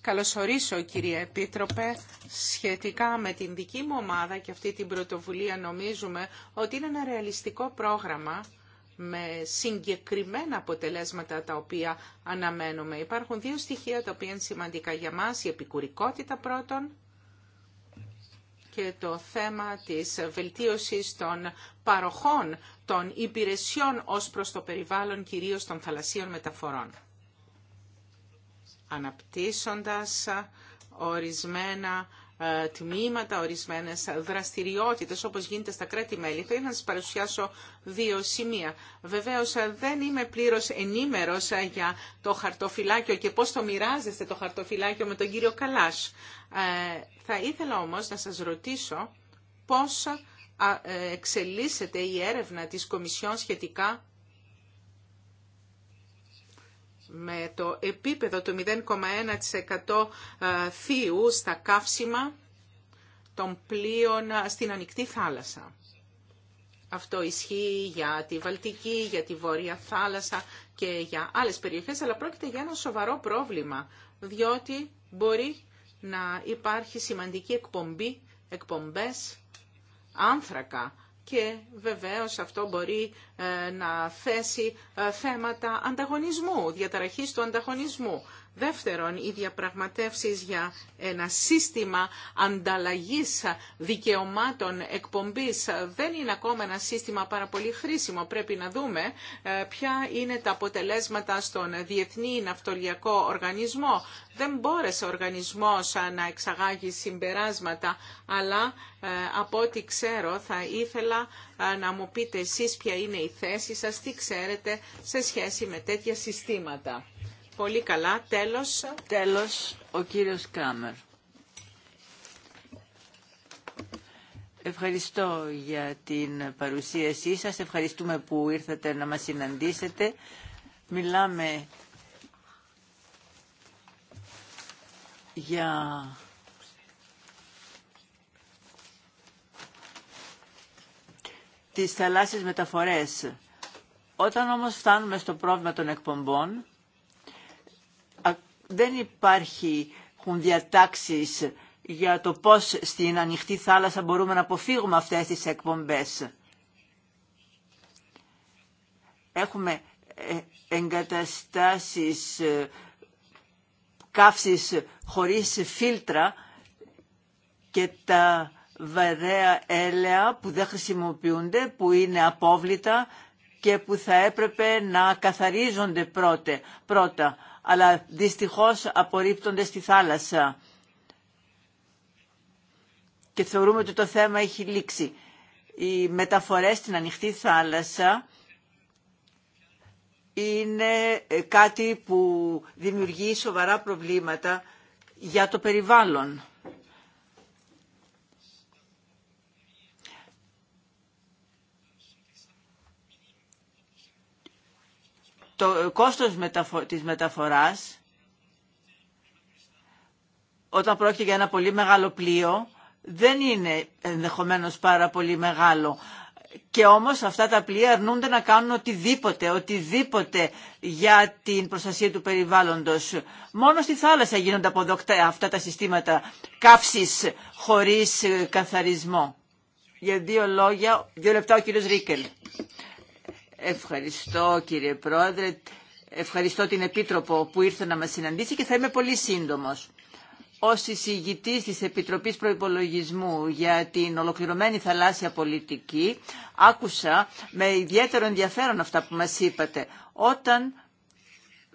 καλωσορίσω, κύριε Επίτροπε, σχετικά με την δική μου ομάδα και αυτή την πρωτοβουλία νομίζουμε ότι είναι ένα ρεαλιστικό πρόγραμμα με συγκεκριμένα αποτελέσματα τα οποία αναμένουμε. Υπάρχουν δύο στοιχεία τα οποία είναι σημαντικά για μας, η επικουρικότητα πρώτον και το θέμα της βελτίωσης των παροχών των υπηρεσιών ως προς το περιβάλλον, κυρίως των θαλασσίων μεταφορών. Αναπτύσσοντας ορισμένα ε, τμήματα, ορισμένες δραστηριότητες όπως γίνεται στα κράτη-μέλη. Θα ήθελα να σας παρουσιάσω δύο σημεία. Βεβαίως ε, δεν είμαι πλήρως ενήμερος ε, για το χαρτοφυλάκιο και πώς το μοιράζεστε το χαρτοφυλάκιο με τον κύριο Καλάς. Θα ήθελα όμως να σας ρωτήσω πώς εξελίσσεται η έρευνα της Κομισιόν σχετικά με το επίπεδο του 0,1% ε, θείου στα καύσιμα των πλοίων ε, στην ανοιχτή θάλασσα. Αυτό ισχύει για τη Βαλτική, για τη Βόρεια Θάλασσα και για άλλες περιοχές, αλλά πρόκειται για ένα σοβαρό πρόβλημα, διότι μπορεί να υπάρχει σημαντική εκπομπή, εκπομπές άνθρακα και βεβαίως αυτό μπορεί ε, να θέσει ε, θέματα ανταγωνισμού, διαταραχής του ανταγωνισμού. Δεύτερον, οι διαπραγματεύσεις για ένα σύστημα ανταλλαγής δικαιωμάτων εκπομπής δεν είναι ακόμα ένα σύστημα πάρα πολύ χρήσιμο. Πρέπει να δούμε ε, ποια είναι τα αποτελέσματα στον Διεθνή Ναυτοριακό Οργανισμό. Δεν μπόρεσε ο οργανισμός να εξαγάγει συμπεράσματα, αλλά ε, από ό,τι ξέρω θα ήθελα ε, να μου πείτε εσείς ποια είναι η θέση σας, τι ξέρετε σε σχέση με τέτοια συστήματα πολύ καλά. Τέλος. Τέλος, ο κύριος Κράμερ. Ευχαριστώ για την παρουσίασή σας. Ευχαριστούμε που ήρθατε να μας συναντήσετε. Μιλάμε για... τις θαλάσσιες μεταφορές. Όταν όμως φτάνουμε στο πρόβλημα των εκπομπών, δεν υπάρχουν διατάξεις για το πώς στην ανοιχτή θάλασσα μπορούμε να αποφύγουμε αυτές τις εκπομπές. Έχουμε ε, εγκαταστάσεις ε, καύσης χωρίς φίλτρα και τα βαρέα έλαια που δεν χρησιμοποιούνται, που είναι απόβλητα και που θα έπρεπε να καθαρίζονται πρώτα αλλά δυστυχώς απορρίπτονται στη θάλασσα. Και θεωρούμε ότι το θέμα έχει λήξει. Οι μεταφορές στην ανοιχτή θάλασσα είναι ε, κάτι που δημιουργεί σοβαρά προβλήματα για το περιβάλλον. το κόστος της μεταφοράς όταν πρόκειται για ένα πολύ μεγάλο πλοίο δεν είναι ενδεχομένως πάρα πολύ μεγάλο. Και όμως αυτά τα πλοία αρνούνται να κάνουν οτιδήποτε, οτιδήποτε για την προστασία του περιβάλλοντος. Μόνο στη θάλασσα γίνονται αποδοκτά αυτά τα συστήματα καύσης χωρίς καθαρισμό. Για δύο λόγια, δύο λεπτά ο κύριος Ρίκελ. Ευχαριστώ κύριε Πρόεδρε. Ευχαριστώ την Επίτροπο που ήρθε να μας συναντήσει και θα είμαι πολύ σύντομος. Ως εισηγητής της Επιτροπής Προϋπολογισμού για την ολοκληρωμένη θαλάσσια πολιτική, άκουσα με ιδιαίτερο ενδιαφέρον αυτά που μας είπατε. Όταν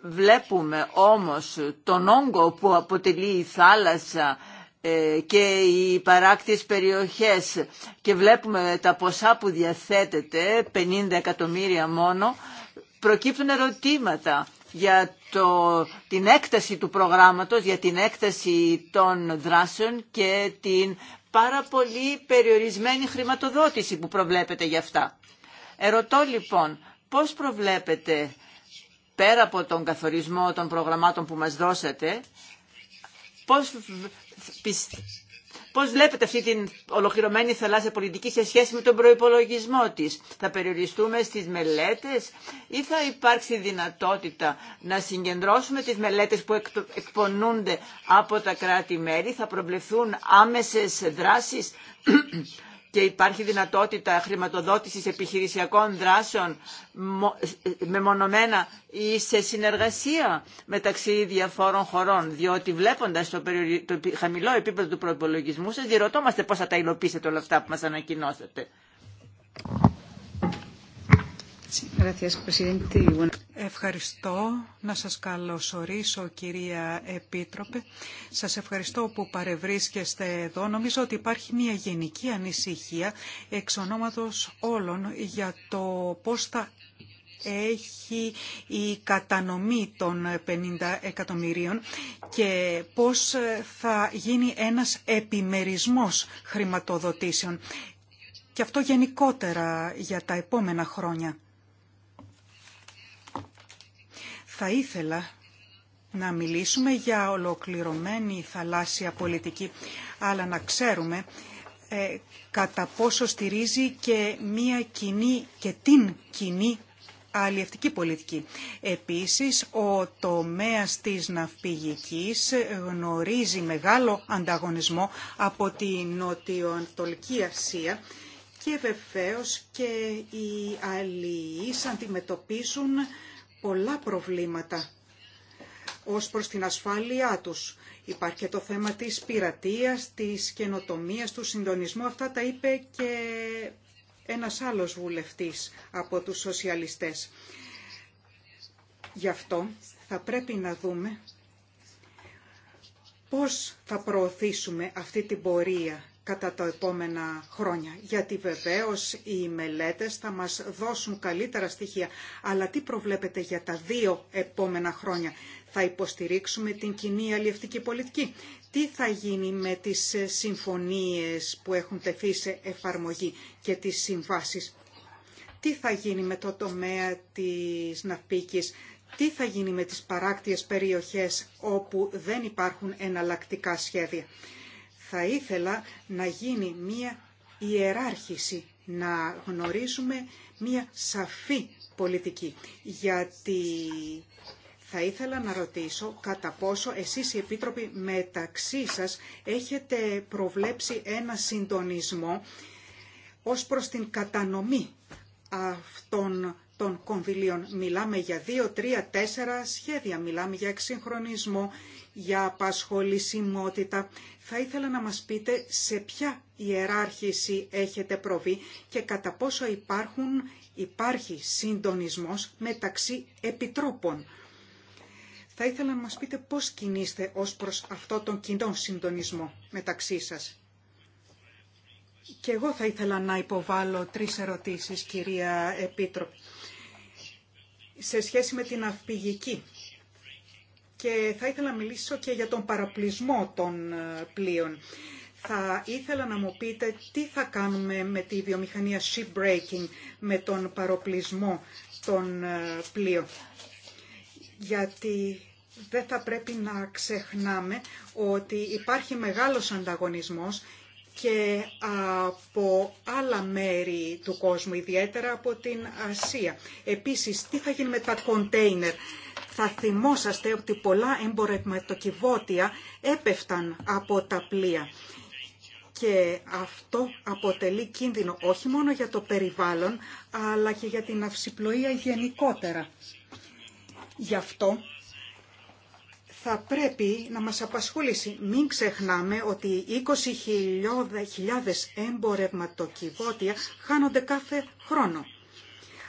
βλέπουμε όμως τον όγκο που αποτελεί η θάλασσα ε, και οι παράκτης περιοχές και βλέπουμε τα ποσά που διαθέτεται, 50 εκατομμύρια μόνο, προκύπτουν ερωτήματα για το, την έκταση του προγράμματος, για την έκταση των δράσεων και την πάρα πολύ περιορισμένη χρηματοδότηση που προβλέπεται για αυτά. Ερωτώ λοιπόν, πώς προβλέπετε πέρα από τον καθορισμό των προγραμμάτων που μας δώσατε, πώς Πώς βλέπετε αυτή την ολοκληρωμένη θαλάσσια πολιτική σε σχέση με τον προϋπολογισμό της. Θα περιοριστούμε στις μελέτες ή θα υπάρξει δυνατότητα να συγκεντρώσουμε τις μελέτες που εκπονούνται από τα κράτη-μέρη, θα προβλεφθούν άμεσες δράσεις και υπάρχει δυνατότητα χρηματοδότησης επιχειρησιακών δράσεων μεμονωμένα ή σε συνεργασία μεταξύ διαφόρων χωρών. Διότι βλέποντας το, το χαμηλό επίπεδο του προπολογισμού σας, διερωτώμαστε πώς θα τα υλοποιήσετε όλα αυτά που μας ανακοινώσατε. Ευχαριστώ. Να σας καλωσορίσω, κυρία Επίτροπε. Σας ευχαριστώ που παρευρίσκεστε εδώ. Νομίζω ότι υπάρχει μια γενική ανησυχία εξ ονόματος όλων για το πώς θα έχει η κατανομή των 50 εκατομμυρίων και πώς θα γίνει ένας επιμερισμός χρηματοδοτήσεων. Και αυτό γενικότερα για τα επόμενα χρόνια. Θα ήθελα να μιλήσουμε για ολοκληρωμένη θαλάσσια πολιτική, αλλά να ξέρουμε ε, κατά πόσο στηρίζει και μία κοινή και την κοινή αλλιευτική πολιτική. Επίσης, ο τομέας της ναυπηγικής γνωρίζει μεγάλο ανταγωνισμό από την νοτιοανατολική Ασία και βεβαίως και οι αλλοιείς αντιμετωπίζουν πολλά προβλήματα ως προς την ασφάλειά τους. Υπάρχει και το θέμα της πειρατείας, της καινοτομίας, του συντονισμού. Αυτά τα είπε και ένας άλλος βουλευτής από τους σοσιαλιστές. Γι' αυτό θα πρέπει να δούμε πώς θα προωθήσουμε αυτή την πορεία κατά τα επόμενα χρόνια. Γιατί βεβαίως οι μελέτες θα μας δώσουν καλύτερα στοιχεία. Αλλά τι προβλέπετε για τα δύο επόμενα χρόνια. Θα υποστηρίξουμε την κοινή αλλιευτική πολιτική. Τι θα γίνει με τις συμφωνίες που έχουν τεθεί σε εφαρμογή και τις συμβάσεις. Τι θα γίνει με το τομέα της ναυπήκης. Τι θα γίνει με τις παράκτιες περιοχές όπου δεν υπάρχουν εναλλακτικά σχέδια. Θα ήθελα να γίνει μία ιεράρχηση, να γνωρίζουμε μία σαφή πολιτική. Γιατί θα ήθελα να ρωτήσω κατά πόσο εσείς οι Επίτροποι μεταξύ σας έχετε προβλέψει ένα συντονισμό ως προς την κατανομή αυτών των κονδυλίων. Μιλάμε για δύο, τρία, τέσσερα σχέδια, μιλάμε για εξυγχρονισμό, για απασχολησιμότητα. Θα ήθελα να μας πείτε σε ποια ιεράρχηση έχετε προβεί και κατά πόσο υπάρχουν, υπάρχει συντονισμός μεταξύ επιτρόπων. Θα ήθελα να μας πείτε πώς κινείστε ως προς αυτό τον κοινό συντονισμό μεταξύ σας. Και εγώ θα ήθελα να υποβάλω τρεις ερωτήσεις, κυρία Επίτροπη. Σε σχέση με την αυπηγική και θα ήθελα να μιλήσω και για τον παραπλησμό των ε, πλοίων. Θα ήθελα να μου πείτε τι θα κάνουμε με τη βιομηχανία ship breaking, με τον παροπλισμό των ε, πλοίων. Γιατί δεν θα πρέπει να ξεχνάμε ότι υπάρχει μεγάλος ανταγωνισμός και από άλλα μέρη του κόσμου, ιδιαίτερα από την Ασία. Επίσης, τι θα γίνει με τα κοντέινερ θα θυμόσαστε ότι πολλά εμπορευματοκιβώτια έπεφταν από τα πλοία. Και αυτό αποτελεί κίνδυνο όχι μόνο για το περιβάλλον, αλλά και για την αυσιπλοεία γενικότερα. Γι' αυτό θα πρέπει να μας απασχολήσει. Μην ξεχνάμε ότι 20.000 εμπορευματοκιβώτια χάνονται κάθε χρόνο.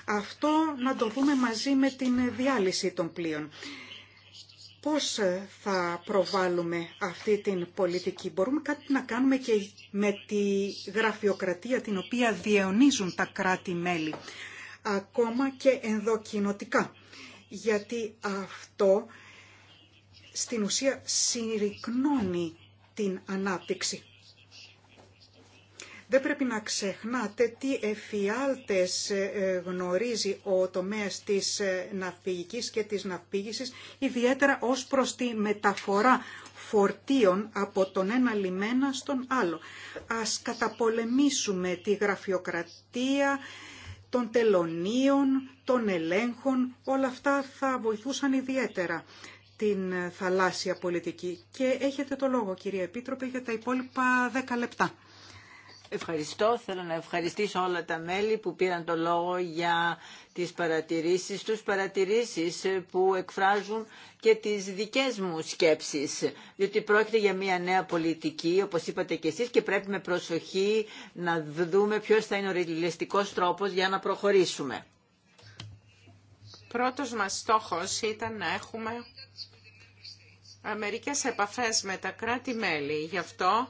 Αυτό να το δούμε μαζί με την διάλυση των πλοίων. Πώς θα προβάλλουμε αυτή την πολιτική. Μπορούμε κάτι να κάνουμε και με τη γραφειοκρατία την οποία διαιωνίζουν τα κράτη-μέλη. Ακόμα και ενδοκινοτικά. Γιατί αυτό στην ουσία συρρυκνώνει την ανάπτυξη. Δεν πρέπει να ξεχνάτε τι εφιάλτες ε, ε, γνωρίζει ο τομέας της ε, ναυπηγικής και της ναυπήγησης, ιδιαίτερα ως προς τη μεταφορά φορτίων από τον ένα λιμένα στον άλλο. Ας καταπολεμήσουμε τη γραφειοκρατία των τελωνίων, των ελέγχων, όλα αυτά θα βοηθούσαν ιδιαίτερα την θαλάσσια πολιτική. Και έχετε το λόγο, κυρία Επίτροπε, για τα υπόλοιπα δέκα λεπτά. Ευχαριστώ. Θέλω να ευχαριστήσω όλα τα μέλη που πήραν το λόγο για τις παρατηρήσεις τους, παρατηρήσεις που εκφράζουν και τις δικές μου σκέψεις, διότι πρόκειται για μια νέα πολιτική, όπως είπατε και εσείς, και πρέπει με προσοχή να δούμε ποιος θα είναι ο ρελιστικός τρόπος για να προχωρήσουμε. Πρώτος μας στόχος ήταν να έχουμε μερικές επαφές με τα κράτη-μέλη. Γι' αυτό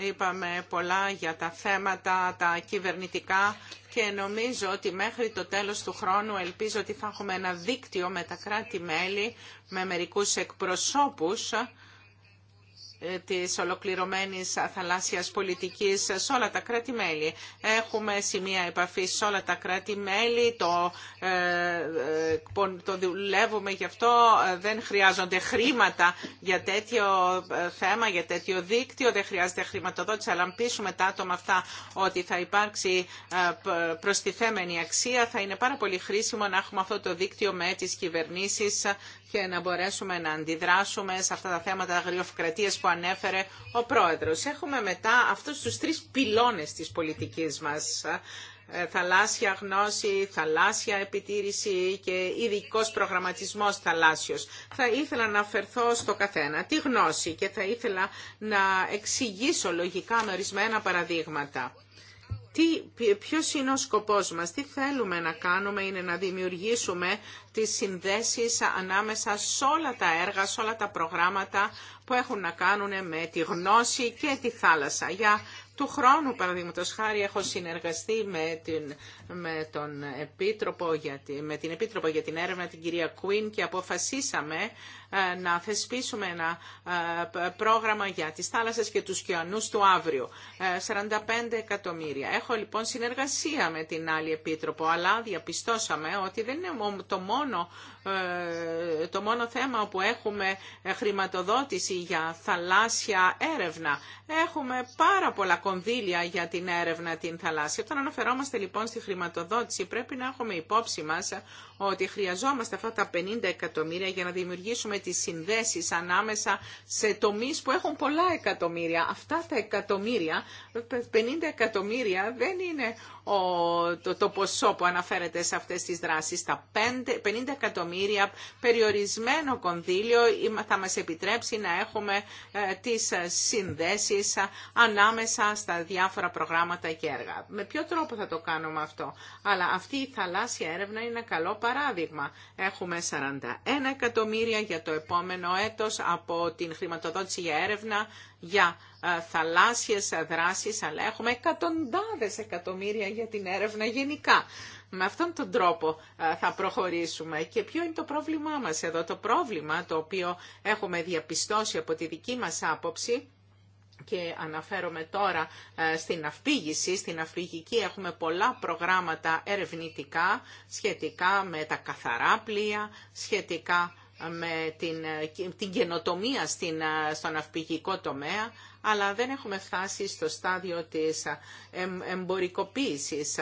Είπαμε πολλά για τα θέματα, τα κυβερνητικά και νομίζω ότι μέχρι το τέλος του χρόνου ελπίζω ότι θα έχουμε ένα δίκτυο με τα κράτη-μέλη, με μερικούς εκπροσώπους ε, της ολοκληρωμένης θαλάσσιας πολιτικής σε όλα τα κράτη-μέλη. Έχουμε σημεία επαφής σε όλα τα κράτη-μέλη, το, ε, το δουλεύουμε γι' αυτό, ε, δεν χρειάζονται χρήματα για τέτοιο ε, θέμα, για τέτοιο δίκτυο, δεν χρειάζεται χρηματοδότηση, αλλά αν πείσουμε τα άτομα αυτά ότι θα υπάρξει προστιθέμενη αξία, θα είναι πάρα πολύ χρήσιμο να έχουμε αυτό το δίκτυο με τις κυβερνήσεις και να μπορέσουμε να αντιδράσουμε σε αυτά τα θέματα αγριοφυκρατίας που ανέφερε ο Πρόεδρος. Έχουμε μετά αυτούς τους τρεις πυλώνες της πολιτικής μας. Ε, θαλάσσια γνώση, θαλάσσια επιτήρηση και ειδικό προγραμματισμός θαλάσσιος. Θα ήθελα να αφαιρθώ στο καθένα Τι γνώση και θα ήθελα να εξηγήσω λογικά με ορισμένα παραδείγματα. Τι, ποιος είναι ο σκοπός μας, τι θέλουμε να κάνουμε είναι να δημιουργήσουμε τις συνδέσεις ανάμεσα σε όλα τα έργα, σε όλα τα προγράμματα που έχουν να κάνουν με τη γνώση και τη θάλασσα. Για του χρόνου, παραδείγματο χάρη, έχω συνεργαστεί με την, με, τον Επίτροπο για με την Επίτροπο για την Έρευνα, την κυρία Κουίν, και αποφασίσαμε ε, να θεσπίσουμε ένα ε, πρόγραμμα για τις θάλασσες και τους ωκεανούς του αύριο. 45 ε, εκατομμύρια. Έχω λοιπόν συνεργασία με την άλλη Επίτροπο, αλλά διαπιστώσαμε ότι δεν είναι το μόνο, το μόνο θέμα που έχουμε χρηματοδότηση για θαλάσσια έρευνα. Έχουμε πάρα πολλά κονδύλια για την έρευνα την θαλάσσια. Όταν αναφερόμαστε λοιπόν στη χρηματοδότηση πρέπει να έχουμε υπόψη μας ότι χρειαζόμαστε αυτά τα 50 εκατομμύρια για να δημιουργήσουμε τις συνδέσεις ανάμεσα σε τομείς που έχουν πολλά εκατομμύρια. Αυτά τα εκατομμύρια, 50 εκατομμύρια δεν είναι το, το ποσό που αναφέρεται σε αυτές τις δράσεις. Τα 50 εκατομμύρια περιορισμένο κονδύλιο θα μας επιτρέψει να έχουμε ε, τις ε, συνδέσεις ε, ανάμεσα στα διάφορα προγράμματα και έργα. Με ποιο τρόπο θα το κάνουμε αυτό. Αλλά αυτή η θαλάσσια έρευνα είναι ένα καλό παράδειγμα. Έχουμε 41 εκατομμύρια για το επόμενο έτος από την χρηματοδότηση για έρευνα για θαλάσσιες δράσεις, αλλά έχουμε εκατοντάδες εκατομμύρια για την έρευνα γενικά. Με αυτόν τον τρόπο θα προχωρήσουμε. Και ποιο είναι το πρόβλημά μας εδώ. Το πρόβλημα το οποίο έχουμε διαπιστώσει από τη δική μας άποψη και αναφέρομαι τώρα στην αυπήγηση. Στην αυπηγική έχουμε πολλά προγράμματα ερευνητικά σχετικά με τα καθαρά πλοία, σχετικά με την, την καινοτομία στην, στον αυπηγικό τομέα, αλλά δεν έχουμε φτάσει στο στάδιο της εμπορικοποίησης,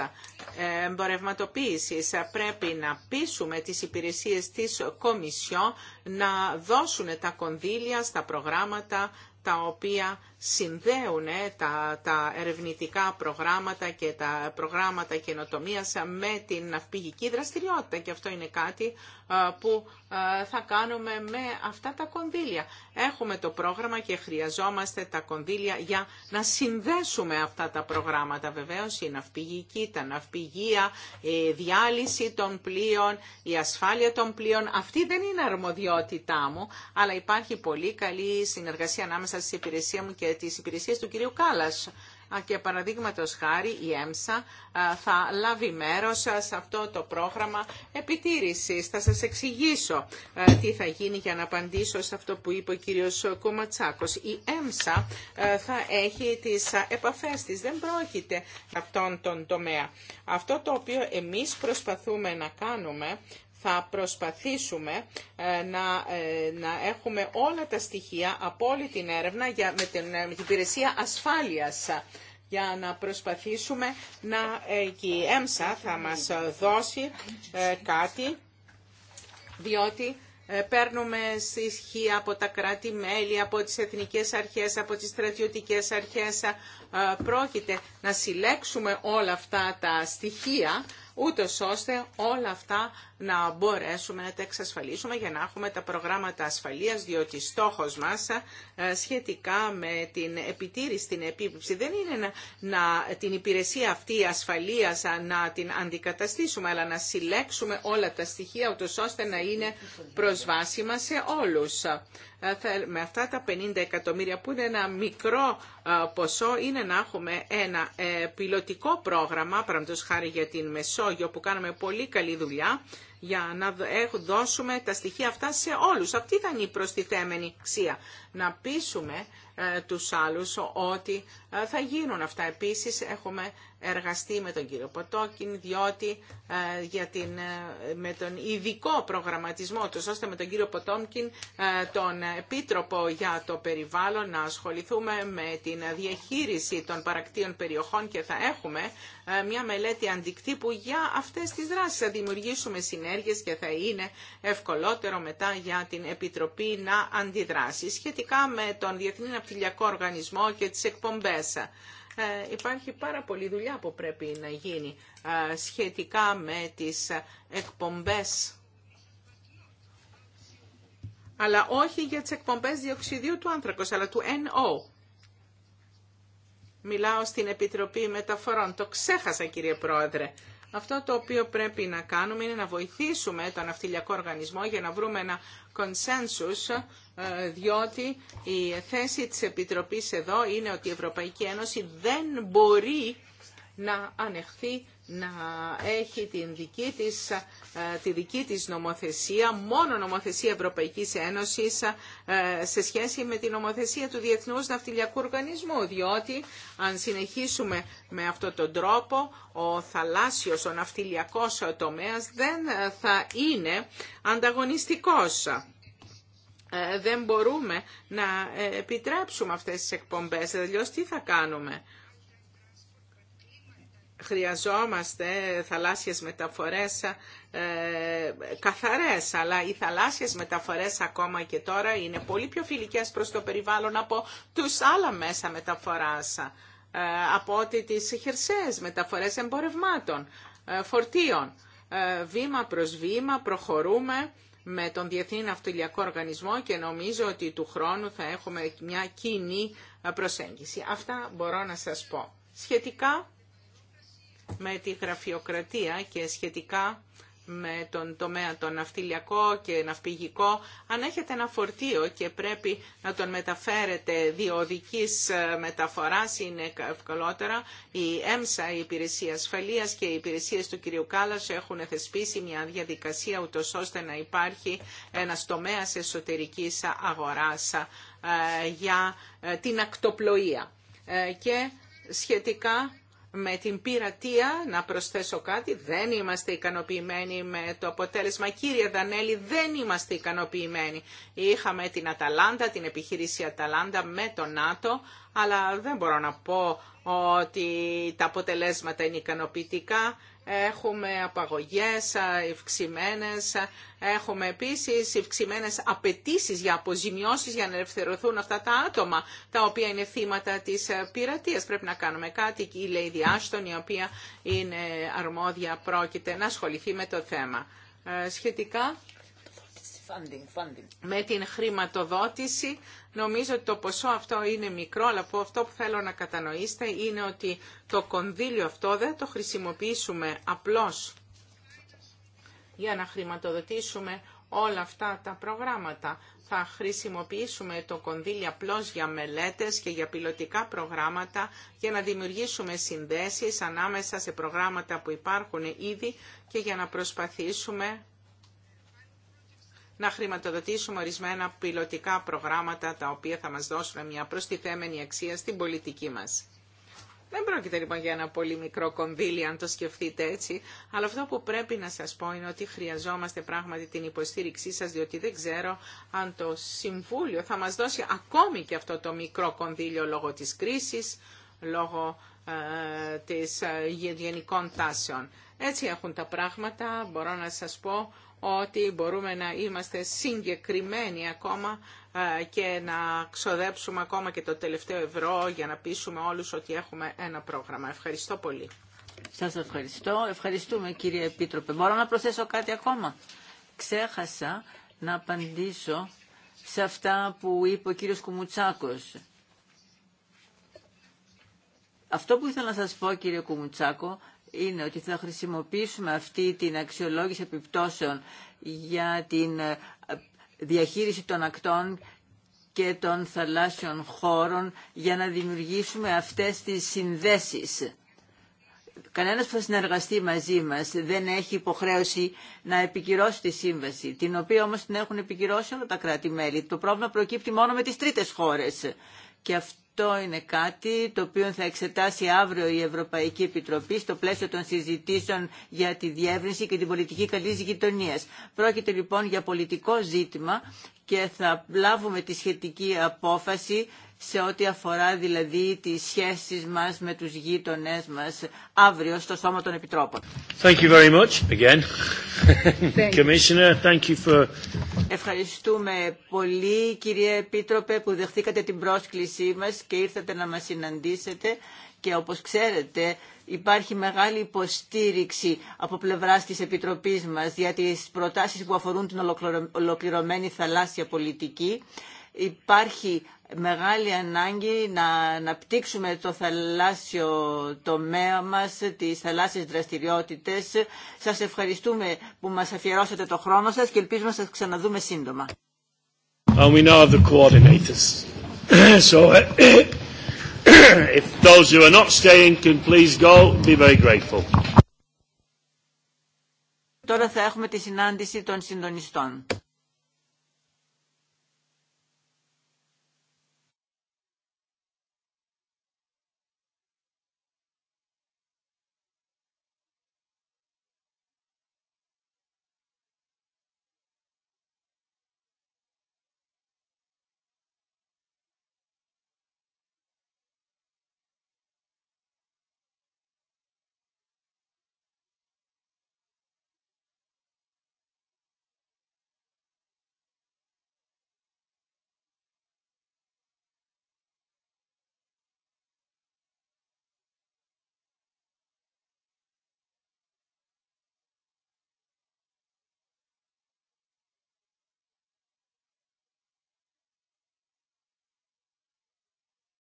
εμπορευματοποίησης. Πρέπει να πείσουμε τις υπηρεσίες της Κομισιό να δώσουν τα κονδύλια στα προγράμματα τα οποία συνδέουν τα, ερευνητικά προγράμματα και τα προγράμματα καινοτομία με την ναυπηγική δραστηριότητα και αυτό είναι κάτι ε, που ε, θα κάνουμε με αυτά τα κονδύλια. Έχουμε το πρόγραμμα και χρειαζόμαστε τα κονδύλια για να συνδέσουμε αυτά τα προγράμματα. Βεβαίως η ναυπηγική, τα ναυπηγεία, η διάλυση των πλοίων, η ασφάλεια των πλοίων. Αυτή δεν είναι αρμοδιότητά μου, αλλά υπάρχει πολύ καλή συνεργασία ανάμεσα στην υπηρεσία μου και και τις του κυρίου Κάλλας. Και παραδείγματο χάρη η ΕΜΣΑ θα λάβει μέρος σε αυτό το πρόγραμμα επιτήρησης. Θα σας εξηγήσω τι θα γίνει για να απαντήσω σε αυτό που είπε ο κύριος Κουματσάκος. Η ΕΜΣΑ θα έχει τις επαφές της. Δεν πρόκειται αυτόν τον τομέα. Αυτό το οποίο εμείς προσπαθούμε να κάνουμε θα προσπαθήσουμε ε, ε, να, έχουμε όλα τα στοιχεία από όλη την έρευνα για, με την, ε, υπηρεσία ασφάλειας για να προσπαθήσουμε να η ΕΜΣΑ θα μας δώσει κάτι διότι παίρνουμε στοιχεία από τα κράτη-μέλη, από τις εθνικές αρχές, από τις στρατιωτικές αρχές. Πρόκειται να συλλέξουμε όλα αυτά τα στοιχεία ούτω ώστε όλα αυτά να μπορέσουμε να τα εξασφαλίσουμε για να έχουμε τα προγράμματα ασφαλείας, διότι στόχος μας ε, σχετικά με την επιτήρηση, την επίβλεψη, δεν είναι να, την υπηρεσία αυτή ασφαλείας ε, να την αντικαταστήσουμε, αλλά να συλλέξουμε όλα τα στοιχεία, ούτω ώστε να είναι προσβάσιμα σε όλους. Ε, με αυτά τα 50 εκατομμύρια που είναι ένα μικρό ε, ποσό είναι να έχουμε ένα ε, πιλωτικό πρόγραμμα, πραντό χάρη για την Μεσόγειο που κάναμε πολύ καλή δουλειά για να δώσουμε τα στοιχεία αυτά σε όλους. Αυτή ήταν η προστιθέμενη αξία. Να πείσουμε τους άλλους ότι ε, θα γίνουν αυτά. Επίσης έχουμε εργαστεί με τον κύριο Ποτόκιν, διότι ε, για την, ε, με τον ειδικό προγραμματισμό του, ώστε με τον κύριο Ποτόκιν, τον Επίτροπο για το Περιβάλλον, να ασχοληθούμε με την διαχείριση των παρακτήων περιοχών και θα έχουμε μια μελέτη αντικτύπου για αυτές τις δράσεις. Θα δημιουργήσουμε συνέργειες και θα είναι ευκολότερο μετά για την Επιτροπή να αντιδράσει. Σχετικά με τον Διεθνή Ναυτιλιακό Οργανισμό και τις εκπομπές, ε, υπάρχει πάρα πολλή δουλειά που πρέπει να γίνει ε, σχετικά με τις εκπομπές αλλά όχι για τις εκπομπές διοξιδίου του άνθρακος, αλλά του NO. Μιλάω στην Επιτροπή Μεταφορών. Το ξέχασα, κύριε Πρόεδρε. Αυτό το οποίο πρέπει να κάνουμε είναι να βοηθήσουμε τον αυτιλιακό οργανισμό για να βρούμε ένα consensus, ε, διότι η θέση της Επιτροπής εδώ είναι ότι η Ευρωπαϊκή Ένωση δεν μπορεί να ανεχθεί να έχει την δική της, ε, τη δική της νομοθεσία, μόνο νομοθεσία Ευρωπαϊκής Ένωσης ε, σε σχέση με την νομοθεσία του Διεθνούς Ναυτιλιακού Οργανισμού, διότι αν συνεχίσουμε με αυτόν τον τρόπο, ο θαλάσσιος, ο ναυτιλιακός τομέας δεν θα είναι ανταγωνιστικός. Ε, δεν μπορούμε να επιτρέψουμε αυτές τις εκπομπές, δηλαδή τι θα κάνουμε χρειαζόμαστε θαλάσσιες μεταφορές ε, καθαρές, αλλά οι θαλάσσιες μεταφορές ακόμα και τώρα είναι πολύ πιο φιλικές προς το περιβάλλον από τους άλλα μέσα μεταφοράς, ε, από ότι τις χερσαίες μεταφορές εμπορευμάτων, ε, φορτίων. Ε, βήμα προς βήμα προχωρούμε με τον Διεθνή Ναυτιλιακό Οργανισμό και νομίζω ότι του χρόνου θα έχουμε μια κοινή προσέγγιση. Αυτά μπορώ να σας πω. Σχετικά με τη γραφειοκρατία και σχετικά με τον τομέα τον ναυτιλιακό και ναυπηγικό. Αν έχετε ένα φορτίο και πρέπει να τον μεταφέρετε διοδικής ε, μεταφοράς είναι ευκολότερα. Η ΕΜΣΑ, η Υπηρεσία Ασφαλείας και οι υπηρεσίες του κυρίου Κάλλας έχουν θεσπίσει μια διαδικασία ούτω ώστε να υπάρχει ένας τομέας εσωτερικής αγοράς ε, για ε, την ακτοπλοεία. Και σχετικά με την πειρατεία, να προσθέσω κάτι, δεν είμαστε ικανοποιημένοι με το αποτέλεσμα. Κύριε Δανέλη, δεν είμαστε ικανοποιημένοι. Είχαμε την Αταλάντα, την επιχείρηση Αταλάντα με το ΝΑΤΟ, αλλά δεν μπορώ να πω ότι τα αποτελέσματα είναι ικανοποιητικά έχουμε απαγωγές ευξημένε, έχουμε επίσης ευξημένε απαιτήσει για αποζημιώσεις για να ελευθερωθούν αυτά τα άτομα τα οποία είναι θύματα της ε, πειρατείας. Πρέπει να κάνουμε κάτι και η Λέιδη Άστον η οποία είναι αρμόδια πρόκειται να ασχοληθεί με το θέμα. Ε, σχετικά με την χρηματοδότηση Νομίζω ότι το ποσό αυτό είναι μικρό, αλλά αυτό που θέλω να κατανοήσετε είναι ότι το κονδύλιο αυτό δεν το χρησιμοποιήσουμε απλώς για να χρηματοδοτήσουμε όλα αυτά τα προγράμματα. Θα χρησιμοποιήσουμε το κονδύλιο απλώς για μελέτες και για πιλωτικά προγράμματα για να δημιουργήσουμε συνδέσεις ανάμεσα σε προγράμματα που υπάρχουν ήδη και για να προσπαθήσουμε να χρηματοδοτήσουμε ορισμένα πιλωτικά προγράμματα τα οποία θα μας δώσουν μια προστιθέμενη αξία στην πολιτική μας. Δεν πρόκειται λοιπόν για ένα πολύ μικρό κονδύλι αν το σκεφτείτε έτσι, αλλά αυτό που πρέπει να σας πω είναι ότι χρειαζόμαστε πράγματι την υποστήριξή σας, διότι δεν ξέρω αν το Συμβούλιο θα μας δώσει ακόμη και αυτό το μικρό κονδύλιο λόγω της κρίσης, λόγω ε, της ε, γενικών τάσεων. Έτσι έχουν τα πράγματα, μπορώ να σας πω ότι μπορούμε να είμαστε συγκεκριμένοι ακόμα ε, και να ξοδέψουμε ακόμα και το τελευταίο ευρώ για να πείσουμε όλους ότι έχουμε ένα πρόγραμμα. Ευχαριστώ πολύ. Σας ευχαριστώ. Ευχαριστούμε κύριε Επίτροπε. Μπορώ να προσθέσω κάτι ακόμα. Ξέχασα να απαντήσω σε αυτά που είπε ο κύριος Κουμουτσάκος. Αυτό που ήθελα να σας πω κύριε Κουμουτσάκο είναι ότι θα χρησιμοποιήσουμε αυτή την αξιολόγηση επιπτώσεων για την ε, διαχείριση των ακτών και των θαλάσσιων χώρων για να δημιουργήσουμε αυτές τις συνδέσεις. Κανένας που θα συνεργαστεί μαζί μας δεν έχει υποχρέωση να επικυρώσει τη σύμβαση, την οποία όμως την έχουν επικυρώσει όλα τα κράτη-μέλη. Το πρόβλημα προκύπτει μόνο με τις τρίτες χώρες. Και αυτό το είναι κάτι το οποίο θα εξετάσει αύριο η Ευρωπαϊκή Επιτροπή στο πλαίσιο των συζητήσεων για τη διεύρυνση και την πολιτική καλή γειτονία. Πρόκειται λοιπόν για πολιτικό ζήτημα και θα λάβουμε τη σχετική απόφαση σε ό,τι αφορά δηλαδή τις σχέσεις μας με τους γείτονές μας αύριο στο Σώμα των Επιτρόπων. Thank you very much again. Ευχαριστούμε πολύ κύριε Επίτροπε που δεχθήκατε την πρόσκλησή μας και ήρθατε να μας συναντήσετε και όπως ξέρετε υπάρχει μεγάλη υποστήριξη από πλευράς της Επιτροπής μας για τις προτάσεις που αφορούν την ολοκληρωμένη θαλάσσια πολιτική υπάρχει μεγάλη ανάγκη να αναπτύξουμε το θαλάσσιο τομέα μας, τις θαλάσσιες δραστηριότητες. Σας ευχαριστούμε που μας αφιερώσατε το χρόνο σας και ελπίζουμε να σας ξαναδούμε σύντομα. Τώρα θα έχουμε τη συνάντηση των συντονιστών.